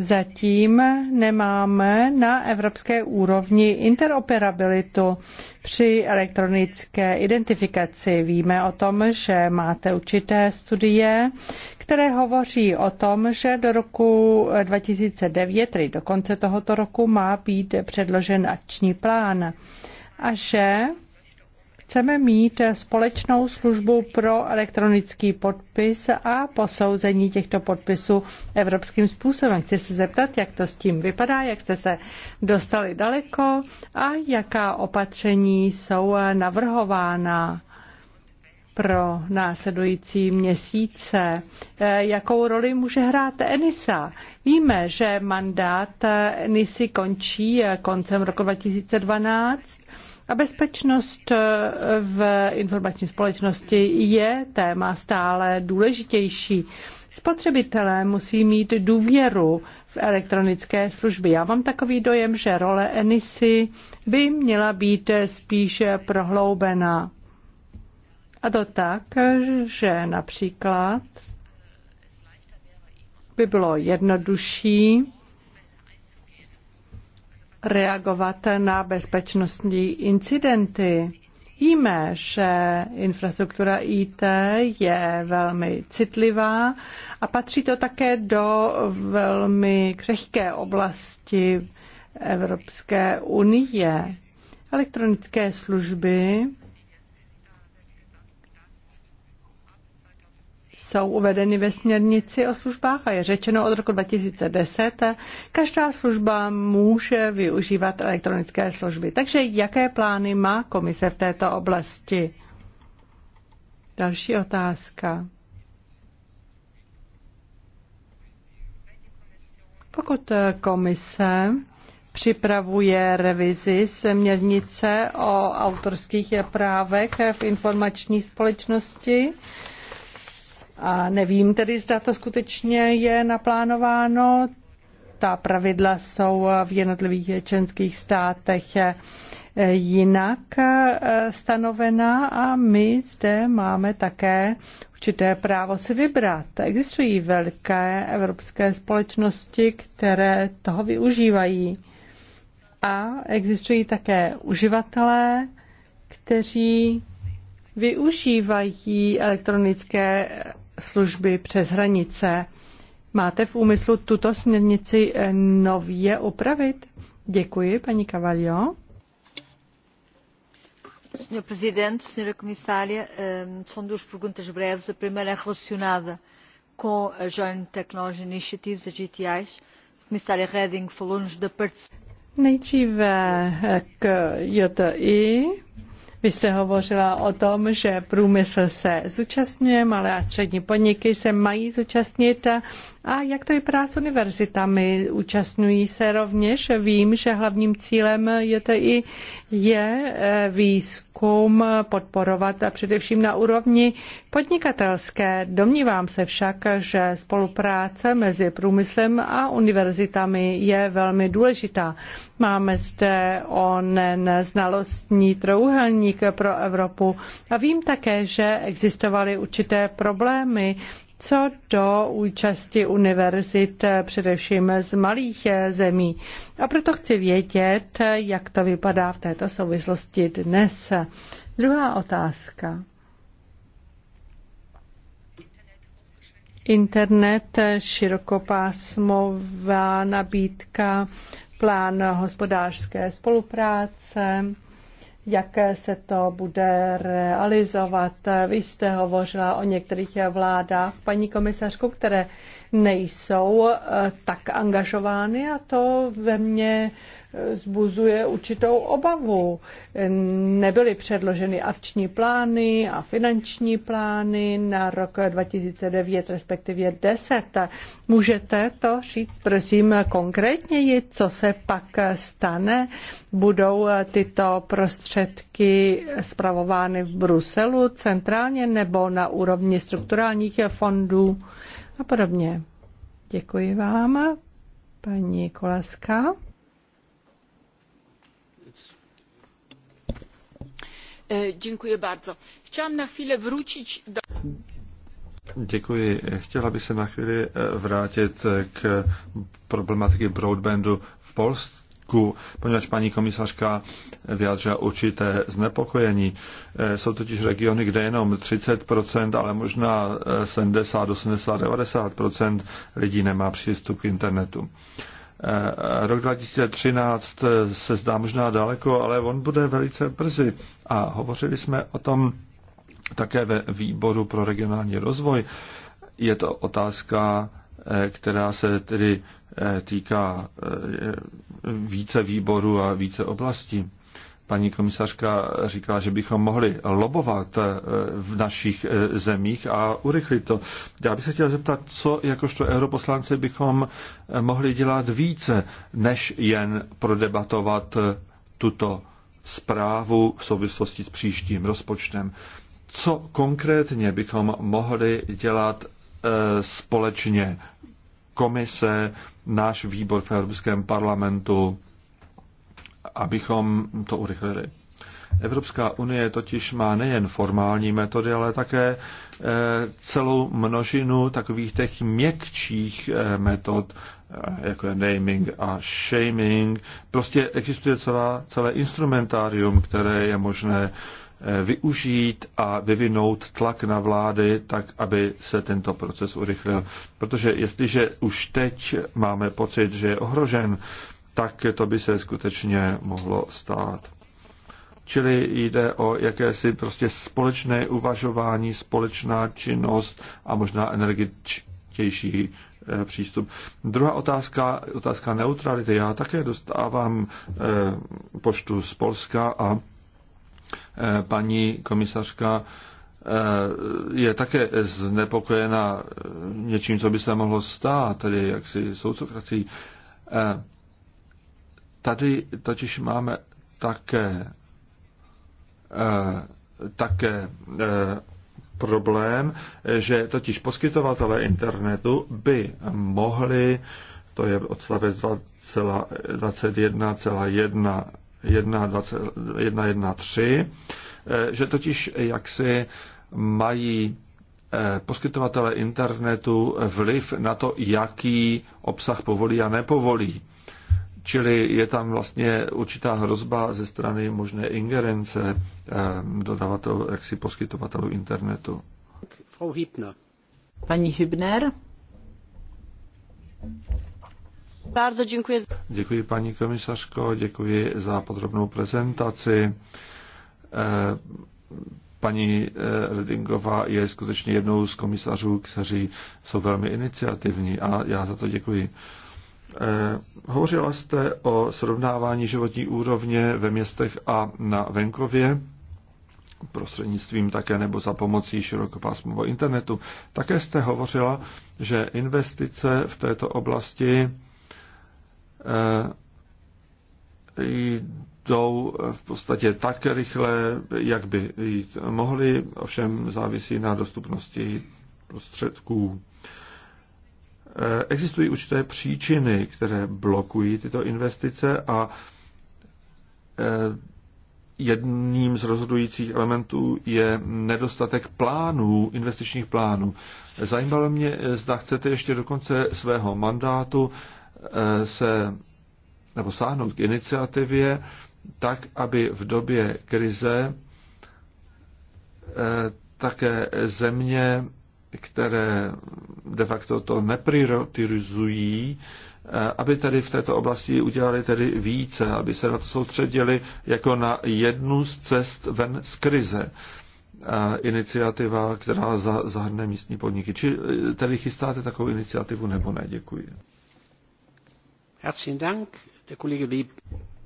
[SPEAKER 1] Zatím nemáme na evropské úrovni interoperabilitu při elektronické identifikaci. Víme o tom, že máte určité studie, které hovoří o tom, že do roku 2009, tedy do konce tohoto roku, má být předložen akční plán a že Chceme mít společnou službu pro elektronický podpis a posouzení těchto podpisů evropským způsobem. Chci se zeptat, jak to s tím vypadá, jak jste se dostali daleko a jaká opatření jsou navrhována pro následující měsíce. Jakou roli může hrát Enisa? Víme, že mandát Enisy končí koncem roku 2012 a bezpečnost eh, v informační společnosti je téma stále důležitější. Spotřebitelé musí mít důvěru v elektronické služby. Já mám takový dojem, že role Enisy by měla být spíše prohloubená. A to tak, že například by bylo jednodušší reagovat na bezpečnostní incidenty. Víme, že infrastruktura IT je velmi citlivá a patří to také do velmi křehké oblasti Evropské unie. Elektronické služby jsou uvedeny ve směrnici o službách a je řečeno od roku 2010, každá služba může využívat elektronické služby. Takže jaké plány má komise v této oblasti? Další otázka. Pokud komise připravuje revizi směrnice o autorských právech v informační společnosti. A nevím tedy, zda to skutečně je naplánováno. Ta pravidla jsou v jednotlivých členských státech jinak stanovena a my zde máme také určité právo si vybrat. Existují velké evropské společnosti, které toho využívají. A existují také uživatelé, kteří využívají elektronické služby přes hranice. Máte v úmyslu tuto směrnici eh, nově upravit? Děkuji, paní Cavalio.
[SPEAKER 2] Senhor Presidente, Senhora Comissária, ehm, são duas perguntas breves. A primeira é relacionada com a Joint Technology Initiatives, a GTIs. A Comissária Reding falou-nos da participação.
[SPEAKER 1] Nejdříve eh, k JTI. Vy jste hovořila o tom, že průmysl se zúčastňuje, malé a střední podniky se mají zúčastnit a jak to vypadá s univerzitami? Účastňují se rovněž? Vím, že hlavním cílem je i je eh, výzkum podporovat a především na úrovni podnikatelské. Domnívám se však, že spolupráce mezi průmyslem a univerzitami je velmi důležitá. Máme zde onen znalostní trouhelník pro Evropu a vím také, že existovaly určité problémy co do účasti univerzit eh, především z malých eh, zemí. A proto chci vědět, eh, jak to vypadá v této souvislosti dnes. Druhá otázka. Internet, širokopásmová nabídka, plán hospodářské spolupráce jak se to bude realizovat. Vy jste hovořila o některých vládách, paní komisařku, které nejsou eh, tak angažovány a to ve mně zbuzuje určitou obavu. Nebyly předloženy akční plány a finanční plány na rok 2009, respektive 10. Můžete to říct, prosím, konkrétněji, co se pak stane? Budou eh, tyto prostředky spravovány v Bruselu centrálně nebo na úrovni strukturálních fondů? a podobně. Děkuji vám, paní Koleska.
[SPEAKER 2] Děkuji bardzo. Chciałam na chvíli vrůčit do...
[SPEAKER 3] Děkuji. Chtěla bych se na chvíli eh, vrátit k problematiky broadbandu v Polsku výsledků, poněvadž paní komisařka vyjádřila určité znepokojení. Eh, jsou totiž regiony, kde jenom 30%, ale možná 70, 80, 90% lidí nemá přístup k internetu. Eh, rok 2013 eh, se zdá možná daleko, ale on bude velice brzy. A hovořili jsme o tom také ve výboru pro regionální rozvoj. Je to otázka Eh, která se tedy eh, týká eh, více výborů a více oblastí. Paní komisařka říká, že bychom mohli lobovat v našich zemích a urychlit to. Já bych se chtěl zeptat, co jakožto europoslanci bychom mohli dělat více, než jen prodebatovat tuto zprávu v souvislosti s příštím rozpočtem. Co konkrétně bychom mohli dělat Eh, společně komise, náš výbor v Evropském parlamentu, abychom to urychlili. Evropská unie totiž má nejen formální metody, ale také eh, celou množinu takových těch měkčích eh, metod, jako je naming a shaming. Prostě existuje celá, celé instrumentárium, které je možné Eh, využít a vyvinout tlak na vlády tak, aby se tento proces urychlil. Protože jestliže už teď máme pocit, že je ohrožen, tak to by se skutečně mohlo stát. Čili jde o jakési prostě společné uvažování, společná činnost a možná energičtější eh, přístup. Druhá otázka, otázka neutrality. Já také dostávám eh, poštu z Polska a Eh, paní komisařka eh, je také znepokojena eh, něčím, co by se mohlo stát, tedy jaksi soudcokracií. Tady totiž máme také, také problém, že totiž poskytovatele internetu by mohli, to je odstavec 21,1 1.13, eh, že totiž jaksi mají eh, poskytovatele internetu vliv na to, jaký obsah povolí a nepovolí. Čili je tam vlastně určitá hrozba ze strany možné ingerence eh, dodavatelů, jaksi poskytovatelů internetu.
[SPEAKER 2] Frau Hübner. Paní Hübner. Bardzo
[SPEAKER 3] děkuji. Děkuji paní komisařko, děkuji za podrobnou prezentaci. Eh, paní eh, Redingová je skutečně jednou z komisařů, kteří jsou velmi iniciativní a já za to děkuji. Eh, hovořila jste o srovnávání životní úrovně ve městech a na venkově prostřednictvím také nebo za pomocí širokopásmového internetu. Také jste hovořila, že investice v této oblasti jdou v podstatě tak rychle, jak by jít mohli, ovšem závisí na dostupnosti prostředků. Existují určité příčiny, které blokují tyto investice a e, jedním z rozhodujících elementů je nedostatek plánů, investičních plánů. Zajímalo mě, zda chcete ještě do konce svého mandátu Eh, se nebo sáhnout k iniciativě tak, aby v době krize eh, také země, které de facto to neprioritizují, eh, aby tedy v této oblasti udělali tedy více, aby se na to soustředili jako na jednu z cest ven z krize. Iniciativa, která zahrne místní podniky. Či tedy chystáte takovou iniciativu nebo ne? Děkuji.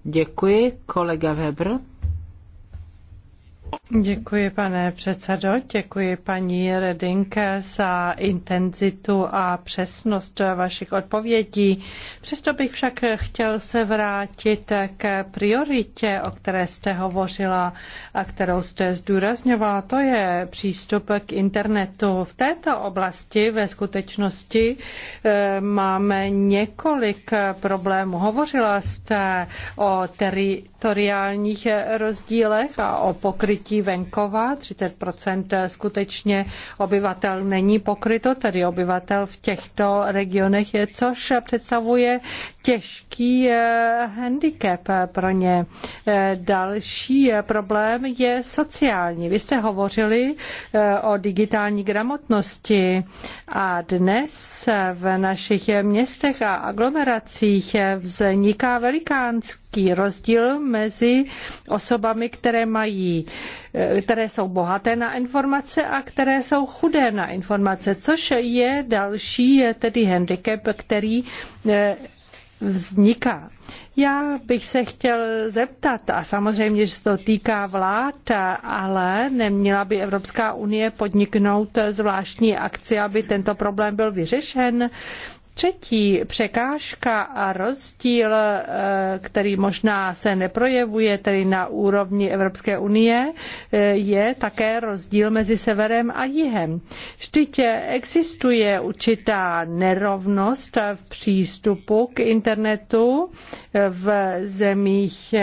[SPEAKER 2] Děkuji, kolega Weber.
[SPEAKER 1] Děkuji, pane předsedo, děkuji paní Redinke za intenzitu a přesnost vašich odpovědí. Přesto bych však chtěl se vrátit k prioritě, o které jste hovořila a kterou jste zdůrazňovala. To je přístup k internetu. V této oblasti ve skutečnosti eh, máme několik problémů. Hovořila jste o teritoriálních rozdílech a o pokrytí využití venkova, 30 skutečně obyvatel není pokryto, tedy obyvatel v těchto regionech, což představuje těžký eh, handicap pro ně. Eh, další eh, problém je sociální. Vy jste hovořili o digitální gramotnosti a dnes v našich městech a aglomeracích vzniká velikánský rozdíl mezi osobami, které mají Eh, které jsou bohaté na informace a které jsou chudé na informace, což je další eh, tedy handicap, který eh, vzniká. Já bych se chtěl zeptat, a samozřejmě, že se to týká vlád, ale neměla by Evropská unie podniknout zvláštní akci, aby tento problém byl vyřešen. Třetí překážka a rozdíl, eh, který možná se neprojevuje tedy na úrovni Evropské unie, eh, je také rozdíl mezi severem a jihem. Vždyť existuje určitá nerovnost v přístupu k internetu eh, v zemích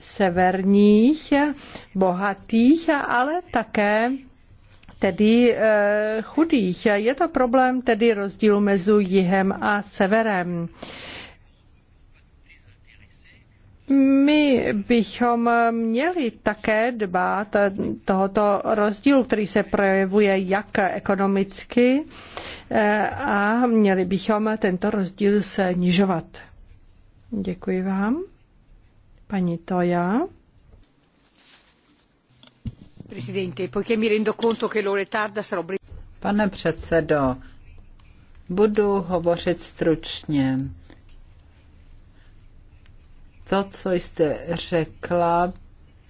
[SPEAKER 1] severních, bohatých, ale také tedy eh, chudých. Je to problém tedy rozdílu mezi jihem a severem. My bychom měli také dbát tohoto rozdílu, který se projevuje jak ekonomicky eh, a měli bychom tento rozdíl snižovat. Děkuji vám. Paní Toja.
[SPEAKER 2] Pane předsedo, budu hovořit stručně. To, co jste řekla,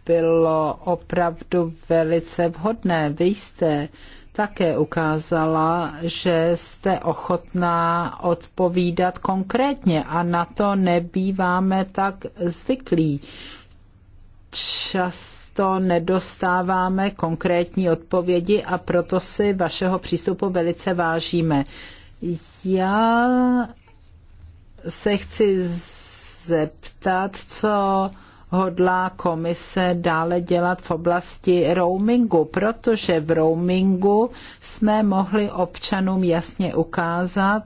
[SPEAKER 2] bylo opravdu velice vhodné. Vy jste také ukázala, že jste ochotná odpovídat konkrétně a na to nebýváme tak zvyklí. Čas často nedostáváme konkrétní odpovědi a proto si vašeho přístupu velice vážíme. Já se chci zeptat, co hodlá komise dále dělat v oblasti roamingu, protože v roamingu jsme mohli občanům jasně ukázat,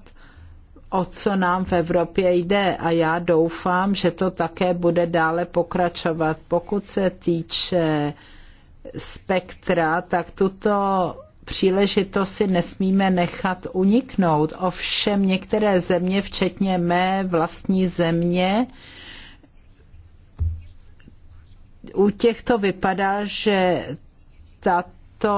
[SPEAKER 2] o co nám v Evropě jde a já doufám, že to také bude dále pokračovat. Pokud se týče spektra, tak tuto příležitost si nesmíme nechat uniknout. Ovšem některé země, včetně mé vlastní země, u těch to vypadá, že tato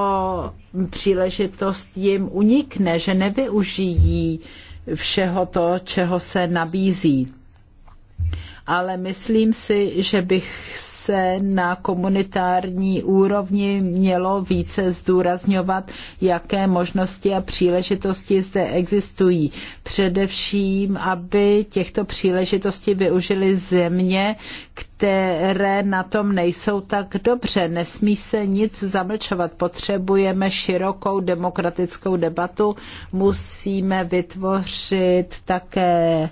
[SPEAKER 2] příležitost jim unikne, že nevyužijí uh, všeho to, čeho se nabízí. Ale myslím si, že bych se na komunitární úrovni mělo více zdůrazňovat, jaké možnosti a příležitosti zde existují. Především, aby těchto příležitostí využili země, které na tom nejsou tak dobře. Nesmí se nic zamlčovat. Potřebujeme širokou demokratickou debatu. Musíme vytvořit také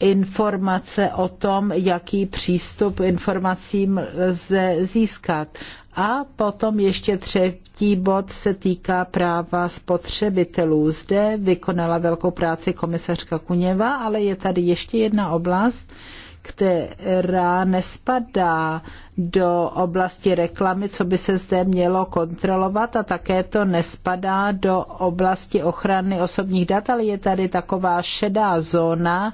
[SPEAKER 2] informace o tom, jaký přístup informacím lze získat. A potom ještě třetí bod se týká práva spotřebitelů. Zde vykonala velkou práci komisařka Kuněva, ale je tady ještě jedna oblast, která nespadá do oblasti reklamy, co by se zde mělo kontrolovat a také to nespadá do oblasti ochrany osobních dat, ale je tady taková šedá zóna,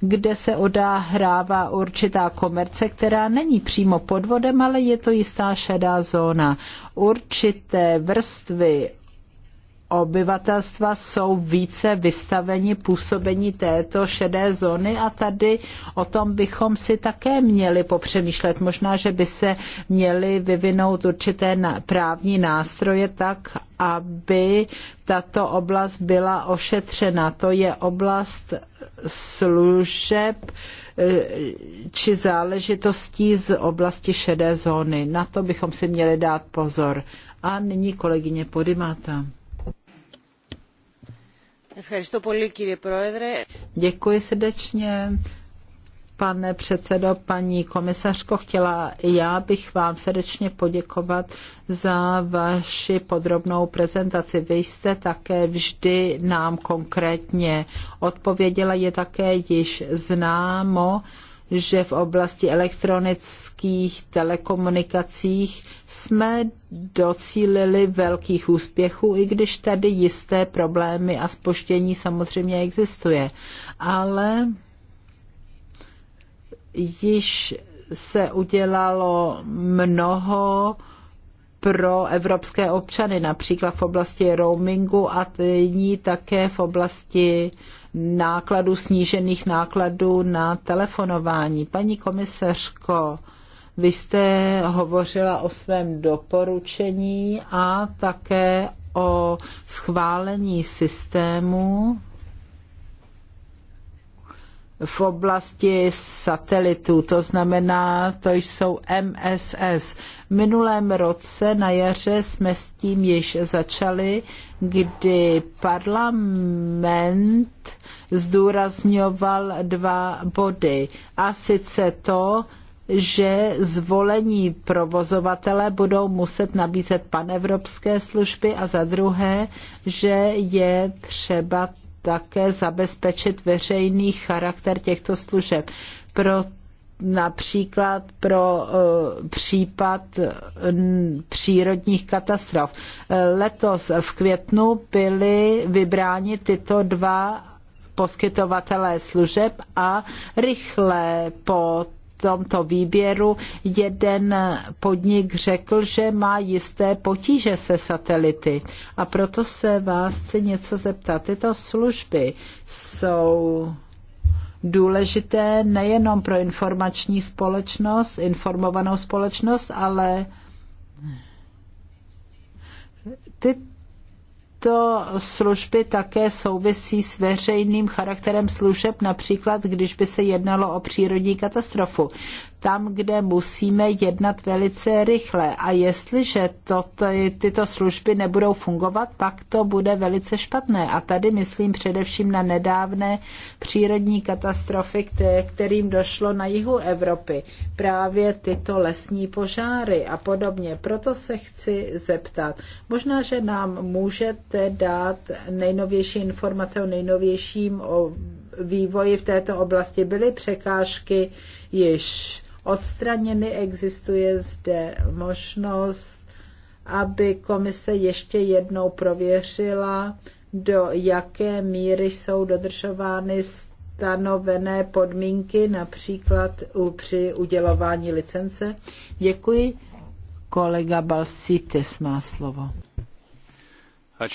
[SPEAKER 2] kde se odáhrává určitá komerce, která není přímo podvodem, ale je to jistá šedá zóna. Určité vrstvy obyvatelstva jsou více vystaveni působení této šedé zóny a tady o tom bychom si také měli popřemýšlet. Možná, že by se měly vyvinout určité právní nástroje tak, aby tato oblast byla ošetřena. To je oblast služeb eh, či záležitostí z oblasti šedé zóny. Na to bychom si měli dát pozor. A nyní kolegyně Podimata. Děkuji srdečně, pane předsedo, paní komisařko. Chtěla já bych vám srdečně poděkovat za vaši podrobnou prezentaci. Vy jste také vždy nám konkrétně odpověděla, je také již známo, že v oblasti elektronických telekomunikacích jsme docílili velkých úspěchů, i když tady jisté problémy a spoštění samozřejmě existuje. Ale již se udělalo mnoho pro evropské občany, například v oblasti roamingu a nyní také v oblasti nákladů, snížených nákladů na telefonování. Paní komisařko, vy jste hovořila o svém doporučení a také o schválení systému v oblasti satelitů, to znamená, to jsou MSS. V minulém roce na jaře jsme s tím již začali, kdy parlament zdůrazňoval dva body. A sice to, že zvolení provozovatele budou muset nabízet panevropské služby a za druhé, že je třeba také zabezpečit veřejný charakter těchto služeb. Pro například pro eh, případ přírodních katastrof. Eh, letos v květnu byly vybráni tyto dva poskytovatelé služeb a rychle po tomto výběru jeden podnik řekl, že má jisté potíže se satelity. A proto se vás chci něco zeptat. Tyto služby jsou důležité nejenom pro informační společnost, informovanou společnost, ale ty tyto služby také souvisí s veřejným charakterem služeb, například když by se jednalo o přírodní katastrofu tam, kde musíme jednat velice rychle. A jestliže toto, tyto služby nebudou fungovat, pak to bude velice špatné. A tady myslím především na nedávné přírodní katastrofy, kterým došlo na jihu Evropy. Právě tyto lesní požáry a podobně. Proto se chci zeptat. Možná, že nám můžete dát nejnovější informace o nejnovějším o vývoji v této oblasti. Byly překážky již odstraněny. Existuje zde možnost, aby komise ještě jednou prověřila, do jaké míry jsou dodržovány stanovené podmínky, například u, při udělování licence. Děkuji. Kolega Balsites má slovo. E,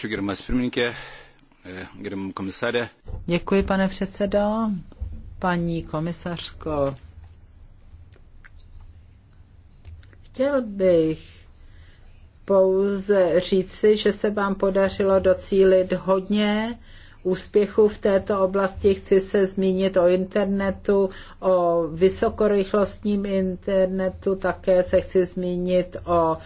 [SPEAKER 2] Děkuji, pane předsedo. Paní komisařko, Chtěl bych pouze říci, že se vám podařilo docílit hodně úspěchu v této oblasti. Chci se zmínit o internetu, o vysokorychlostním internetu, také se chci zmínit o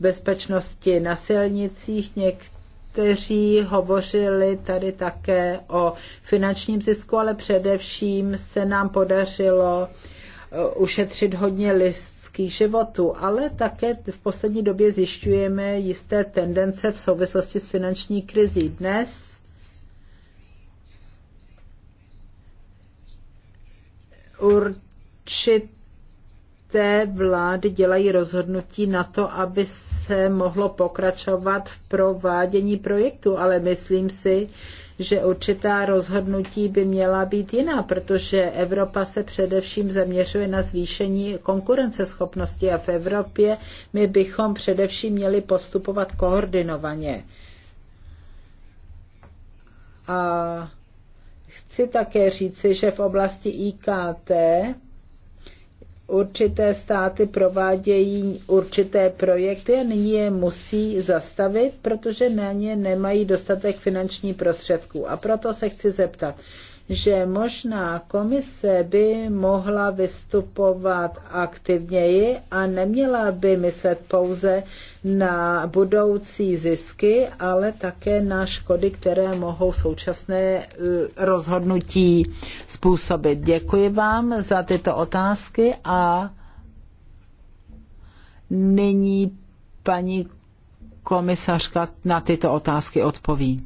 [SPEAKER 2] bezpečnosti na silnicích. Někteří hovořili tady také o finančním zisku, ale především se nám podařilo eh, ušetřit hodně list lidských životů, ale také v poslední době zjišťujeme jisté tendence v souvislosti s finanční krizí. Dnes určité vlády dělají rozhodnutí na to, aby se mohlo pokračovat v provádění projektu, ale myslím si, že určitá rozhodnutí by měla být jiná, protože Evropa se především zaměřuje na zvýšení konkurenceschopnosti a v Evropě my bychom především měli postupovat koordinovaně. A chci také říci, že v oblasti IKT určité státy provádějí určité projekty a nyní je musí zastavit, protože na ně nemají dostatek finanční prostředků. A proto se chci zeptat, že možná komise by mohla vystupovat aktivněji a neměla by myslet pouze na budoucí zisky, ale také na škody, které mohou současné e, rozhodnutí způsobit. Děkuji vám za tyto otázky a nyní paní komisařka na tyto otázky odpoví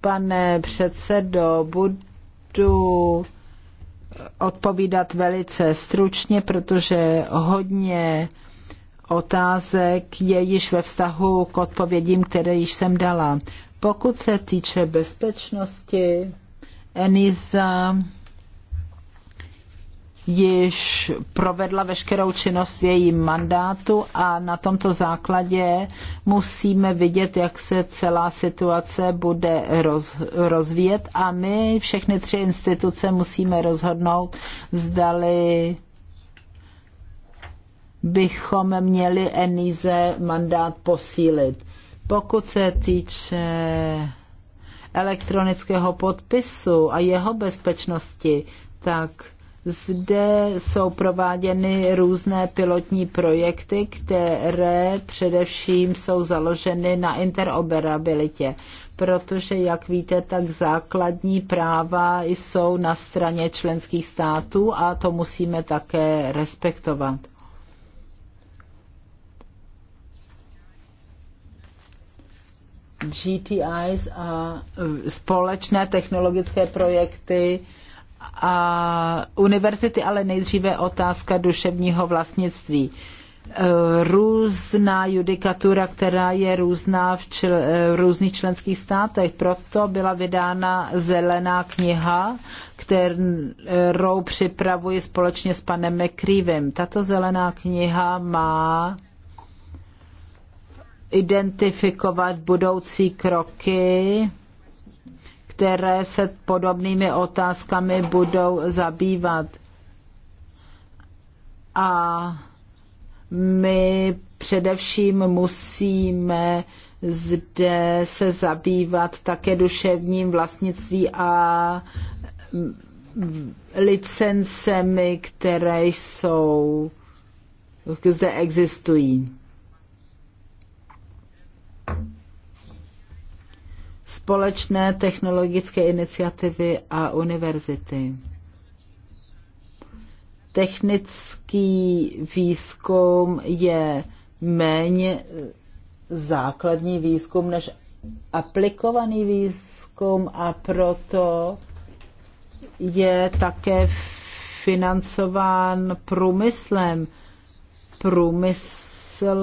[SPEAKER 2] pane předsedo, budu odpovídat velice stručně, protože hodně otázek je již ve vztahu k odpovědím, které již jsem dala. Pokud se týče bezpečnosti, Eniza již provedla veškerou činnost v jejím mandátu a na tomto základě musíme vidět, jak se celá situace bude roz, rozvíjet a my všechny tři instituce musíme rozhodnout, zdali bychom měli Enize mandát posílit. Pokud se týče elektronického podpisu a jeho bezpečnosti, tak zde jsou prováděny různé pilotní projekty, které především jsou založeny na interoperabilitě, protože, jak víte, tak základní práva jsou na straně členských států a to musíme také respektovat. GTIs a společné technologické projekty a univerzity, ale nejdříve otázka duševního vlastnictví. E, různá judikatura, která je různá v, čl, v e, různých členských státech. Proto byla vydána zelená kniha, kterou připravuji společně s panem McCreevem. Tato zelená kniha má identifikovat budoucí kroky které se podobnými otázkami budou zabývat. A my především musíme zde se zabývat také duševním vlastnictví a licencemi, které jsou, zde existují. společné technologické iniciativy a univerzity. Technický výzkum je méně základní výzkum než aplikovaný výzkum a proto je také financován průmyslem. Průmysl,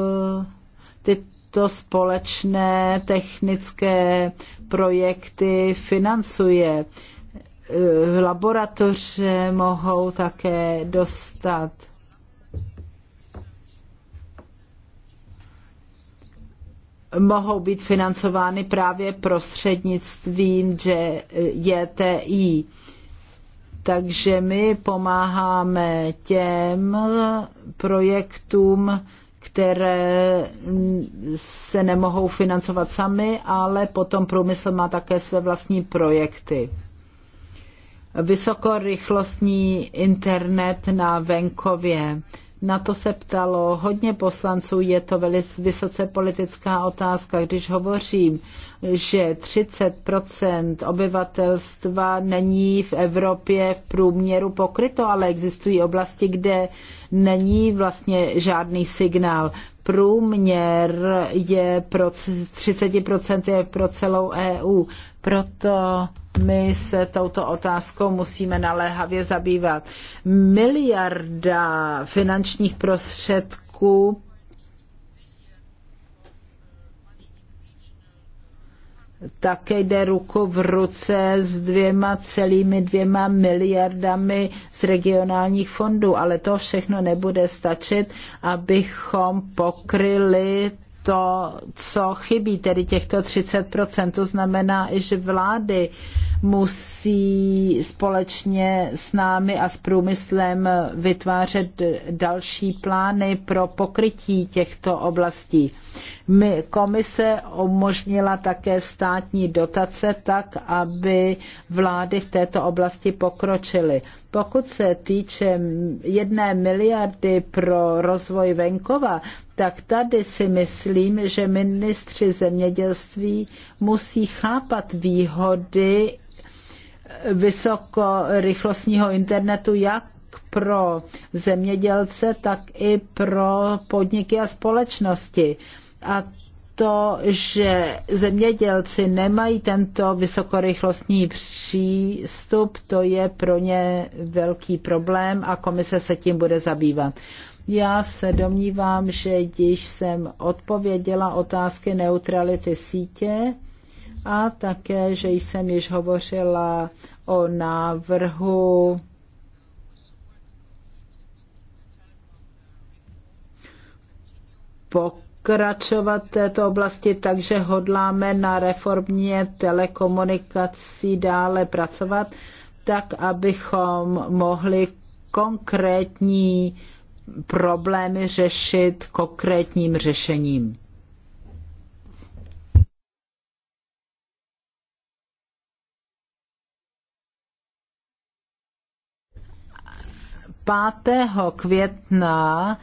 [SPEAKER 2] tyto společné technické projekty financuje. Eh, laboratoře mohou také dostat mohou být financovány právě prostřednictvím JTI. E Takže my pomáháme těm projektům, které se nemohou financovat sami, ale potom průmysl má také své vlastní projekty. Vysokorychlostní internet na venkově na to se ptalo hodně poslanců, je to velice vysoce politická otázka, když hovořím, že 30 obyvatelstva není v Evropě v průměru pokryto, ale existují oblasti, kde není vlastně žádný signál. Průměr je pro 30 je pro celou EU. Proto my se touto otázkou musíme naléhavě zabývat. Miliarda finančních prostředků také jde ruku v ruce s dvěma celými dvěma miliardami z regionálních fondů, ale to všechno nebude stačit, abychom pokryli to, co chybí, tedy těchto 30%. To znamená, že vlády musí společně s námi a s průmyslem vytvářet další plány pro pokrytí těchto oblastí. My, komise umožnila také státní dotace tak, aby vlády v této oblasti pokročily. Pokud se týče jedné miliardy pro rozvoj venkova, tak tady si myslím, že ministři zemědělství musí chápat výhody e, vysokorychlostního internetu jak pro zemědělce, tak i pro podniky a společnosti a to, že zemědělci nemají tento vysokorychlostní přístup, to je pro ně velký problém a komise se tím bude zabývat. Já se domnívám, že již jsem odpověděla otázky neutrality sítě a také, že jsem již hovořila o návrhu pokud pokračovat v této oblasti, takže hodláme na reformě telekomunikací dále pracovat, tak abychom mohli konkrétní problémy řešit konkrétním řešením. 5. května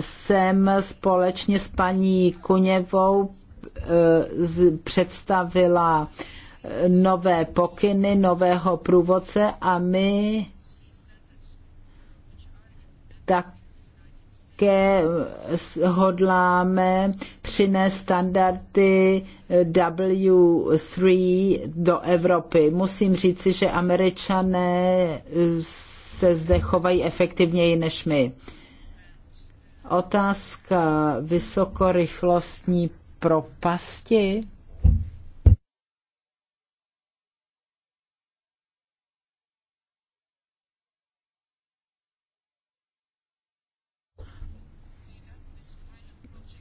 [SPEAKER 2] jsem společně s paní Kuněvou eh, představila eh, nové pokyny, nového průvodce a my také hodláme přinést standardy eh, W3 do Evropy. Musím říci, že američané se zde chovají efektivněji než my. Otázka vysokorychlostní propasti.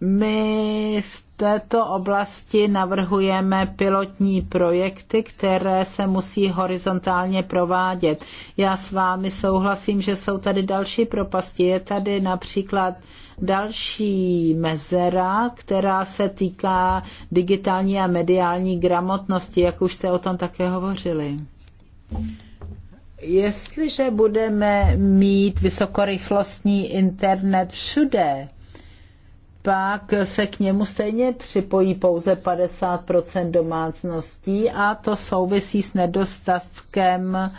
[SPEAKER 2] My v této oblasti navrhujeme pilotní projekty, které se musí horizontálně provádět. Já s vámi souhlasím, že jsou tady další propasti. Je tady například další mezera, která se týká digitální a mediální gramotnosti, jak už jste o tom také hovořili. Jestliže budeme mít vysokorychlostní internet všude, pak se k němu stejně připojí pouze 50 domácností a to souvisí s nedostatkem e,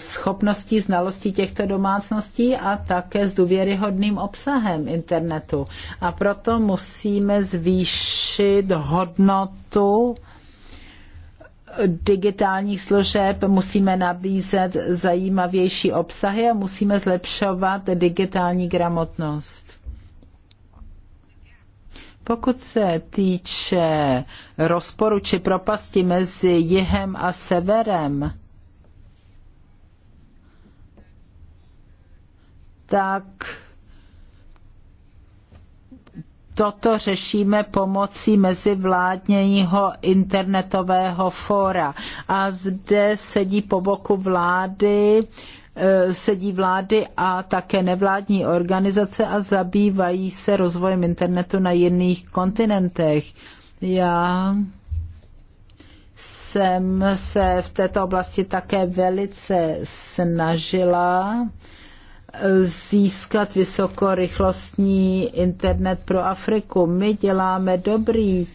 [SPEAKER 2] schopností, znalostí těchto domácností a také s důvěryhodným obsahem internetu. A proto musíme zvýšit hodnotu digitálních služeb musíme nabízet zajímavější obsahy a musíme zlepšovat digitální gramotnost. Pokud se týče rozporu či propasti mezi jihem a severem, tak toto řešíme pomocí mezivládního internetového fóra. A zde sedí po boku vlády Eh, sedí vlády a také nevládní organizace a zabývají se rozvojem internetu na jiných kontinentech. Já jsem se v této oblasti také velice snažila eh, získat vysokorychlostní internet pro Afriku. My děláme dobrý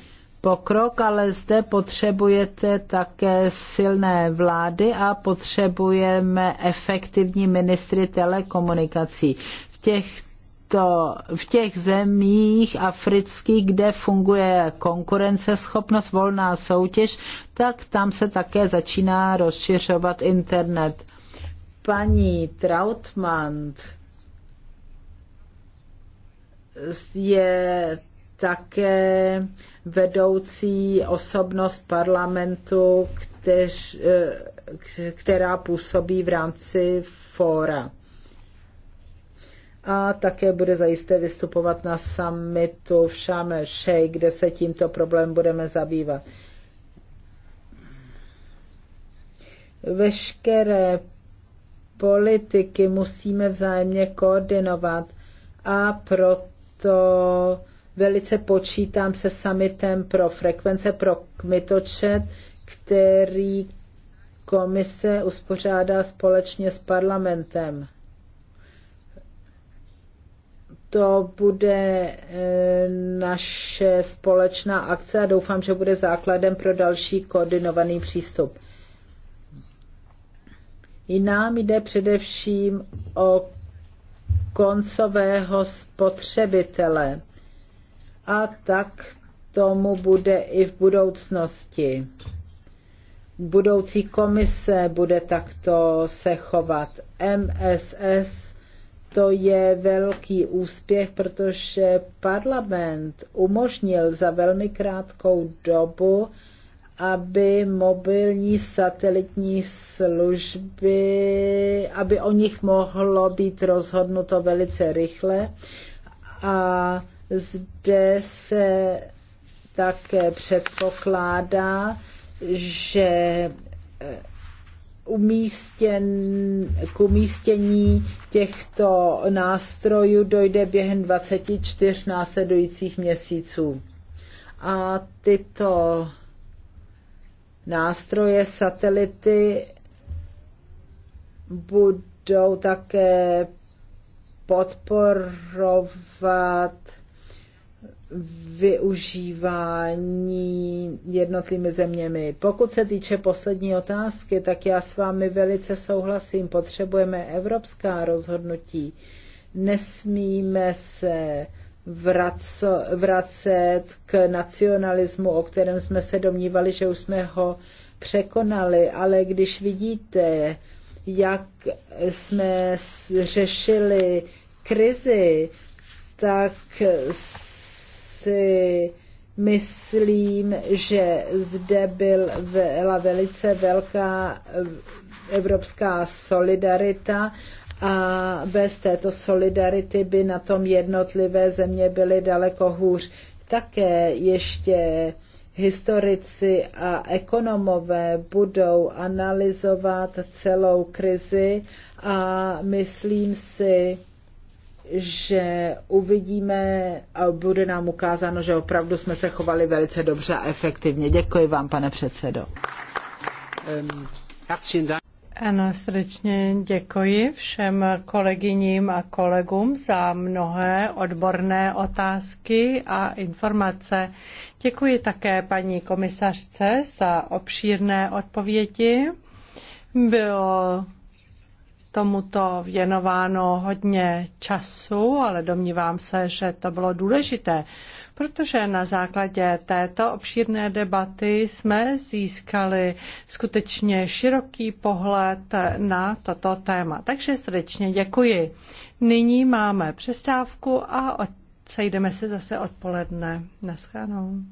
[SPEAKER 2] pokrok, ale zde potřebujete také silné vlády a potřebujeme efektivní ministry telekomunikací. V těch to v těch zemích afrických, kde funguje konkurenceschopnost, volná soutěž, tak tam se také začíná rozšiřovat internet. Paní Trautmann je také vedoucí osobnost parlamentu, kteř, eh, která působí v rámci fóra. A také bude zajisté vystupovat na summitu v Šamešej, kde se tímto problém budeme zabývat. Veškeré politiky musíme vzájemně koordinovat a proto velice počítám se summitem pro frekvence pro kmitočet, který komise uspořádá společně s parlamentem. To bude eh, naše společná akce a doufám, že bude základem pro další koordinovaný přístup. I nám jde především o koncového spotřebitele a tak tomu bude i v budoucnosti. Budoucí komise bude takto se chovat. MSS to je velký úspěch, protože parlament umožnil za velmi krátkou dobu, aby mobilní satelitní služby, aby o nich mohlo být rozhodnuto velice rychle a zde se také předpokládá, že eh, umístěn, k umístění těchto nástrojů dojde během 24 následujících měsíců. A tyto nástroje, satelity budou také podporovat využívání jednotlivými zeměmi. Pokud se týče poslední otázky, tak já s vámi velice souhlasím. Potřebujeme evropská rozhodnutí. Nesmíme se vracet k nacionalismu, o kterém jsme se domnívali, že už jsme ho překonali, ale když vidíte, jak jsme řešili krizi, tak si myslím, že zde byla velice velká eh, evropská solidarita a bez této solidarity by na tom jednotlivé země byly daleko hůř. Také ještě historici a ekonomové budou analyzovat celou krizi a myslím si, že uvidíme a bude nám ukázáno, že opravdu jsme se chovali velice dobře a efektivně. Děkuji vám, pane předsedo.
[SPEAKER 1] Ano, srdečně děkuji všem kolegyním a kolegům za mnohé odborné otázky a informace. Děkuji také paní komisařce za obšírné odpovědi. Bylo tomuto věnováno hodně času, ale domnívám se, že to bylo důležité, protože na základě této obšírné debaty jsme získali skutečně široký pohled na toto téma. Takže srdečně děkuji. Nyní máme přestávku a sejdeme se zase odpoledne. Naschledanou.